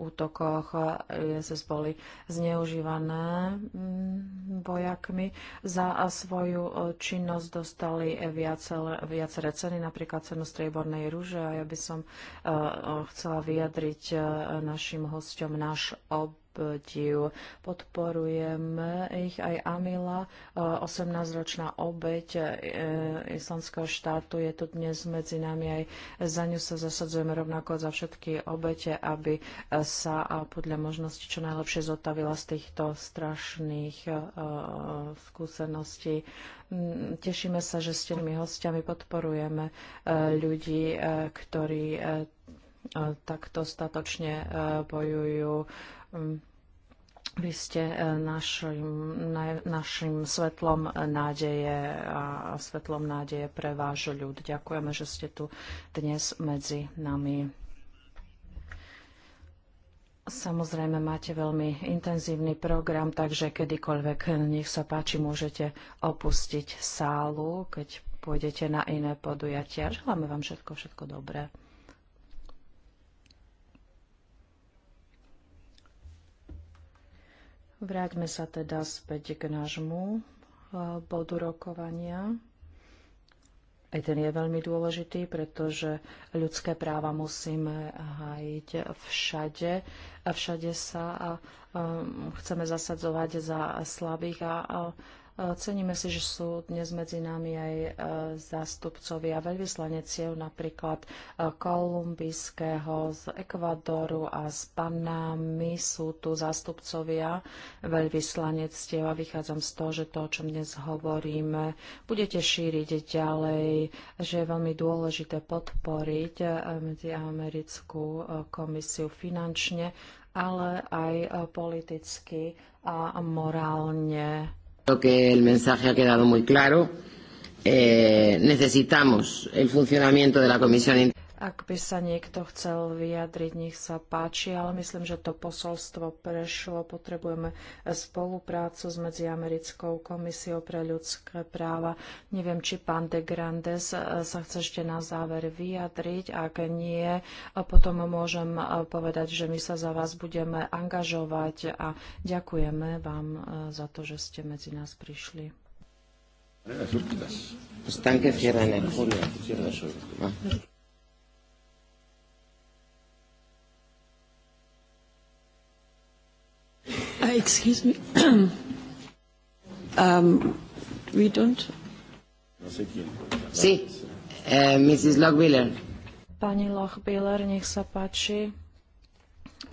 útokoch ISIS eh, boli zneužívané mm, vojakmi. Za svoju eh, činnosť dostali viac viaceré ceny, napríklad cenu striebornej rúže a ja by som chcela vyjadriť našim hostom náš ob obdiv. Podporujeme ich aj Amila, 18-ročná e, obeď e, islamského štátu je tu dnes medzi nami aj za ňu sa zasadzujeme rovnako za všetky obete, aby e, sa podľa možnosti čo najlepšie zotavila z týchto strašných skúseností tešíme sa, že ste my hostiami, podporujeme ľudí, ktorí takto statočne bojujú Ehm, vy ste e, našim, našim svetlom nádeje a svetlom nádeje pre váš ľud. Ďakujeme, že ste tu dnes medzi nami. Samozrejme, máte veľmi intenzívny program, takže kedykoľvek, e, nech sa páči, môžete opustiť sálu, keď pôjdete na iné podujatia. Želáme vám všetko, všetko dobré. Vráťme sa teda späť k nášmu eh, bodu rokovania. Aj ten je veľmi dôležitý, pretože ľudské práva musíme hájiť všade. A všade sa a, eh, a eh, chceme zasadzovať za slabých a, a Ceníme si, že sú dnes medzi nami aj e, zástupcovia veľvyslaneciev napríklad e, kolumbijského z Ekvadoru a z Panámy sú tu zástupcovia veľvyslaneciev a vychádzam z toho, že to, o čom dnes hovoríme, budete šíriť ďalej, že je veľmi dôležité podporiť e, Medziamerickú komisiu finančne, ale aj politicky a morálne Creo que el mensaje ha quedado muy claro. Eh, necesitamos el funcionamiento de la Comisión. Internacional. Ak by sa niekto chcel vyjadriť, nech sa páči, ale myslím, že to posolstvo prešlo. Potrebujeme spoluprácu s Medziamerickou komisiou pre ľudské práva. Neviem, či pán de Grandes e, sa chce ešte na záver vyjadriť. Ak nie, potom môžem e, povedať, že my sa za vás budeme angažovať a ďakujeme vám e, za to, že ste medzi nás prišli. Están que cierran en Uh, excuse me. um, we don't. Si. uh, eh, Mrs. Lochbiller. Pani Lochbiller, nech sa páči.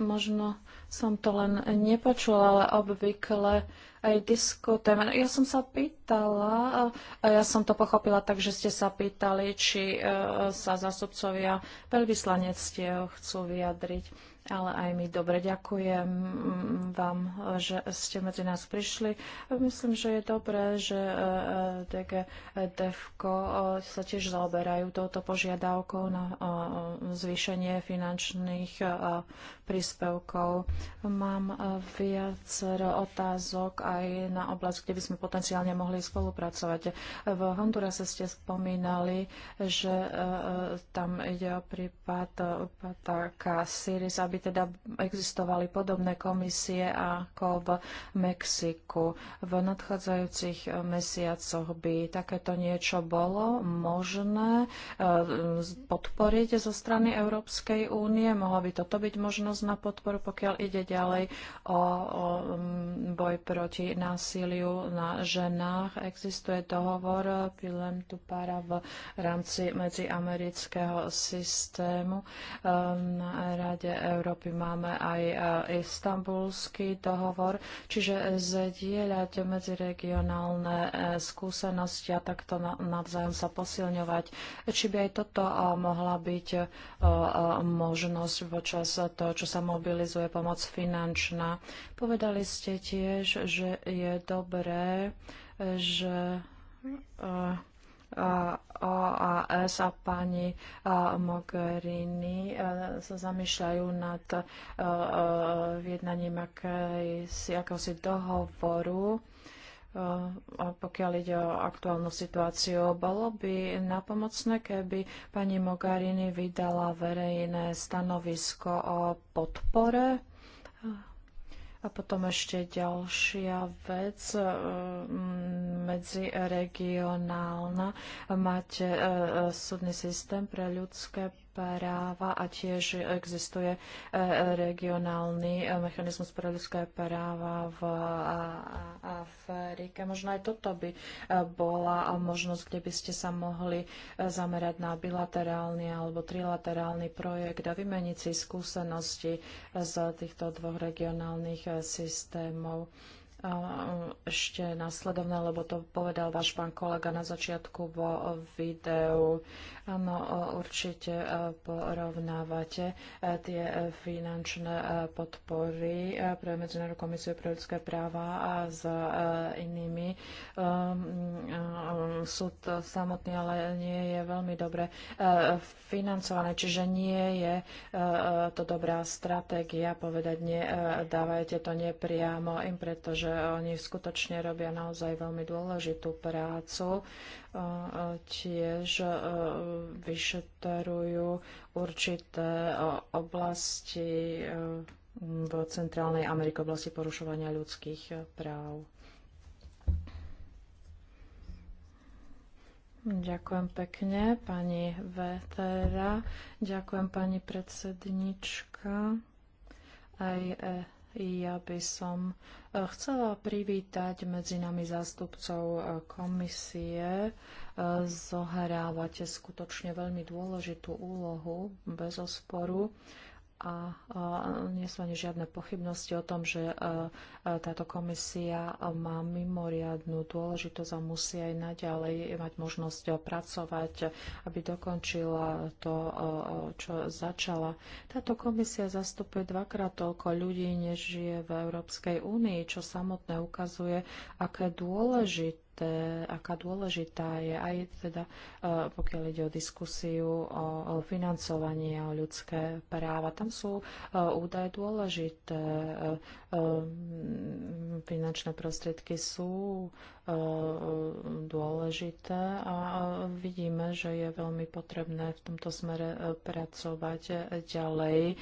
Možno som to len nepočula, ale obvykle aj diskutujeme. Ja som sa pýtala, a eh, ja som to pochopila tak, že ste sa pýtali, či eh, sa zástupcovia veľvyslanectiev chcú vyjadriť ale aj my dobre ďakujem vám, že ste medzi nás prišli. Myslím, že je dobré, že e, e, DG e, DEFCO sa tiež zaoberajú touto požiadavkou na zvýšenie finančných príspevkov. Mám viacero otázok aj na oblasť, kde by sme potenciálne mohli spolupracovať. V Hondurase ste spomínali, že tam ide o prípad Pataka Syris, aby aby teda existovali podobné komisie ako v Mexiku. V nadchádzajúcich eh, mesiacoch by takéto niečo bolo možné eh, podporiť zo strany Európskej únie. Mohla by toto byť možnosť na podporu, pokiaľ ide ďalej o, o mm, boj proti násiliu na ženách. Existuje dohovor eh, Pilem Tupara v rámci medziamerického systému na Rade Európskej Európy máme aj e, istambulský dohovor, čiže zdieľať medziregionálne e, skúsenosti a takto navzájom sa posilňovať. Či by aj toto e, mohla byť možnosť počas toho, čo sa mobilizuje pomoc finančná. Povedali ste tiež, že je dobré, že OAS a pani Mogherini sa zamýšľajú nad vyjednaním akéhosi dohovoru a pokiaľ ide o aktuálnu situáciu, bolo by napomocné, keby pani Mogherini vydala verejné stanovisko o podpore a potom ešte ďalšia vec, e, medziregionálna. Máte e, e, súdny systém pre ľudské práva a tiež existuje e, regionálny e, mechanizmus pre ľudské práva v Afrike. Možno aj toto by e, bola možnosť, kde by ste sa mohli zamerať na bilaterálny alebo trilaterálny projekt a vymeniť si skúsenosti z týchto dvoch regionálnych systémov ešte nasledovné, lebo to povedal váš pán kolega na začiatku vo videu. Áno, určite e, porovnávate e, tie e, finančné podpory pre Medzinárodnú komisiu pre ľudské práva a s inými. Ehm, Súd samotný ale nie je veľmi dobre financované, čiže nie je to dobrá stratégia povedať, nie, dávajte to nepriamo im, pretože oni skutočne robia naozaj veľmi dôležitú prácu tiež e, vyšetrujú určité e, oblasti e, v Centrálnej Amerike, oblasti porušovania ľudských práv. Ďakujem pekne, pani Vetera. Ďakujem, pani predsednička. Aj ja by som e, chcela privítať medzi nami zástupcov e, komisie. E, zohrávate skutočne veľmi dôležitú úlohu bez osporu a nie sú ani žiadne pochybnosti o tom, že táto komisia má mimoriadnú dôležitosť a musí aj naďalej mať možnosť pracovať, aby dokončila to, čo začala. Táto komisia zastupuje dvakrát toľko ľudí, než žije v Európskej únii, čo samotné ukazuje, aké dôležité dôležité, aká dôležitá je aj teda, e, pokiaľ ide o diskusiu o financovanie a o ľudské práva. Tam sú e, údaje dôležité. E, finančné prostriedky sú dôležité a vidíme, že je veľmi potrebné v tomto smere pracovať ďalej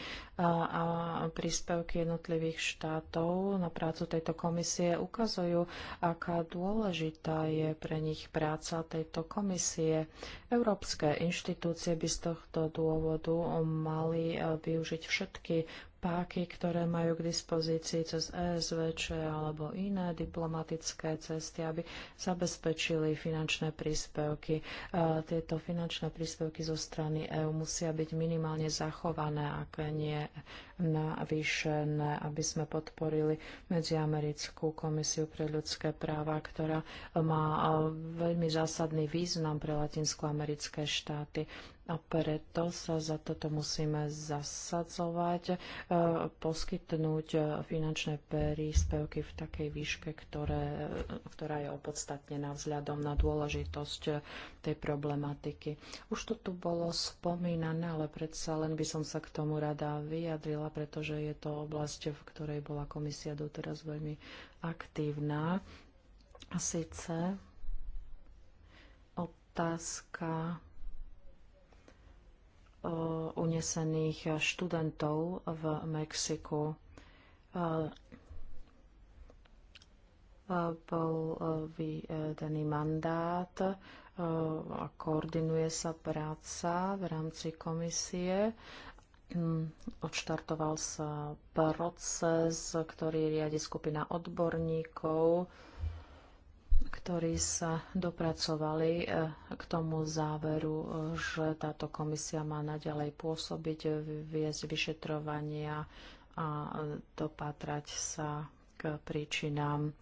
a príspevky jednotlivých štátov na prácu tejto komisie ukazujú, aká dôležitá je pre nich práca tejto komisie. Európske inštitúcie by z tohto dôvodu mali e, využiť všetky páky, ktoré majú k dispozícii cez ESVČ alebo iné diplomatické cesty, aby zabezpečili finančné príspevky. E, tieto finančné príspevky zo strany EÚ musia byť minimálne zachované, ak nie navýšené, aby sme podporili Medziamerickú komisiu pre ľudské práva, ktorá má e, veľmi zásadný význam pre latinskoamerické štáty a preto sa za toto musíme zasadzovať, e, poskytnúť e, finančné príspevky v takej výške, ktoré, ktorá je opodstatnená vzhľadom na dôležitosť e, tej problematiky. Už to tu bolo spomínané, ale predsa len by som sa k tomu rada vyjadrila, pretože je to oblasť, v ktorej bola komisia doteraz veľmi aktívna. A síce otázka unesených študentov v Mexiku. E, e, bol e, vydaný mandát a koordinuje sa práca v rámci komisie mm, odštartoval sa proces, ktorý riadi skupina odborníkov ktorí sa dopracovali e, k tomu záveru, e, že táto komisia má naďalej pôsobiť, viesť vyšetrovania a dopatrať sa k príčinám.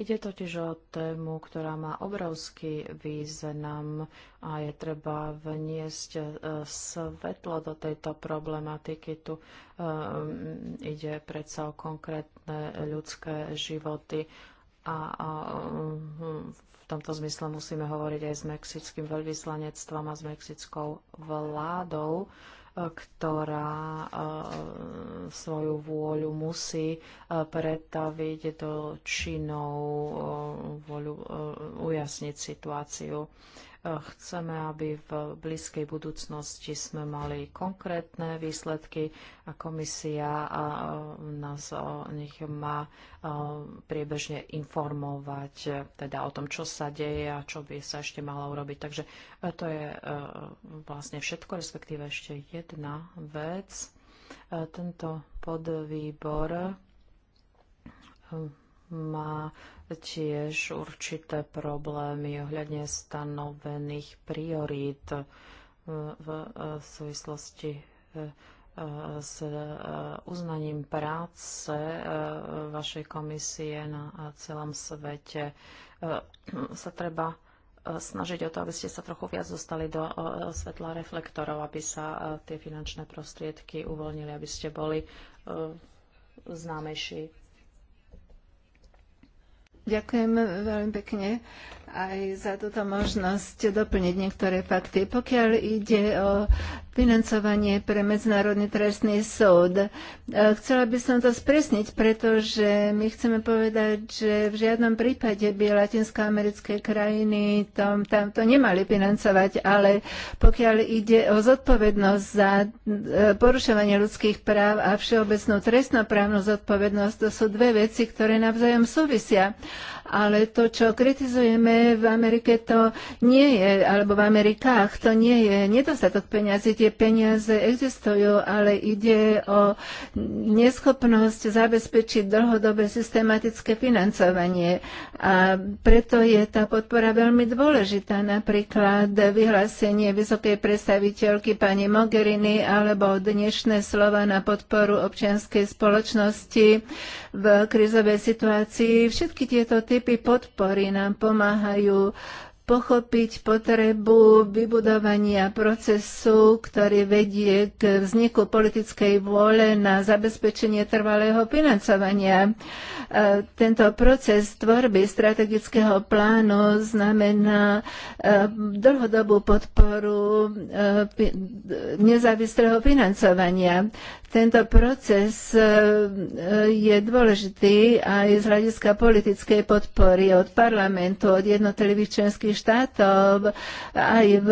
Ide totiž o tému, ktorá má obrovský význam a je treba vniesť e, svetlo do tejto problematiky. Tu ide predsa o konkrétne ľudské životy a, a v tomto zmysle musíme hovoriť aj s mexickým veľvyslanectvom a s mexickou vládou, e, ktorá e, svoju vôľu musí e, pretaviť do činov, vôľu ujasniť situáciu. Chceme, aby v blízkej budúcnosti sme mali konkrétne výsledky a komisia e, nás o e, nich má e, priebežne informovať teda o tom, čo sa deje a čo by sa ešte malo urobiť. Takže to je vlastne všetko, respektíve ešte jedna vec. Tento podvýbor má tiež určité problémy ohľadne stanovených priorít e, e, v súvislosti e, s uznaním práce vašej komisie na celom svete sa treba snažiť o to, aby ste sa trochu viac dostali do svetla reflektorov, aby sa tie finančné prostriedky uvoľnili, aby ste boli známejší Ďakujem veľmi pekne aj za túto možnosť doplniť niektoré fakty. Pokiaľ ide o financovanie pre Medzinárodný trestný súd. E, chcela by som to spresniť, pretože my chceme povedať, že v žiadnom prípade by latinskoamerické krajiny tam, tam to nemali financovať, ale pokiaľ ide o zodpovednosť za e, porušovanie ľudských práv a všeobecnú trestnoprávnu zodpovednosť, to sú dve veci, ktoré navzájom súvisia ale to, čo kritizujeme v Amerike, to nie je, alebo v Amerikách, to nie je nedostatok peniazy. Tie peniaze existujú, ale ide o neschopnosť zabezpečiť dlhodobé systematické financovanie. A preto je tá podpora veľmi dôležitá. Napríklad vyhlásenie vysokej predstaviteľky pani Mogherini alebo dnešné slova na podporu občianskej spoločnosti v krizovej situácii. Všetky tieto typy typy podpory nám pomáhajú pochopiť potrebu vybudovania procesu, ktorý vedie k vzniku politickej vôle na zabezpečenie trvalého financovania. E, tento proces tvorby strategického plánu znamená e, dlhodobú podporu e, nezávislého financovania. Tento proces je dôležitý aj z hľadiska politickej podpory od parlamentu, od jednotlivých členských štátov aj v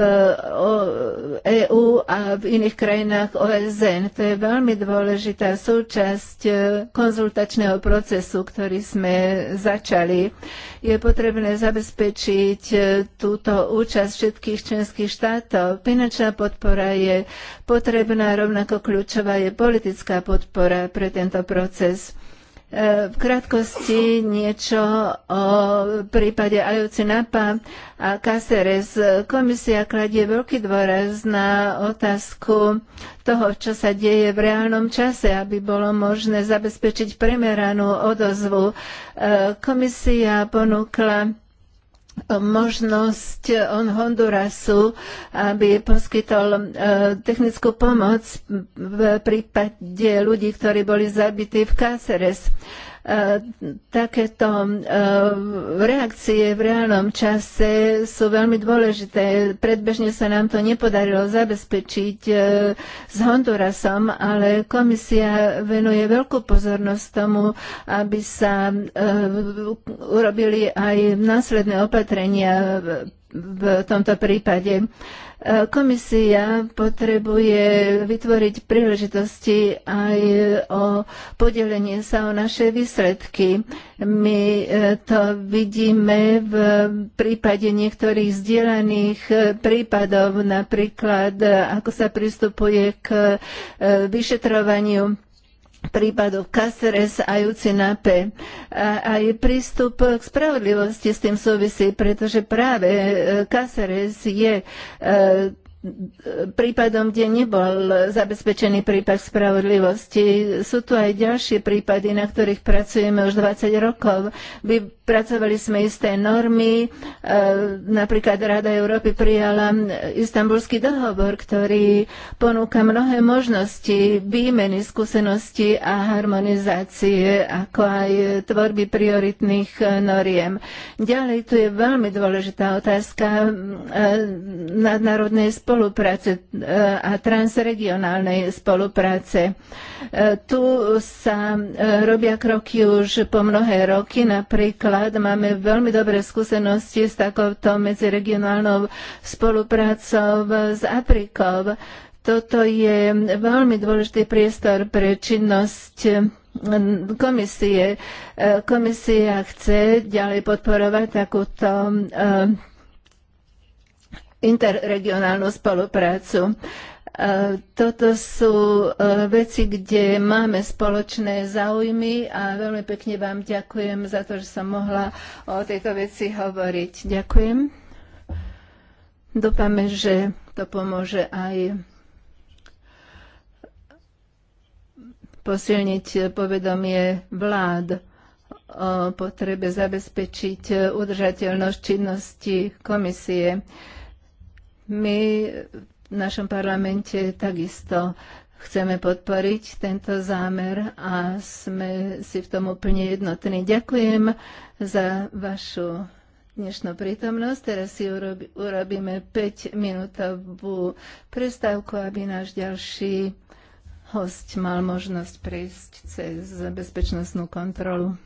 EÚ a v iných krajinách OSN. To je veľmi dôležitá súčasť e, konzultačného procesu, ktorý sme začali. Je potrebné zabezpečiť e, túto účasť všetkých členských štátov. Finančná podpora je potrebná, rovnako kľúčová je politická podpora pre tento proces. E, v krátkosti niečo o prípade Napa a Cáceres. Komisia kladie veľký dôraz na otázku toho, čo sa deje v reálnom čase, aby bolo možné zabezpečiť primeranú odozvu. E, komisia ponúkla možnosť eh, on Hondurasu, aby poskytol eh, technickú pomoc v prípade ľudí, ktorí boli zabití v Cáceres. E, takéto e, reakcie v reálnom čase sú veľmi dôležité. Predbežne sa nám to nepodarilo zabezpečiť e, s Hondurasom, ale komisia venuje veľkú pozornosť tomu, aby sa urobili aj následné opatrenia v tomto prípade. E, komisia potrebuje vytvoriť príležitosti aj o podelenie sa o naše výsledky. My e, to vidíme v prípade niektorých zdieľaných e, prípadov, napríklad ako sa pristupuje k vyšetrovaniu prípadov Caceres a Jucinape. A aj prístup k spravodlivosti s tým súvisí, pretože práve e, Caceres je e, prípadom, kde nebol zabezpečený prípad spravodlivosti. Sú tu aj ďalšie prípady, na ktorých pracujeme už 20 rokov. Vypracovali sme isté normy, e, napríklad Rada Európy prijala istambulský dohovor, ktorý ponúka mnohé možnosti výmeny skúsenosti a harmonizácie, ako aj tvorby prioritných e, noriem. Ďalej tu je veľmi dôležitá otázka e, nadnárodnej spoločnosti spolupráce e, a transregionálnej spolupráce. E, tu sa e, robia kroky už po mnohé roky. Napríklad máme veľmi dobré skúsenosti s takouto medziregionálnou spoluprácou s Afrikou. Toto je veľmi dôležitý priestor pre činnosť komisie. Komisia chce ďalej podporovať takúto interregionálnu spoluprácu. E, toto sú e, veci, kde máme spoločné záujmy a veľmi pekne vám ďakujem za to, že som mohla o tejto veci hovoriť. Ďakujem. Dúfame, že to pomôže aj posilniť povedomie vlád o potrebe zabezpečiť udržateľnosť činnosti komisie. My v našom parlamente takisto chceme podporiť tento zámer a sme si v tom úplne jednotní. Ďakujem za vašu dnešnú prítomnosť. Teraz si urobi, urobíme 5-minútovú prestávku, aby náš ďalší host mal možnosť prejsť cez bezpečnostnú kontrolu.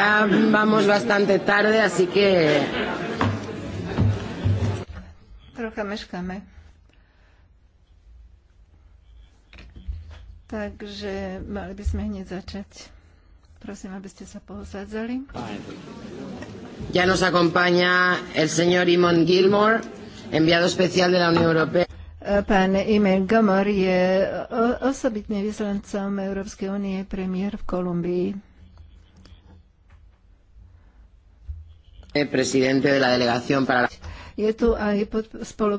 ya vamos bastante tarde, así que... Trocha meškáme. Takže mali by sme hneď začať. Prosím, aby ste sa pohosadzali. Ya nos acompaña el señor Imon Gilmore, enviado especial de la Unión Europea. Pán Imon Gilmore je osobitný vyslancom Európskej únie premiér v Kolumbii. Je tu aj pod, spolu,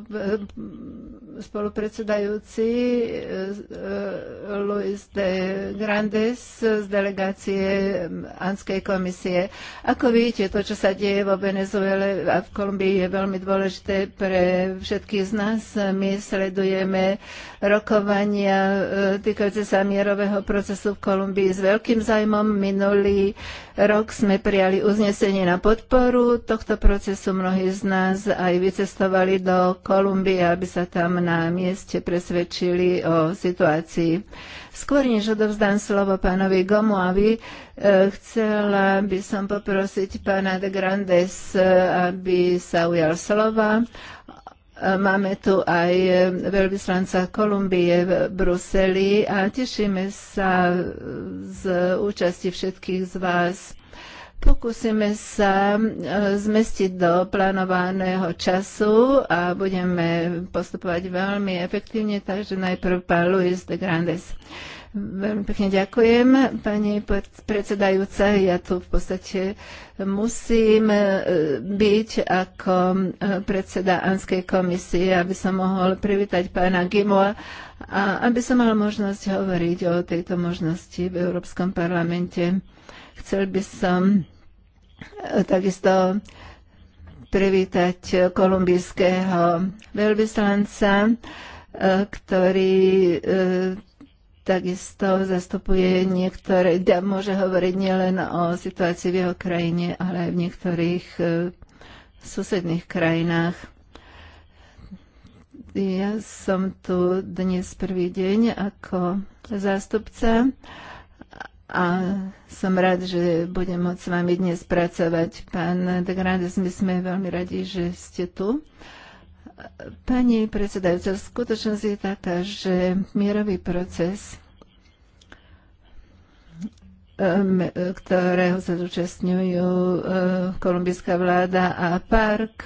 spolupredsedajúci e, e, Luis de Grandes z delegácie Anskej komisie. Ako vidíte, to, čo sa deje vo Venezuele a v Kolumbii, je veľmi dôležité pre všetkých z nás. My sledujeme rokovania e, týkajúce sa mierového procesu v Kolumbii s veľkým zájmom. Minulý rok sme prijali uznesenie na podporu tohto procesu. Mnohí z nás aj vycestovali do Kolumbie, aby sa tam na mieste presvedčili o situácii. Skôr než odovzdám slovo pánovi Gomuavi, e, chcela by som poprosiť pána de Grandes, e, aby sa ujal slova. E, máme tu aj veľvyslanca Kolumbie v Bruseli a tešíme sa z účasti všetkých z vás Pokúsime sa eh, zmestiť do plánovaného času a budeme postupovať veľmi efektívne, takže najprv pán Luis de Grandes. Veľmi pekne ďakujem, pani predsedajúca. Ja tu v podstate musím eh, byť ako eh, predseda Anskej komisie, aby som mohol privítať pána Gimoa a aby som mal možnosť hovoriť o tejto možnosti v Európskom parlamente. Chcel by som eh, takisto privítať eh, kolumbijského veľvyslanca, eh, ktorý takisto zastupuje niektoré, ja môže hovoriť nielen o situácii v jeho krajine, ale aj v niektorých susedných krajinách. Ja som tu dnes prvý deň ako zástupca a som rád, že budem môcť s vami dnes pracovať. Pán de Grandes, my sme veľmi radi, že ste tu. Pani predsedajúca, skutočnosť je taká, že mierový proces, ktorého sa zúčastňujú eh, kolumbijská vláda a park,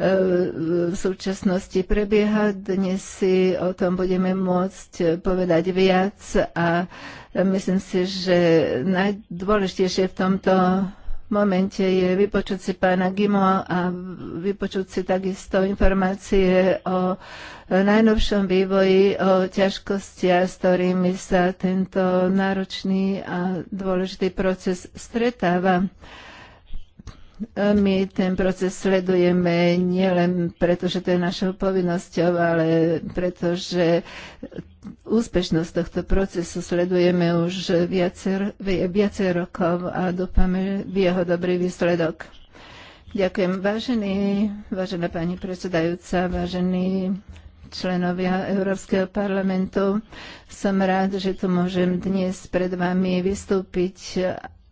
E, v súčasnosti prebieha. Dnes si o tom budeme môcť povedať viac a myslím si, že najdôležitejšie v tomto momente je vypočuť si pána Gimo a vypočuť si takisto informácie o najnovšom vývoji, o ťažkostiach, s ktorými sa tento náročný a dôležitý proces stretáva. E, my ten proces sledujeme nielen preto, že to je našou povinnosťou, ale preto, že úspešnosť tohto procesu sledujeme už viacer, viacej rokov a dúfame v jeho dobrý výsledok. Ďakujem, vážený, vážená pani predsedajúca, vážení členovia Európskeho parlamentu. Som rád, že tu môžem dnes pred vami vystúpiť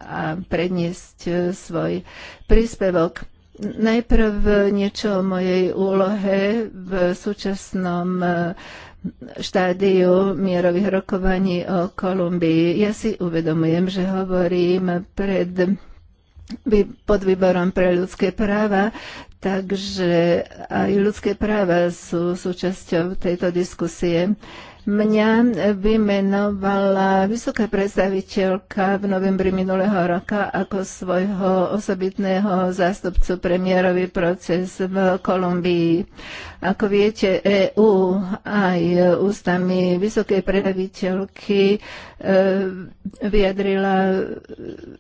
a predniesť e, svoj príspevok. Najprv niečo o mojej úlohe v súčasnom e, štádiu mierových rokovaní o Kolumbii. Ja si uvedomujem, že hovorím pred pod výborom pre ľudské práva, takže aj ľudské práva sú súčasťou tejto diskusie. Mňa vymenovala vysoká predstaviteľka v novembri minulého roka ako svojho osobitného zástupcu premiérový proces v Kolumbii. Ako viete, EU aj ústami vysokej predstaviteľky e, vyjadrila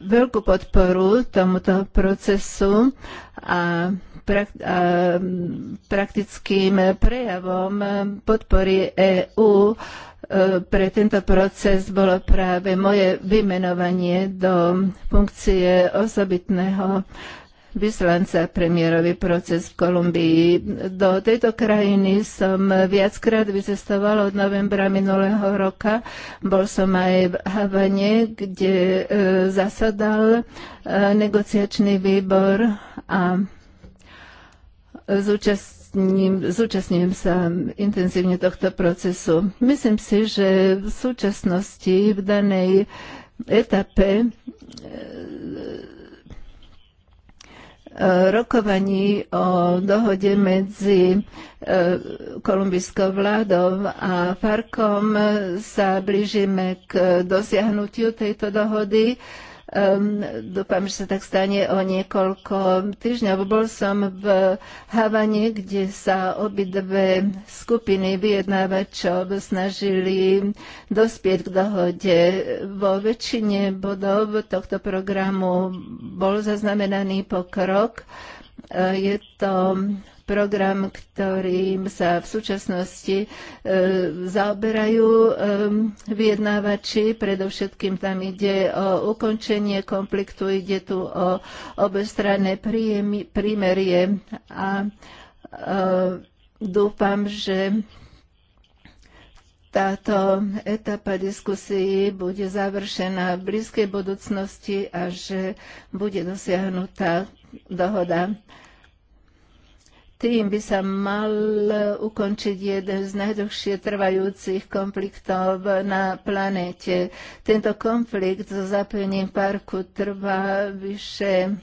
veľkú podporu tomuto procesu a Eh, praktickým prejavom podpory EÚ eh, pre tento proces bolo práve moje vymenovanie do funkcie osobitného vyslanca premiérový proces v Kolumbii. Do tejto krajiny som viackrát vycestoval od novembra minulého roka. Bol som aj v Havane, kde eh, zasadal negociačný výbor a zúčastním, zúčastním sa intenzívne tohto procesu. Myslím si, že v súčasnosti v danej etape e, rokovaní o dohode medzi e, kolumbijskou vládou a Farkom sa blížime k dosiahnutiu tejto dohody Um, dúfam, že sa tak stane o niekoľko týždňov. Bol som v Havane, kde sa obidve skupiny vyjednávačov snažili dospieť k dohode. Vo väčšine bodov tohto programu bol zaznamenaný pokrok. Ehm, je to program, ktorým sa v súčasnosti e, zaoberajú e, vyjednávači. Predovšetkým tam ide o ukončenie konfliktu, ide tu o obestranné prímerie a e, dúfam, že táto etapa diskusie bude završená v blízkej budúcnosti a že bude dosiahnutá dohoda. Tým by sa mal ukončiť jeden z najdlhšie trvajúcich konfliktov na planéte. Tento konflikt so zapojením parku trvá vyše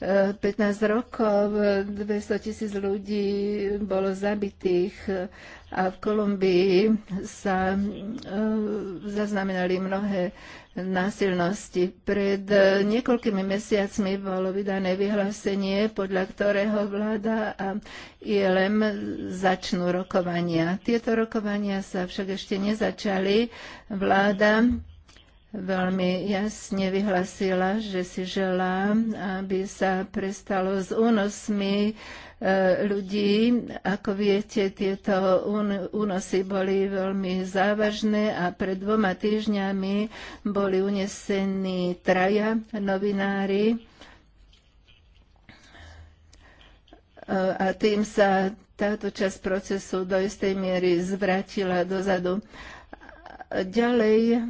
15 eh, rokov, 200 tisíc ľudí bolo zabitých a v Kolumbii sa eh, zaznamenali mnohé násilnosti. Pred e, niekoľkými mesiacmi bolo vydané vyhlásenie, podľa ktorého vláda a ILM začnú rokovania. Tieto rokovania sa však ešte nezačali. Vláda veľmi jasne vyhlasila, že si želá, aby sa prestalo s únosmi e, ľudí. Ako viete, tieto únosy boli veľmi závažné a pred dvoma týždňami boli unesení traja novinári e, a tým sa táto časť procesu do istej miery zvratila dozadu. Ďalej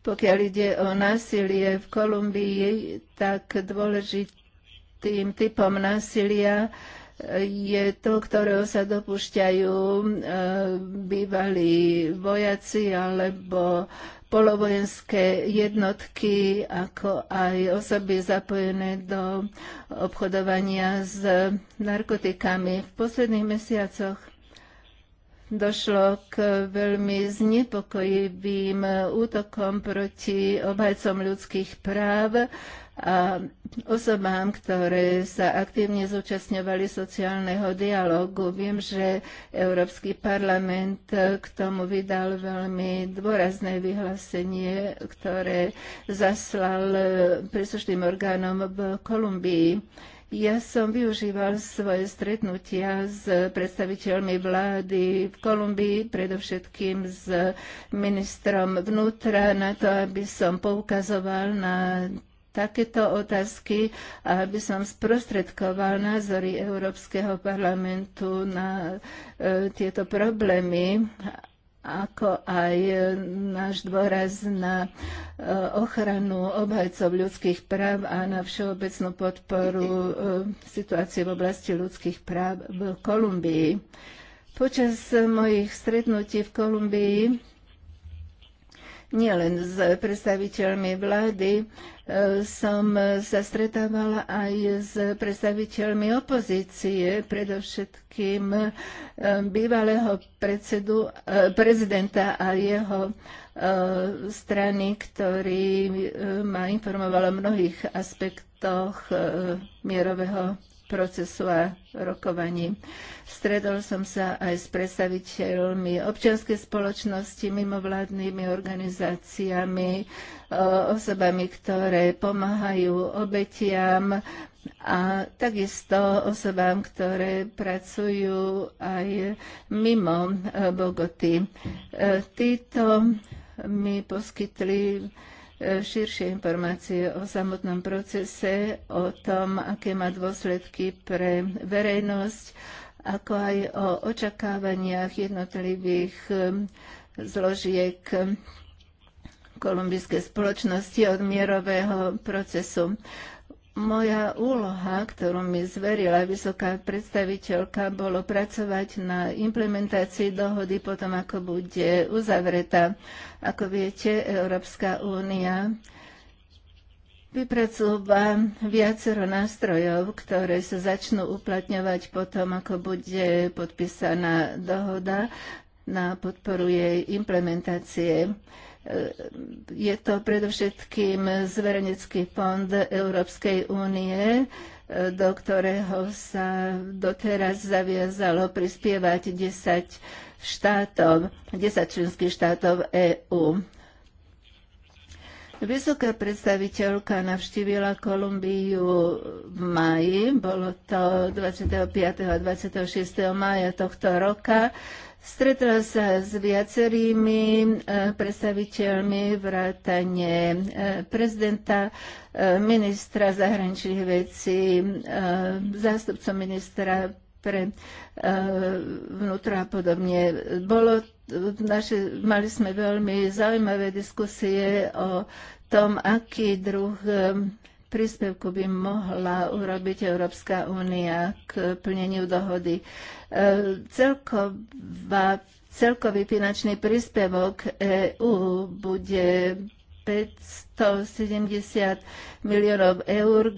Pokiaľ ide o násilie v Kolumbii, tak dôležitým typom násilia eh, je to, ktorého sa dopúšťajú eh, bývalí vojaci alebo polovojenské jednotky, ako aj osoby zapojené do obchodovania s narkotikami. V posledných mesiacoch došlo k veľmi znepokojivým útokom proti obhajcom ľudských práv a osobám, ktoré sa aktívne zúčastňovali sociálneho dialogu. Viem, že Európsky parlament k tomu vydal veľmi dôrazné vyhlásenie, ktoré zaslal príslušným orgánom v Kolumbii. Ja som využíval svoje stretnutia s predstaviteľmi vlády v Kolumbii, predovšetkým s ministrom vnútra, na to, aby som poukazoval na takéto otázky a aby som sprostredkoval názory Európskeho parlamentu na e, tieto problémy ako aj e, náš dôraz na e, ochranu obhajcov ľudských práv a na všeobecnú podporu e, situácie v oblasti ľudských práv v Kolumbii. Počas mojich stretnutí v Kolumbii nielen s predstaviteľmi vlády, som sa stretávala aj s predstaviteľmi opozície, predovšetkým e, bývalého predsedu, e, prezidenta a jeho e, strany, ktorý ma informoval o mnohých aspektoch mierového procesu a rokovaní. Stredol som sa aj s predstaviteľmi občianskej spoločnosti, mimovládnymi organizáciami, e, osobami, ktoré pomáhajú obetiam a takisto osobám, ktoré pracujú aj mimo e, Bogoty. E, títo mi poskytli E, širšie informácie o samotnom procese, o tom, aké má dôsledky pre verejnosť, ako aj o očakávaniach jednotlivých e, zložiek e, kolumbijskej spoločnosti od mierového procesu. Moja úloha, ktorú mi zverila vysoká predstaviteľka, bolo pracovať na implementácii dohody potom, ako bude uzavretá. Ako viete, Európska únia vypracúva viacero nástrojov, ktoré sa začnú uplatňovať potom, ako bude podpísaná dohoda na podporu jej implementácie. Je to predovšetkým zverejnecký fond Európskej únie, do ktorého sa doteraz zaviazalo prispievať 10 štátov, 10 členských štátov EÚ. Vysoká predstaviteľka navštívila Kolumbiu v maji, bolo to 25. a 26. maja tohto roka. Stretla sa s viacerými e, predstaviteľmi vrátane e, prezidenta, e, ministra zahraničných vecí, zástupcom ministra pre vnútro a podobne. Bolo mali sme veľmi zaujímavé diskusie o tom, aký druh príspevku by mohla urobiť Európska únia k plneniu dohody. E, celková, celkový finančný príspevok EÚ bude 570 miliónov eur,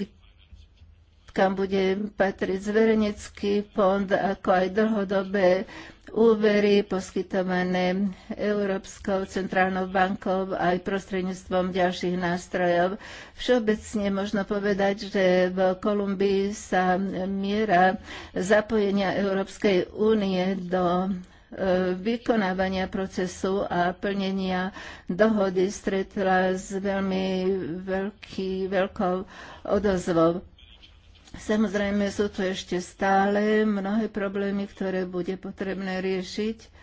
kam bude patriť zverejnecký fond, ako aj dlhodobé úvery poskytované Európskou centrálnou bankou aj prostredníctvom ďalších nástrojov. Všeobecne možno povedať, že v Kolumbii sa miera zapojenia Európskej únie do e, vykonávania procesu a plnenia dohody stretla s veľmi veľký, veľkou odozvou. Samozrejme sú tu ešte stále mnohé problémy, ktoré bude potrebné riešiť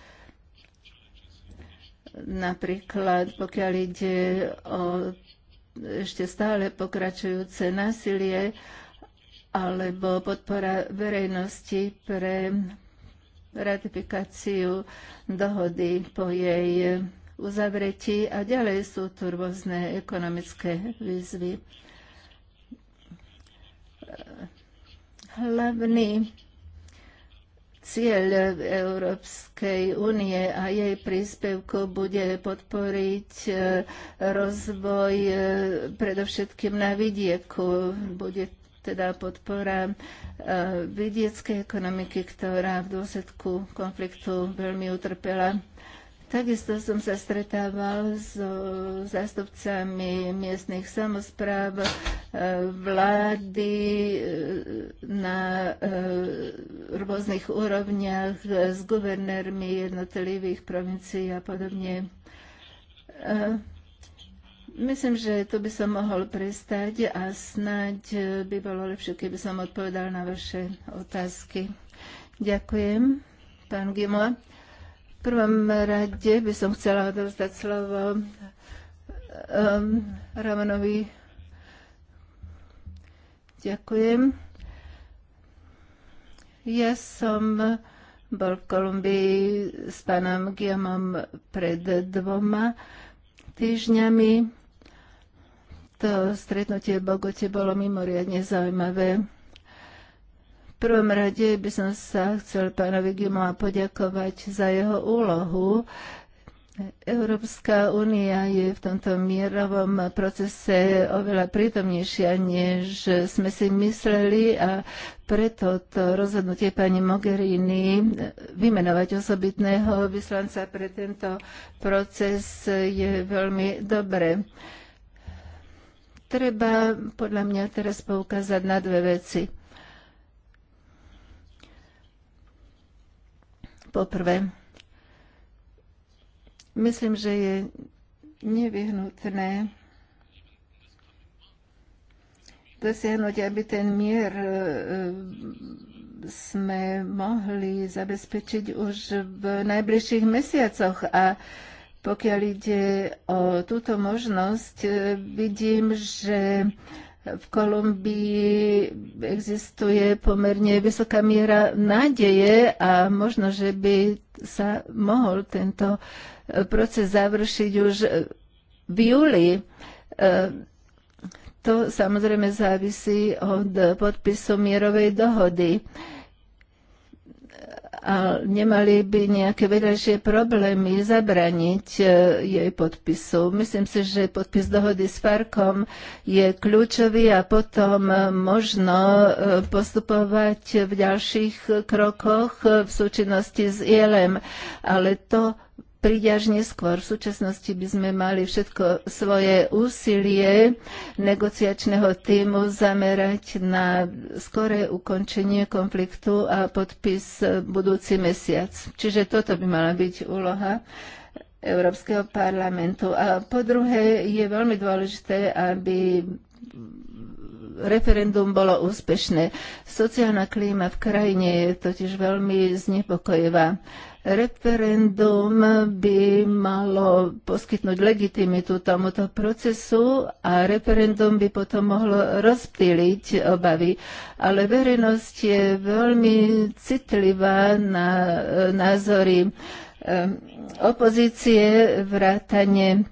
napríklad pokiaľ ide o ešte stále pokračujúce násilie alebo podpora verejnosti pre ratifikáciu dohody po jej uzavretí a ďalej sú tu rôzne ekonomické výzvy hlavný cieľ Európskej únie a jej príspevku bude podporiť e, rozvoj e, predovšetkým na vidieku. Bude teda podpora e, vidieckej ekonomiky, ktorá v dôsledku konfliktu veľmi utrpela. Takisto som sa stretával so zástupcami miestnych samozpráv, e, vlády e, na e, rôznych úrovniach, s guvernérmi jednotlivých provincií a podobne. Myslím, že tu by som mohol prestať a snáď by bolo lepšie, keby som odpovedal na vaše otázky. Ďakujem, pán Gimla prvom rade by som chcela odovzdať slovo um, Ramanovi. Ďakujem. Ja som bol v Kolumbii s pánom Guillaumom pred dvoma týždňami. To stretnutie v Bogote bolo mimoriadne zaujímavé prvom rade by som sa chcel pánovi Gimla poďakovať za jeho úlohu. Európska únia je v tomto mierovom procese oveľa prítomnejšia, než sme si mysleli a preto to rozhodnutie pani Mogherini vymenovať osobitného vyslanca pre tento proces je veľmi dobré. Treba podľa mňa teraz poukázať na dve veci. Poprvé, myslím, že je nevyhnutné dosiahnuť, aby ten mier e, sme mohli zabezpečiť už v najbližších mesiacoch a pokiaľ ide o túto možnosť, e, vidím, že v Kolumbii existuje pomerne vysoká miera nádeje a možno, že by sa mohol tento eh, proces završiť už eh, v júli. Eh, to samozrejme závisí od podpisu mierovej dohody a nemali by nejaké vedľajšie problémy zabraniť e, jej podpisu. Myslím si, že podpis dohody s Farkom je kľúčový a potom e, možno e, postupovať v ďalších krokoch v súčinnosti s ILM, ale to príde až neskôr. V súčasnosti by sme mali všetko svoje úsilie negociačného týmu zamerať na skoré ukončenie konfliktu a podpis budúci mesiac. Čiže toto by mala byť úloha Európskeho parlamentu. A po druhé, je veľmi dôležité, aby referendum bolo úspešné. Sociálna klíma v krajine je totiž veľmi znepokojivá Referendum by malo poskytnúť legitimitu tomuto procesu a referendum by potom mohlo rozptýliť obavy. Ale verejnosť je veľmi citlivá na e, názory e, opozície, vrátane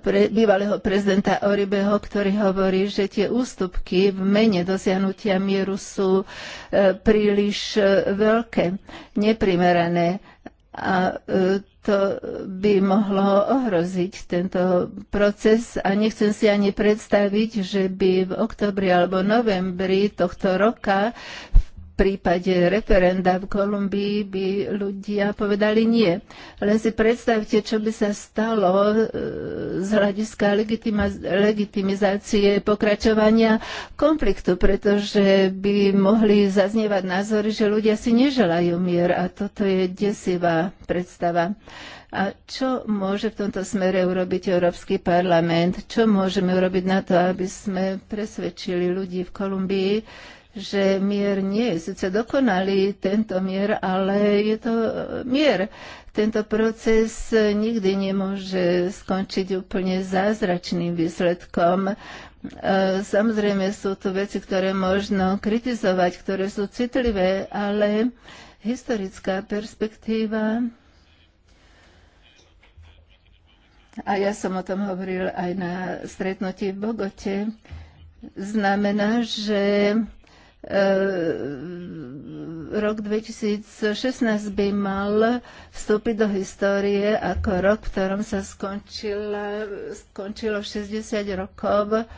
pre, bývalého prezidenta Oribeho, ktorý hovorí, že tie ústupky v mene dosiahnutia mieru sú e, príliš e, veľké, neprimerané a e, to by mohlo ohroziť tento proces a nechcem si ani predstaviť, že by v oktobri alebo novembri tohto roka v prípade referenda v Kolumbii by ľudia povedali nie. Len si predstavte, čo by sa stalo e, z hľadiska legitimizácie pokračovania konfliktu, pretože by mohli zaznievať názory, že ľudia si neželajú mier a toto je desivá predstava. A čo môže v tomto smere urobiť Európsky parlament? Čo môžeme urobiť na to, aby sme presvedčili ľudí v Kolumbii, že mier nie je sice dokonalý, tento mier, ale je to e, mier. Tento proces e, nikdy nemôže skončiť úplne zázračným výsledkom. E, samozrejme sú tu veci, ktoré možno kritizovať, ktoré sú citlivé, ale historická perspektíva. A ja som o tom hovoril aj na stretnutí v Bogote. Znamená, že E, rok 2016 by mal vstúpiť do histórie ako rok, v ktorom sa skončila, skončilo 60 rokov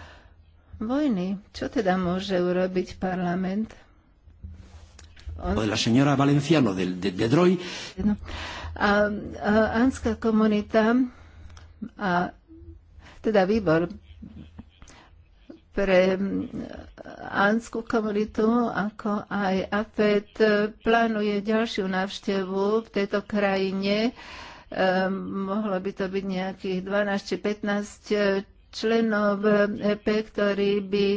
vojny. Čo teda môže urobiť parlament? On... de la señora Valenciano de, de, de Droy. No. A, a anská komunita a teda výbor pre anskú komunitu, ako aj APET plánuje ďalšiu návštevu v tejto krajine. E, mohlo by to byť nejakých 12 či 15 členov EP, ktorí by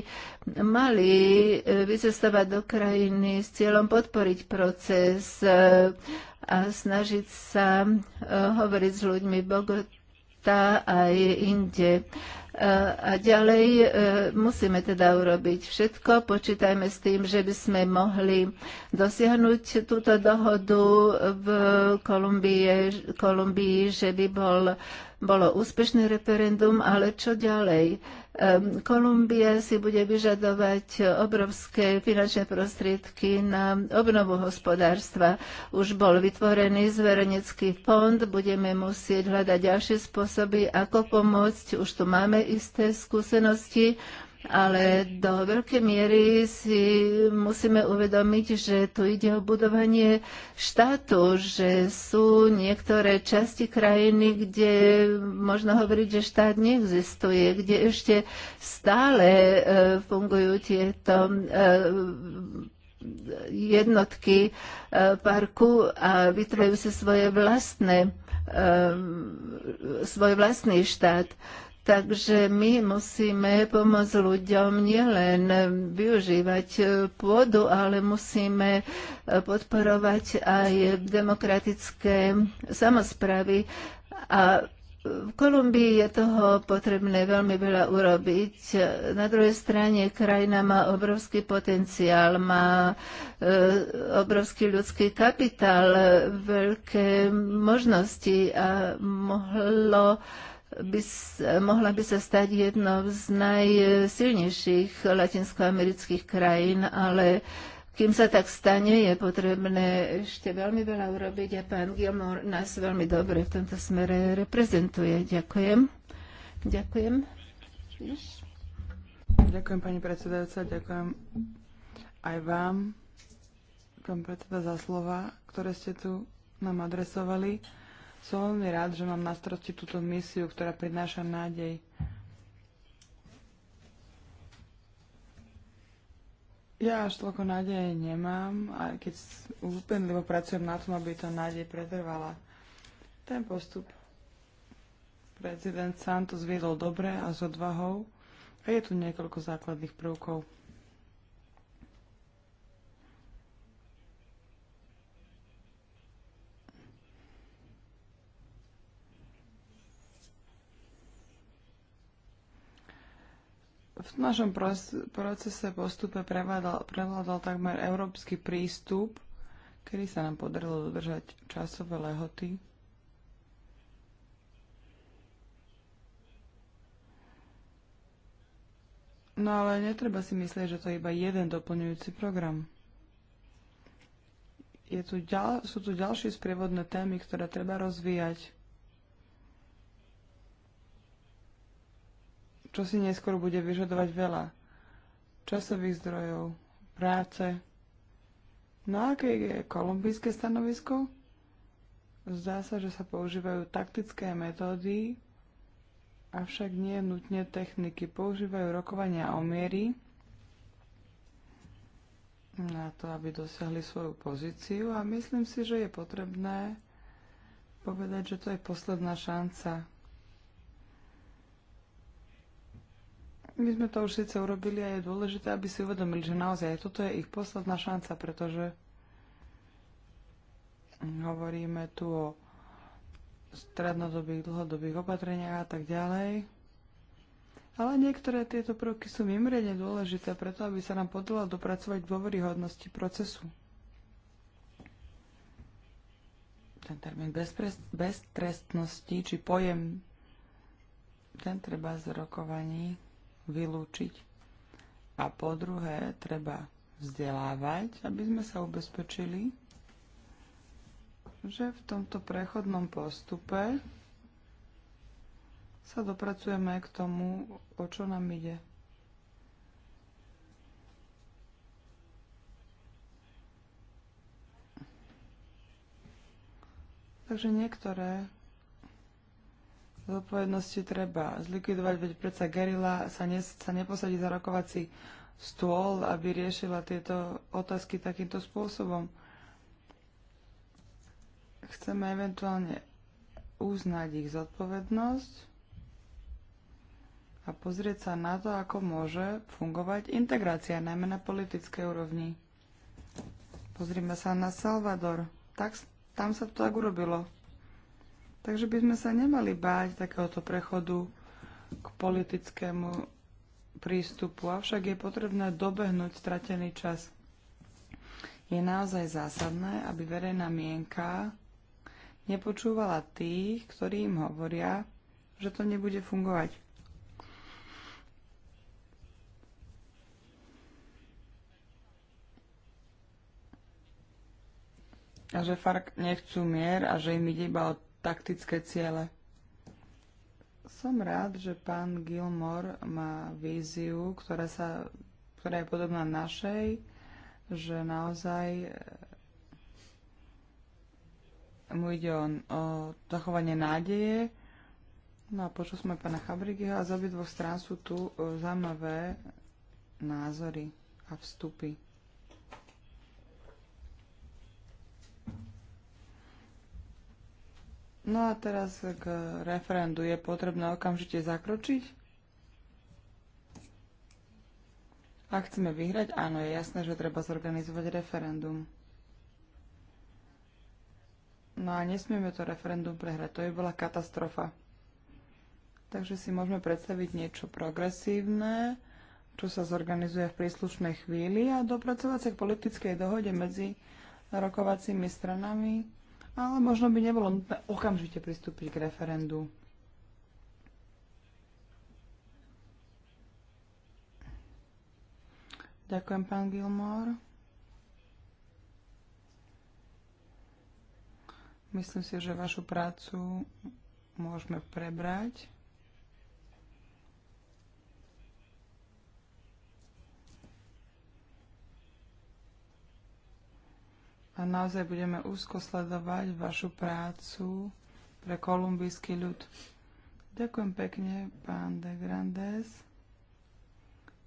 mali e, vycestovať do krajiny s cieľom podporiť proces e, a snažiť sa hovoriť s ľuďmi Bogota aj inde. A ďalej e, musíme teda urobiť všetko. Počítajme s tým, že by sme mohli dosiahnuť túto dohodu v Kolumbii, Kolumbii že by bol, bolo úspešné referendum, ale čo ďalej? Ehm, Kolumbia si bude vyžadovať obrovské finančné prostriedky na obnovu hospodárstva. Už bol vytvorený zverejnecký fond, budeme musieť hľadať ďalšie spôsoby, ako pomôcť. Už tu máme isté skúsenosti ale do veľkej miery si musíme uvedomiť, že tu ide o budovanie štátu, že sú niektoré časti krajiny, kde možno hovoriť, že štát neexistuje, kde ešte stále e, fungujú tieto e, jednotky e, parku a vytvajú si svoje vlastné svoj vlastný štát. Takže my musíme pomôcť ľuďom nielen využívať pôdu, ale musíme podporovať aj demokratické samozprávy. A v Kolumbii je toho potrebné veľmi veľa urobiť. Na druhej strane krajina má obrovský potenciál, má e, obrovský ľudský kapitál, veľké možnosti a mohlo e, by, mohla by sa stať jednou z najsilnejších latinskoamerických krajín, ale kým sa tak stane, je potrebné ešte veľmi veľa urobiť a pán Gilmour nás veľmi dobre v tomto smere reprezentuje. Ďakujem. Ďakujem. Ďakujem pani predsedajúca, ďakujem aj vám, pán predseda, za slova, ktoré ste tu nám adresovali. Som veľmi rád, že mám na starosti túto misiu, ktorá prináša nádej. Ja až toľko nádeje nemám, aj keď úpenlivo pracujem na tom, aby tá nádej pretrvala. Ten postup prezident Santos viedol dobre a s odvahou a je tu niekoľko základných prvkov. V našom procese postupe prevládal, prevládal takmer európsky prístup, kedy sa nám podarilo dodržať časové lehoty. No ale netreba si myslieť, že to je iba jeden doplňujúci program. Je tu ďal, sú tu ďalšie sprievodné témy, ktoré treba rozvíjať. čo si neskôr bude vyžadovať veľa časových zdrojov, práce. No a aké je kolumbijské stanovisko? Zdá sa, že sa používajú taktické metódy, avšak nie nutne techniky. Používajú rokovania o miery na to, aby dosiahli svoju pozíciu a myslím si, že je potrebné povedať, že to je posledná šanca My sme to už síce urobili a je dôležité, aby si uvedomili, že naozaj toto je ich posledná šanca, pretože hovoríme tu o strednodobých, dlhodobých opatreniach a tak ďalej. Ale niektoré tieto prvky sú mimoriadne dôležité preto, aby sa nám podalo dopracovať dôveryhodnosti procesu. Ten termín beztrestnosti, či pojem, ten treba z rokovaní vylúčiť. A po druhé, treba vzdelávať, aby sme sa ubezpečili, že v tomto prechodnom postupe sa dopracujeme k tomu, o čo nám ide. Takže niektoré zodpovednosti treba zlikvidovať, veď predsa gerila sa, ne, sa neposadí za rokovací stôl, aby riešila tieto otázky takýmto spôsobom. Chceme eventuálne uznať ich zodpovednosť a pozrieť sa na to, ako môže fungovať integrácia, najmä na politickej úrovni. Pozrime sa na Salvador. Tak, tam sa to tak urobilo. Takže by sme sa nemali báť takéhoto prechodu k politickému prístupu, avšak je potrebné dobehnúť stratený čas. Je naozaj zásadné, aby verejná mienka nepočúvala tých, ktorí im hovoria, že to nebude fungovať. A že FARC nechcú mier a že im ide iba o taktické ciele. Som rád, že pán Gilmore má víziu, ktorá, sa, ktorá je podobná našej, že naozaj eh, mu ide o, o zachovanie nádeje. No a počuli sme pána Chabrigyho a z obidvoch strán sú tu eh, zaujímavé názory a vstupy. No a teraz k referendu. Je potrebné okamžite zakročiť? Ak chceme vyhrať, áno, je jasné, že treba zorganizovať referendum. No a nesmieme to referendum prehrať, to by bola katastrofa. Takže si môžeme predstaviť niečo progresívne, čo sa zorganizuje v príslušnej chvíli a dopracovať sa k politickej dohode medzi rokovacími stranami, ale možno by nebolo nutné okamžite pristúpiť k referendu. Ďakujem, pán Gilmore. Myslím si, že vašu prácu môžeme prebrať. a naozaj budeme úzko sledovať vašu prácu pre kolumbijský ľud. Ďakujem pekne, pán de Grandes.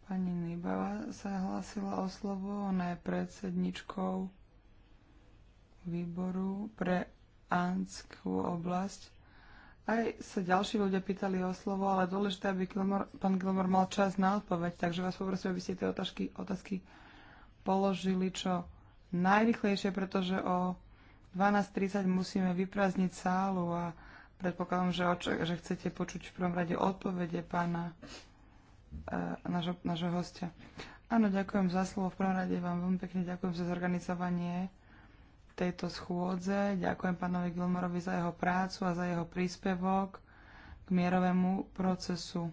Pani Nibala sa hlasila o slovo, ona je predsedničkou výboru pre Anskú oblasť. Aj sa ďalší ľudia pýtali o slovo, ale dôležité, aby Gilmore, pán Kilmor mal čas na odpoveď, takže vás poprosím, aby ste tie otázky, otázky položili čo najrychlejšie, pretože o 12.30 musíme vyprázdniť sálu a predpokladám, že, že chcete počuť v prvom rade odpovede pána e, nášho, nášho hostia. Áno, ďakujem za slovo. V prvom rade vám veľmi pekne ďakujem za zorganizovanie tejto schôdze. Ďakujem pánovi Gilmorovi za jeho prácu a za jeho príspevok k mierovému procesu.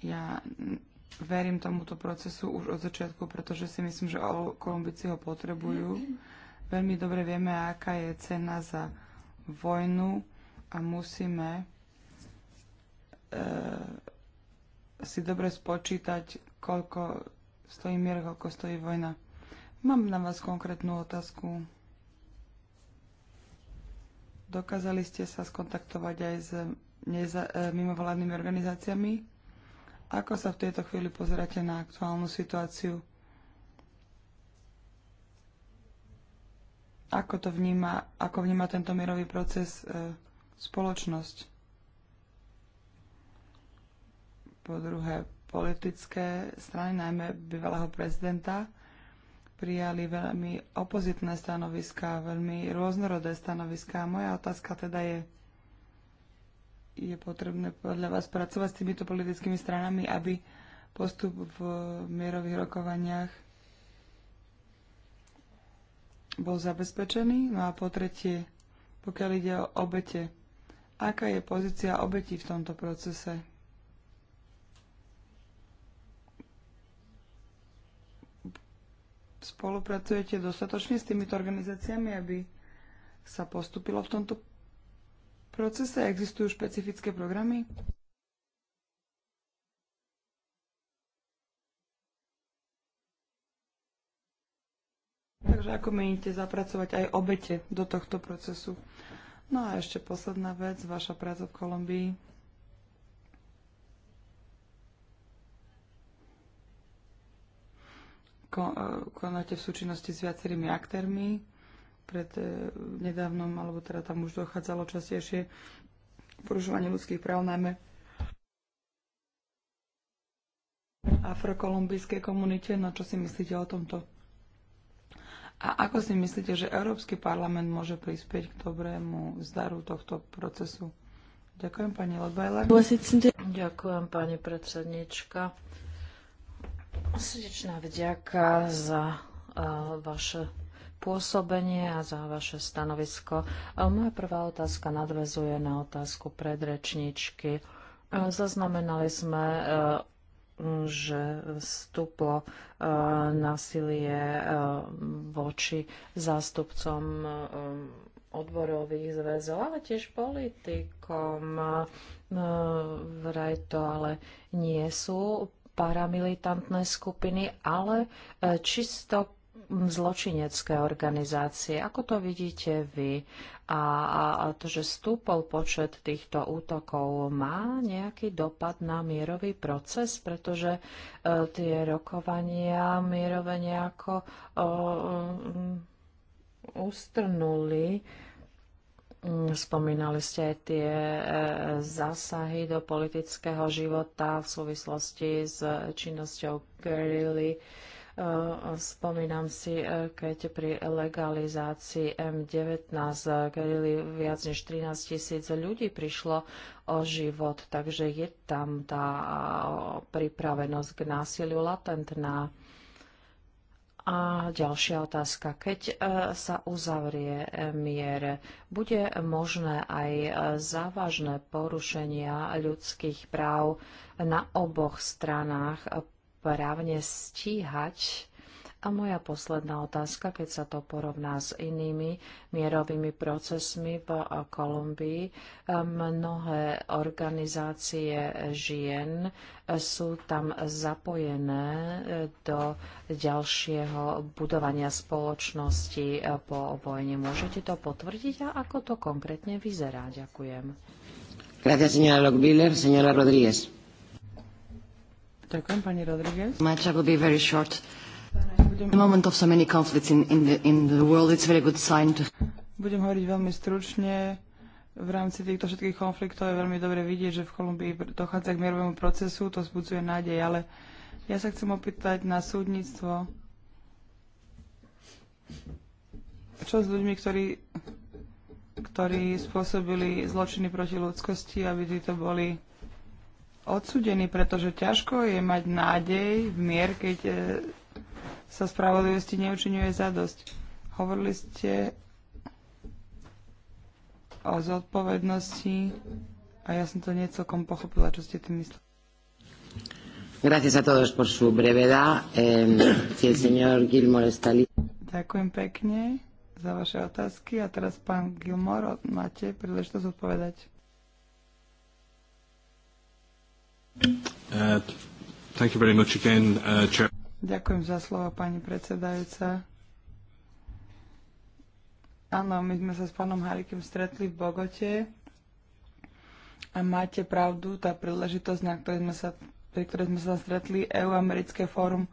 Ja verím tomuto procesu už od začiatku, pretože si myslím, že Kolumbici ho potrebujú. Veľmi dobre vieme, aká je cena za vojnu a musíme e, si dobre spočítať, koľko stojí mier, koľko stojí vojna. Mám na vás konkrétnu otázku. Dokázali ste sa skontaktovať aj s neza- e, mimovládnymi organizáciami? Ako sa v tejto chvíli pozeráte na aktuálnu situáciu? Ako to vníma, ako vníma tento mierový proces e, spoločnosť? Po druhé, politické strany, najmä bývalého prezidenta, prijali veľmi opozitné stanoviská, veľmi rôznorodé stanoviská. Moja otázka teda je, je potrebné podľa vás pracovať s týmito politickými stranami, aby postup v mierových rokovaniach bol zabezpečený? No a po tretie, pokiaľ ide o obete, aká je pozícia obetí v tomto procese? Spolupracujete dostatočne s týmito organizáciami, aby sa postupilo v tomto procese? Existujú špecifické programy? Takže ako meníte zapracovať aj obete do tohto procesu? No a ešte posledná vec, vaša práca v Kolumbii. E, konáte v súčinnosti s viacerými aktérmi, pred e, nedávnom, alebo teda tam už dochádzalo častejšie porušovanie ľudských práv, najmä afrokolumbijskej komunite. No čo si myslíte o tomto? A ako si myslíte, že Európsky parlament môže prispieť k dobrému zdaru tohto procesu? Ďakujem, pani Lodbajler. Ďakujem, pani predsednička. Srdečná vďaka za uh, vaše pôsobenie a za vaše stanovisko. E, moja prvá otázka nadvezuje na otázku predrečničky. E, zaznamenali sme e, že vstúplo nasilie voči zástupcom odborových zväzov, ale tiež politikom. Vraj to ale nie sú paramilitantné skupiny, ale čisto zločinecké organizácie. Ako to vidíte vy? A, a, a to, že stúpol počet týchto útokov, má nejaký dopad na mierový proces? Pretože e, tie rokovania mierové nejako e, mm, ustrnuli. Mm, spomínali ste aj tie e, zásahy do politického života v súvislosti s činnosťou gerily Eh, spomínam si, eh, keď pri legalizácii M19 gerili eh, viac než 13 tisíc ľudí prišlo o život, takže je tam tá pripravenosť k násiliu latentná. A ďalšia otázka. Keď sa uzavrie mier, bude možné aj závažné porušenia ľudských práv na oboch stranách právne stíhať. A moja posledná otázka, keď sa to porovná s inými mierovými procesmi v Kolumbii, mnohé organizácie žien sú tam zapojené do ďalšieho budovania spoločnosti po vojne. Môžete to potvrdiť a ako to konkrétne vyzerá? Ďakujem. Gracias, señora Lockbiller. Señora Rodríguez. Ďakujem, pani Rodriguez. will be very short. The moment of so many conflicts in, in, the, in the world, it's very good sign to... Budem hovoriť veľmi stručne. V rámci týchto všetkých konfliktov je veľmi dobre vidieť, že v Kolumbii dochádza k mierovému procesu, to vzbudzuje nádej, ale ja sa chcem opýtať na súdnictvo. Čo s ľuďmi, ktorí, ktorí spôsobili zločiny proti ľudskosti, aby títo boli odsudení, pretože ťažko je mať nádej v mier, keď e, sa spravodlivosti neučinuje zadosť. Hovorili ste o zodpovednosti a ja som to necelkom pochopila, čo ste tým mysleli. Gracias a todos por su brevedad. Eh, si el señor Gilmore está Ďakujem pekne za vaše otázky a teraz pán Gilmore, máte príležitosť odpovedať. Uh, thank you very much again, uh, chair. Ďakujem za slovo, pani predsedajúca. Áno, my sme sa s pánom Harikem stretli v Bogote a máte pravdu, tá príležitosť, na ktorej sme sa, pri ktorej sme sa stretli, EU-americké fórum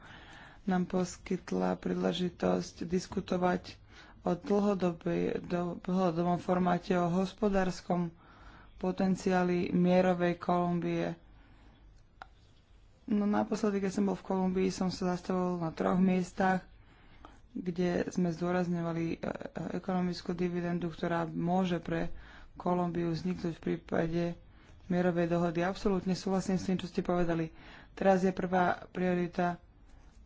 nám poskytla príležitosť diskutovať o dlhodobej, do, dlhodobom formáte o hospodárskom potenciáli mierovej Kolumbie. No naposledy, keď som bol v Kolumbii, som sa zastavil na troch miestach, kde sme zdôrazňovali e, e, ekonomickú dividendu, ktorá môže pre Kolumbiu vzniknúť v prípade mierovej dohody. Absolútne súhlasím s tým, čo ste povedali. Teraz je prvá priorita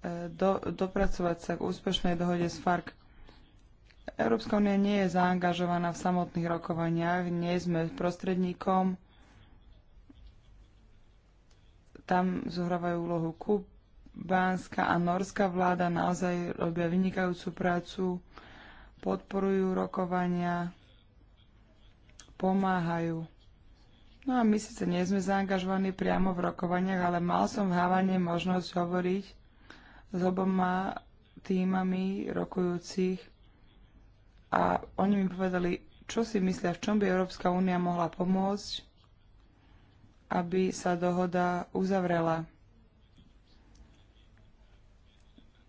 e, do, dopracovať sa k úspešnej dohode s FARC. Európska únia nie je zaangažovaná v samotných rokovaniach, nie sme prostredníkom, tam zohrávajú úlohu kubánska a norská vláda, naozaj robia vynikajúcu prácu, podporujú rokovania, pomáhajú. No a my síce nie sme zaangažovaní priamo v rokovaniach, ale mal som v Havane možnosť hovoriť s oboma týmami rokujúcich a oni mi povedali, čo si myslia, v čom by Európska únia mohla pomôcť aby sa dohoda uzavrela.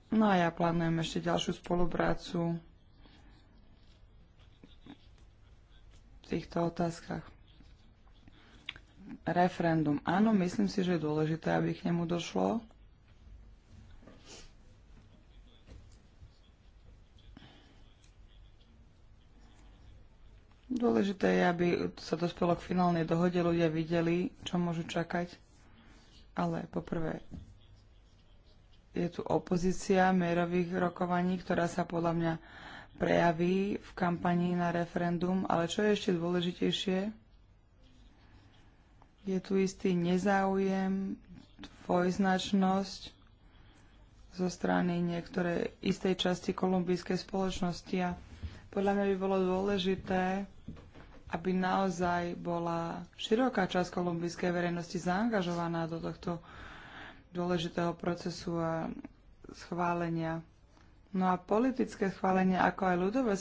No a ja plánujem ešte ďalšiu spoluprácu v týchto otázkach. Referendum. Áno, myslím si, že je dôležité, aby k nemu došlo. Dôležité je, aby sa dospelo k finálnej dohode, ľudia videli, čo môžu čakať. Ale poprvé, je tu opozícia mierových rokovaní, ktorá sa podľa mňa prejaví v kampanii na referendum. Ale čo je ešte dôležitejšie, je tu istý nezáujem, dvojznačnosť zo strany niektorej istej časti kolumbijskej spoločnosti a podľa mňa by bolo dôležité aby naozaj bola široká časť kolumbijskej verejnosti zaangažovaná do tohto dôležitého procesu a schválenia. No a politické schválenie, ako aj ľudové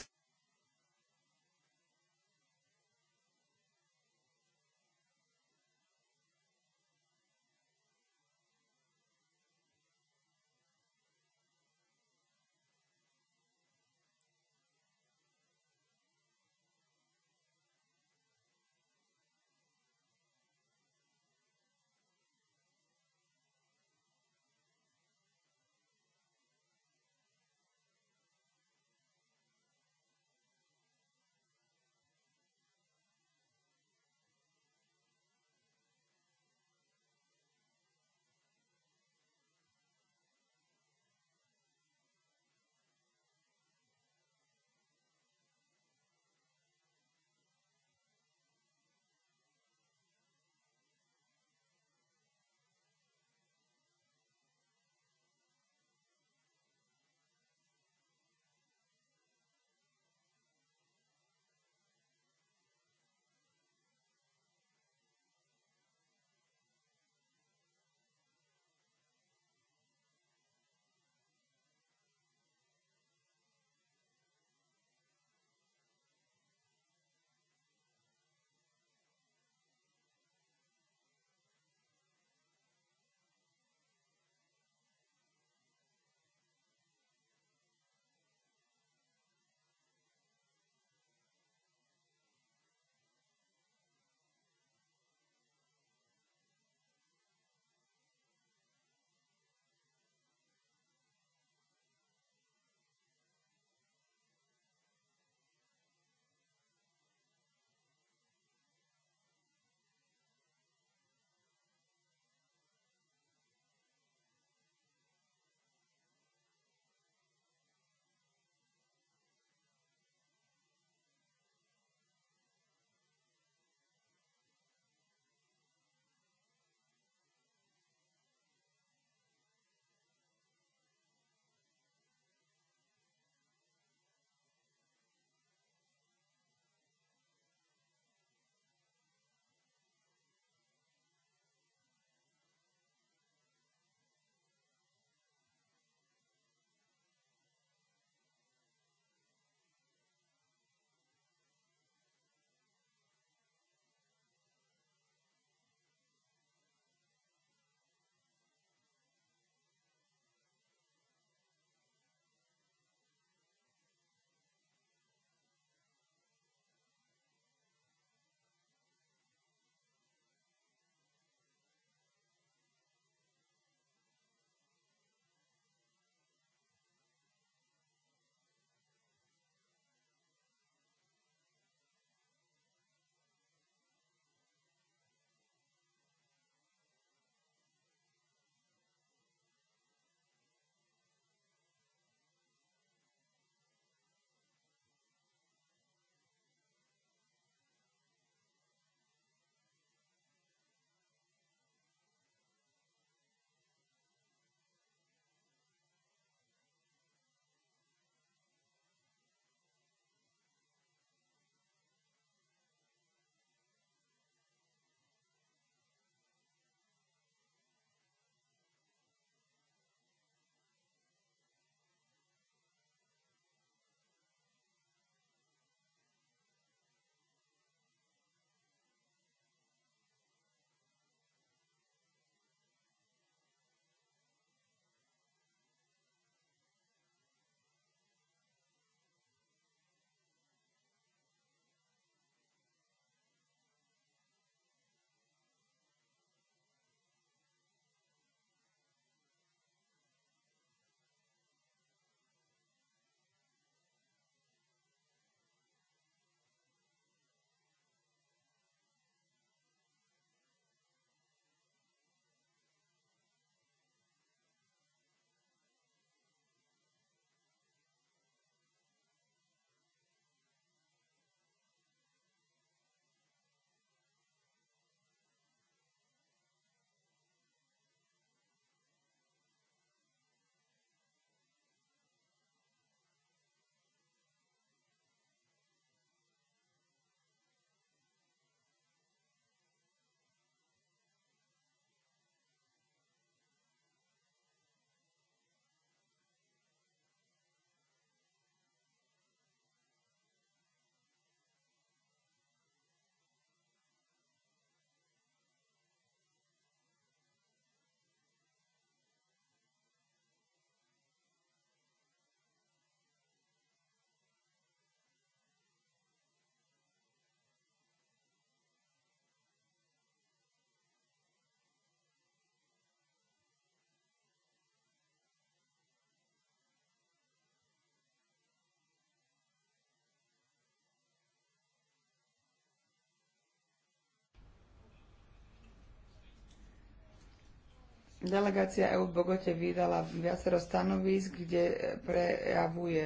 Delegácia EU v Bogote vydala viacero stanovisk, kde prejavuje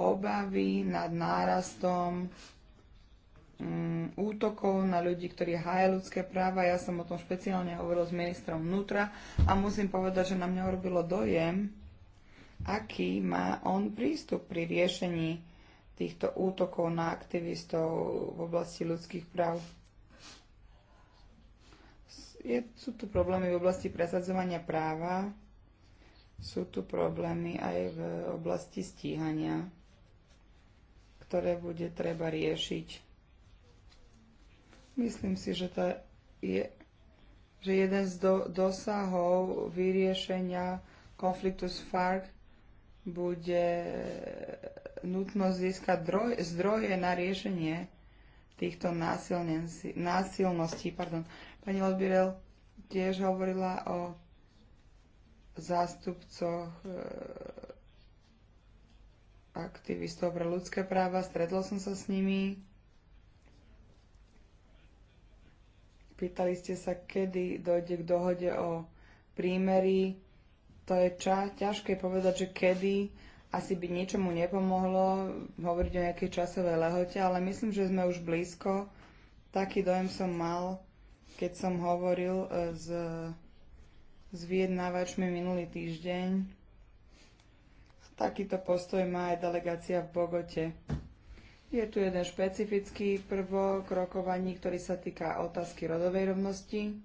obavy nad nárastom mm, útokov na ľudí, ktorí hája ľudské práva. Ja som o tom špeciálne hovoril s ministrom vnútra a musím povedať, že na mňa urobilo dojem, aký má on prístup pri riešení týchto útokov na aktivistov v oblasti ľudských práv je, sú tu problémy v oblasti presadzovania práva, sú tu problémy aj v oblasti stíhania, ktoré bude treba riešiť. Myslím si, že, to je, že jeden z do, dosahov vyriešenia konfliktu s FARC bude nutno získať droj, zdroje na riešenie týchto násilností. Pardon. Pani Lodbirel tiež hovorila o zástupcoch e, aktivistov pre ľudské práva, stretol som sa s nimi. Pýtali ste sa, kedy dojde k dohode o prímery. To je ča- ťažké povedať, že kedy. Asi by ničomu nepomohlo hovoriť o nejakej časovej lehote, ale myslím, že sme už blízko. Taký dojem som mal keď som hovoril e, s, s vyjednávačmi minulý týždeň, takýto postoj má aj delegácia v Bogote. Je tu jeden špecifický prvok rokovaní, ktorý sa týka otázky rodovej rovnosti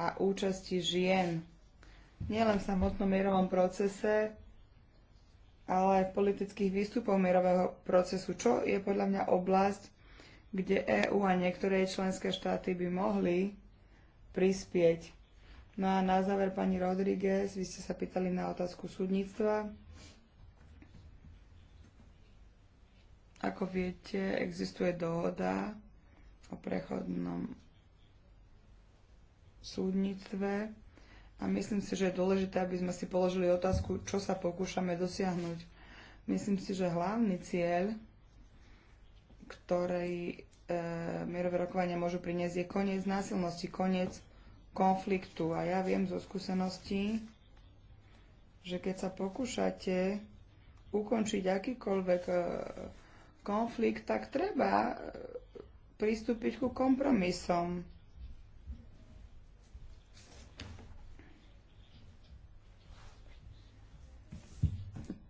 a účasti žien. Nielen v samotnom mierovom procese, ale aj v politických výstupoch mierového procesu, čo je podľa mňa oblasť, kde EÚ a niektoré členské štáty by mohli prispieť. No a na záver, pani Rodriguez, vy ste sa pýtali na otázku súdnictva. Ako viete, existuje dohoda o prechodnom súdnictve a myslím si, že je dôležité, aby sme si položili otázku, čo sa pokúšame dosiahnuť. Myslím si, že hlavný cieľ ktorej e, mierové rokovania môžu priniesť, je koniec násilnosti, koniec konfliktu. A ja viem zo skúseností, že keď sa pokúšate ukončiť akýkoľvek e, konflikt, tak treba e, pristúpiť ku kompromisom.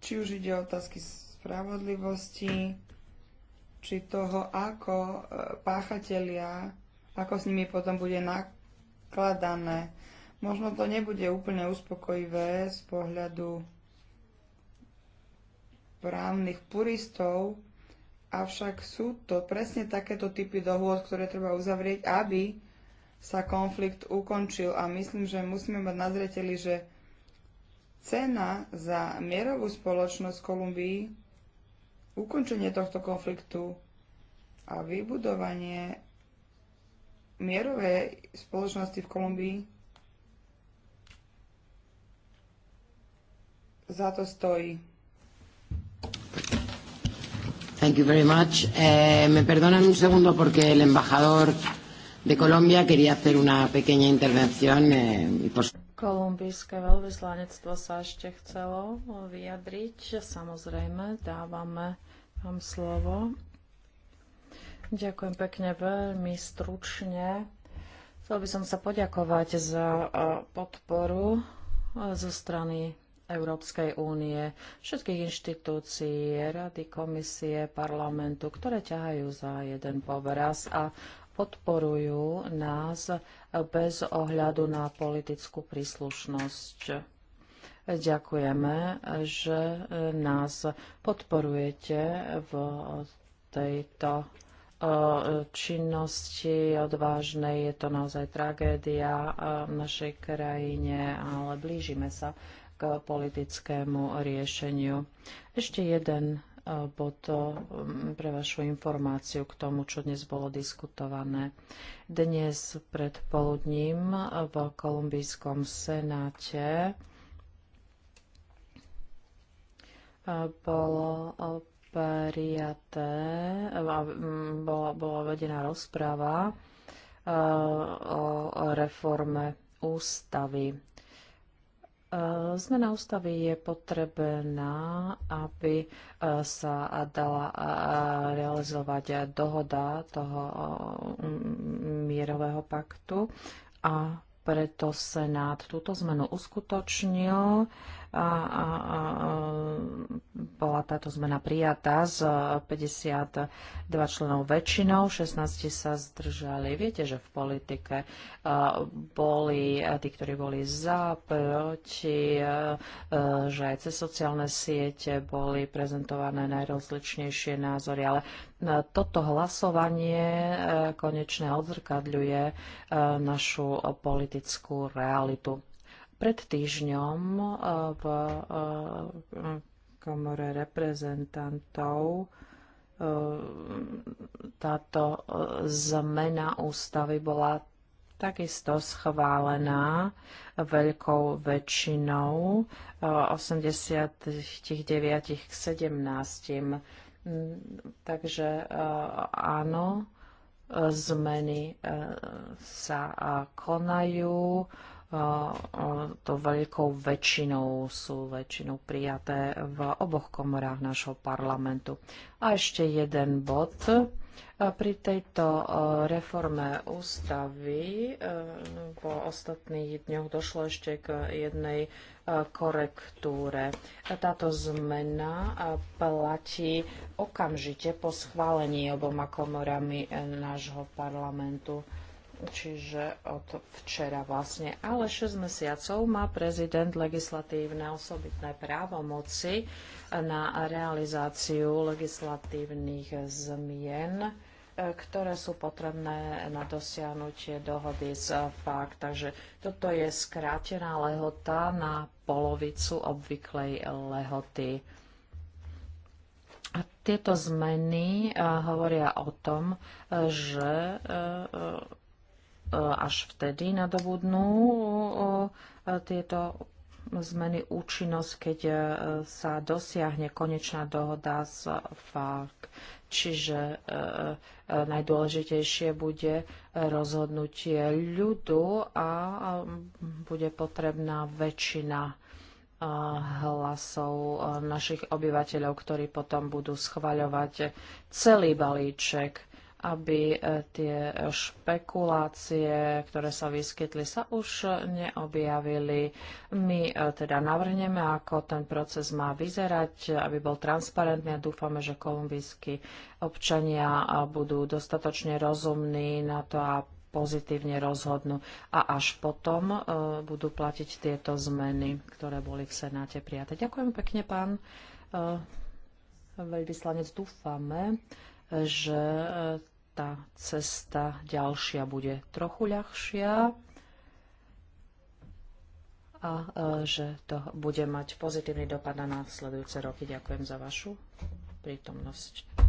Či už ide o otázky spravodlivosti, či toho, ako e, páchatelia, ako s nimi potom bude nakladané. Možno to nebude úplne uspokojivé z pohľadu právnych puristov, avšak sú to presne takéto typy dohôd, ktoré treba uzavrieť, aby sa konflikt ukončil. A myslím, že musíme mať na zreteli, že cena za mierovú spoločnosť Kolumbii ukončenie tohto konfliktu a vybudovanie mierovej spoločnosti v Kolumbii za to stojí. Thank you very much. Eh, me perdonan un segundo porque el embajador de Colombia quería hacer una pequeña intervención. Eh, y por... Kolumbijské veľvyslanectvo sa ešte chcelo vyjadriť. Samozrejme, dávame vám slovo. Ďakujem pekne, veľmi stručne. Chcel by som sa poďakovať za e, podporu e, zo strany Európskej únie, všetkých inštitúcií, rady, komisie, parlamentu, ktoré ťahajú za jeden povraz a podporujú nás bez ohľadu na politickú príslušnosť. Ďakujeme, že nás podporujete v tejto e, činnosti odvážnej. Je to naozaj tragédia v e, našej krajine, ale blížime sa k politickému riešeniu. Ešte jeden pod, eh, pre vašu informáciu k tomu, čo dnes bolo diskutované. Dnes predpoludním v Kolumbijskom senáte eh, bolo eh, prijaté, mm, bola, bola vedená rozpráva o reforme ústavy Eh, zmena ústavy je potrebná, aby eh, sa dala eh, realizovať dohoda toho mierového paktu a preto Senát túto zmenu uskutočnil a, a, a bola táto zmena prijatá z 52 členov väčšinou, 16 sa zdržali. Viete, že v politike boli tí, ktorí boli za, proti, že aj cez sociálne siete boli prezentované najrozličnejšie názory, ale toto hlasovanie konečne odzrkadľuje našu politickú realitu. Pred týždňom eh, v eh, komore reprezentantov eh, táto zmena ústavy bola takisto schválená veľkou väčšinou 89 k 17. Takže áno, zmeny sa konajú to veľkou väčšinou sú väčšinou prijaté v oboch komorách nášho parlamentu. A ešte jeden bod. Pri tejto reforme ústavy po ostatných dňoch došlo ešte k jednej korektúre. Táto zmena platí okamžite po schválení oboma komorami e, nášho parlamentu čiže od včera vlastne. Ale 6 mesiacov má prezident legislatívne osobitné právomoci na realizáciu legislatívnych zmien e, ktoré sú potrebné na dosiahnutie dohody z fakt. Takže toto je skrátená lehota na polovicu obvyklej lehoty. A tieto zmeny e, hovoria o tom, e, že Eh, až vtedy nadobudnú eh, eh, tieto zmeny účinnosť, keď sa dosiahne konečná dohoda s FARC. Čiže najdôležitejšie bude rozhodnutie ľudu a bude potrebná väčšina hlasov našich obyvateľov, ktorí potom budú schvaľovať celý balíček aby e, tie špekulácie, ktoré sa vyskytli, sa už neobjavili. My e, teda navrhneme, ako ten proces má vyzerať, aby bol transparentný a dúfame, že kolumbijskí občania e, budú dostatočne rozumní na to a pozitívne rozhodnú. A až potom budú platiť tieto zmeny, ktoré boli v Senáte prijaté. Ďakujem pekne, pán veľvyslanec. Dúfame, že e, tá cesta ďalšia bude trochu ľahšia a e, že to bude mať pozitívny dopad na následujúce roky. Ďakujem za vašu prítomnosť.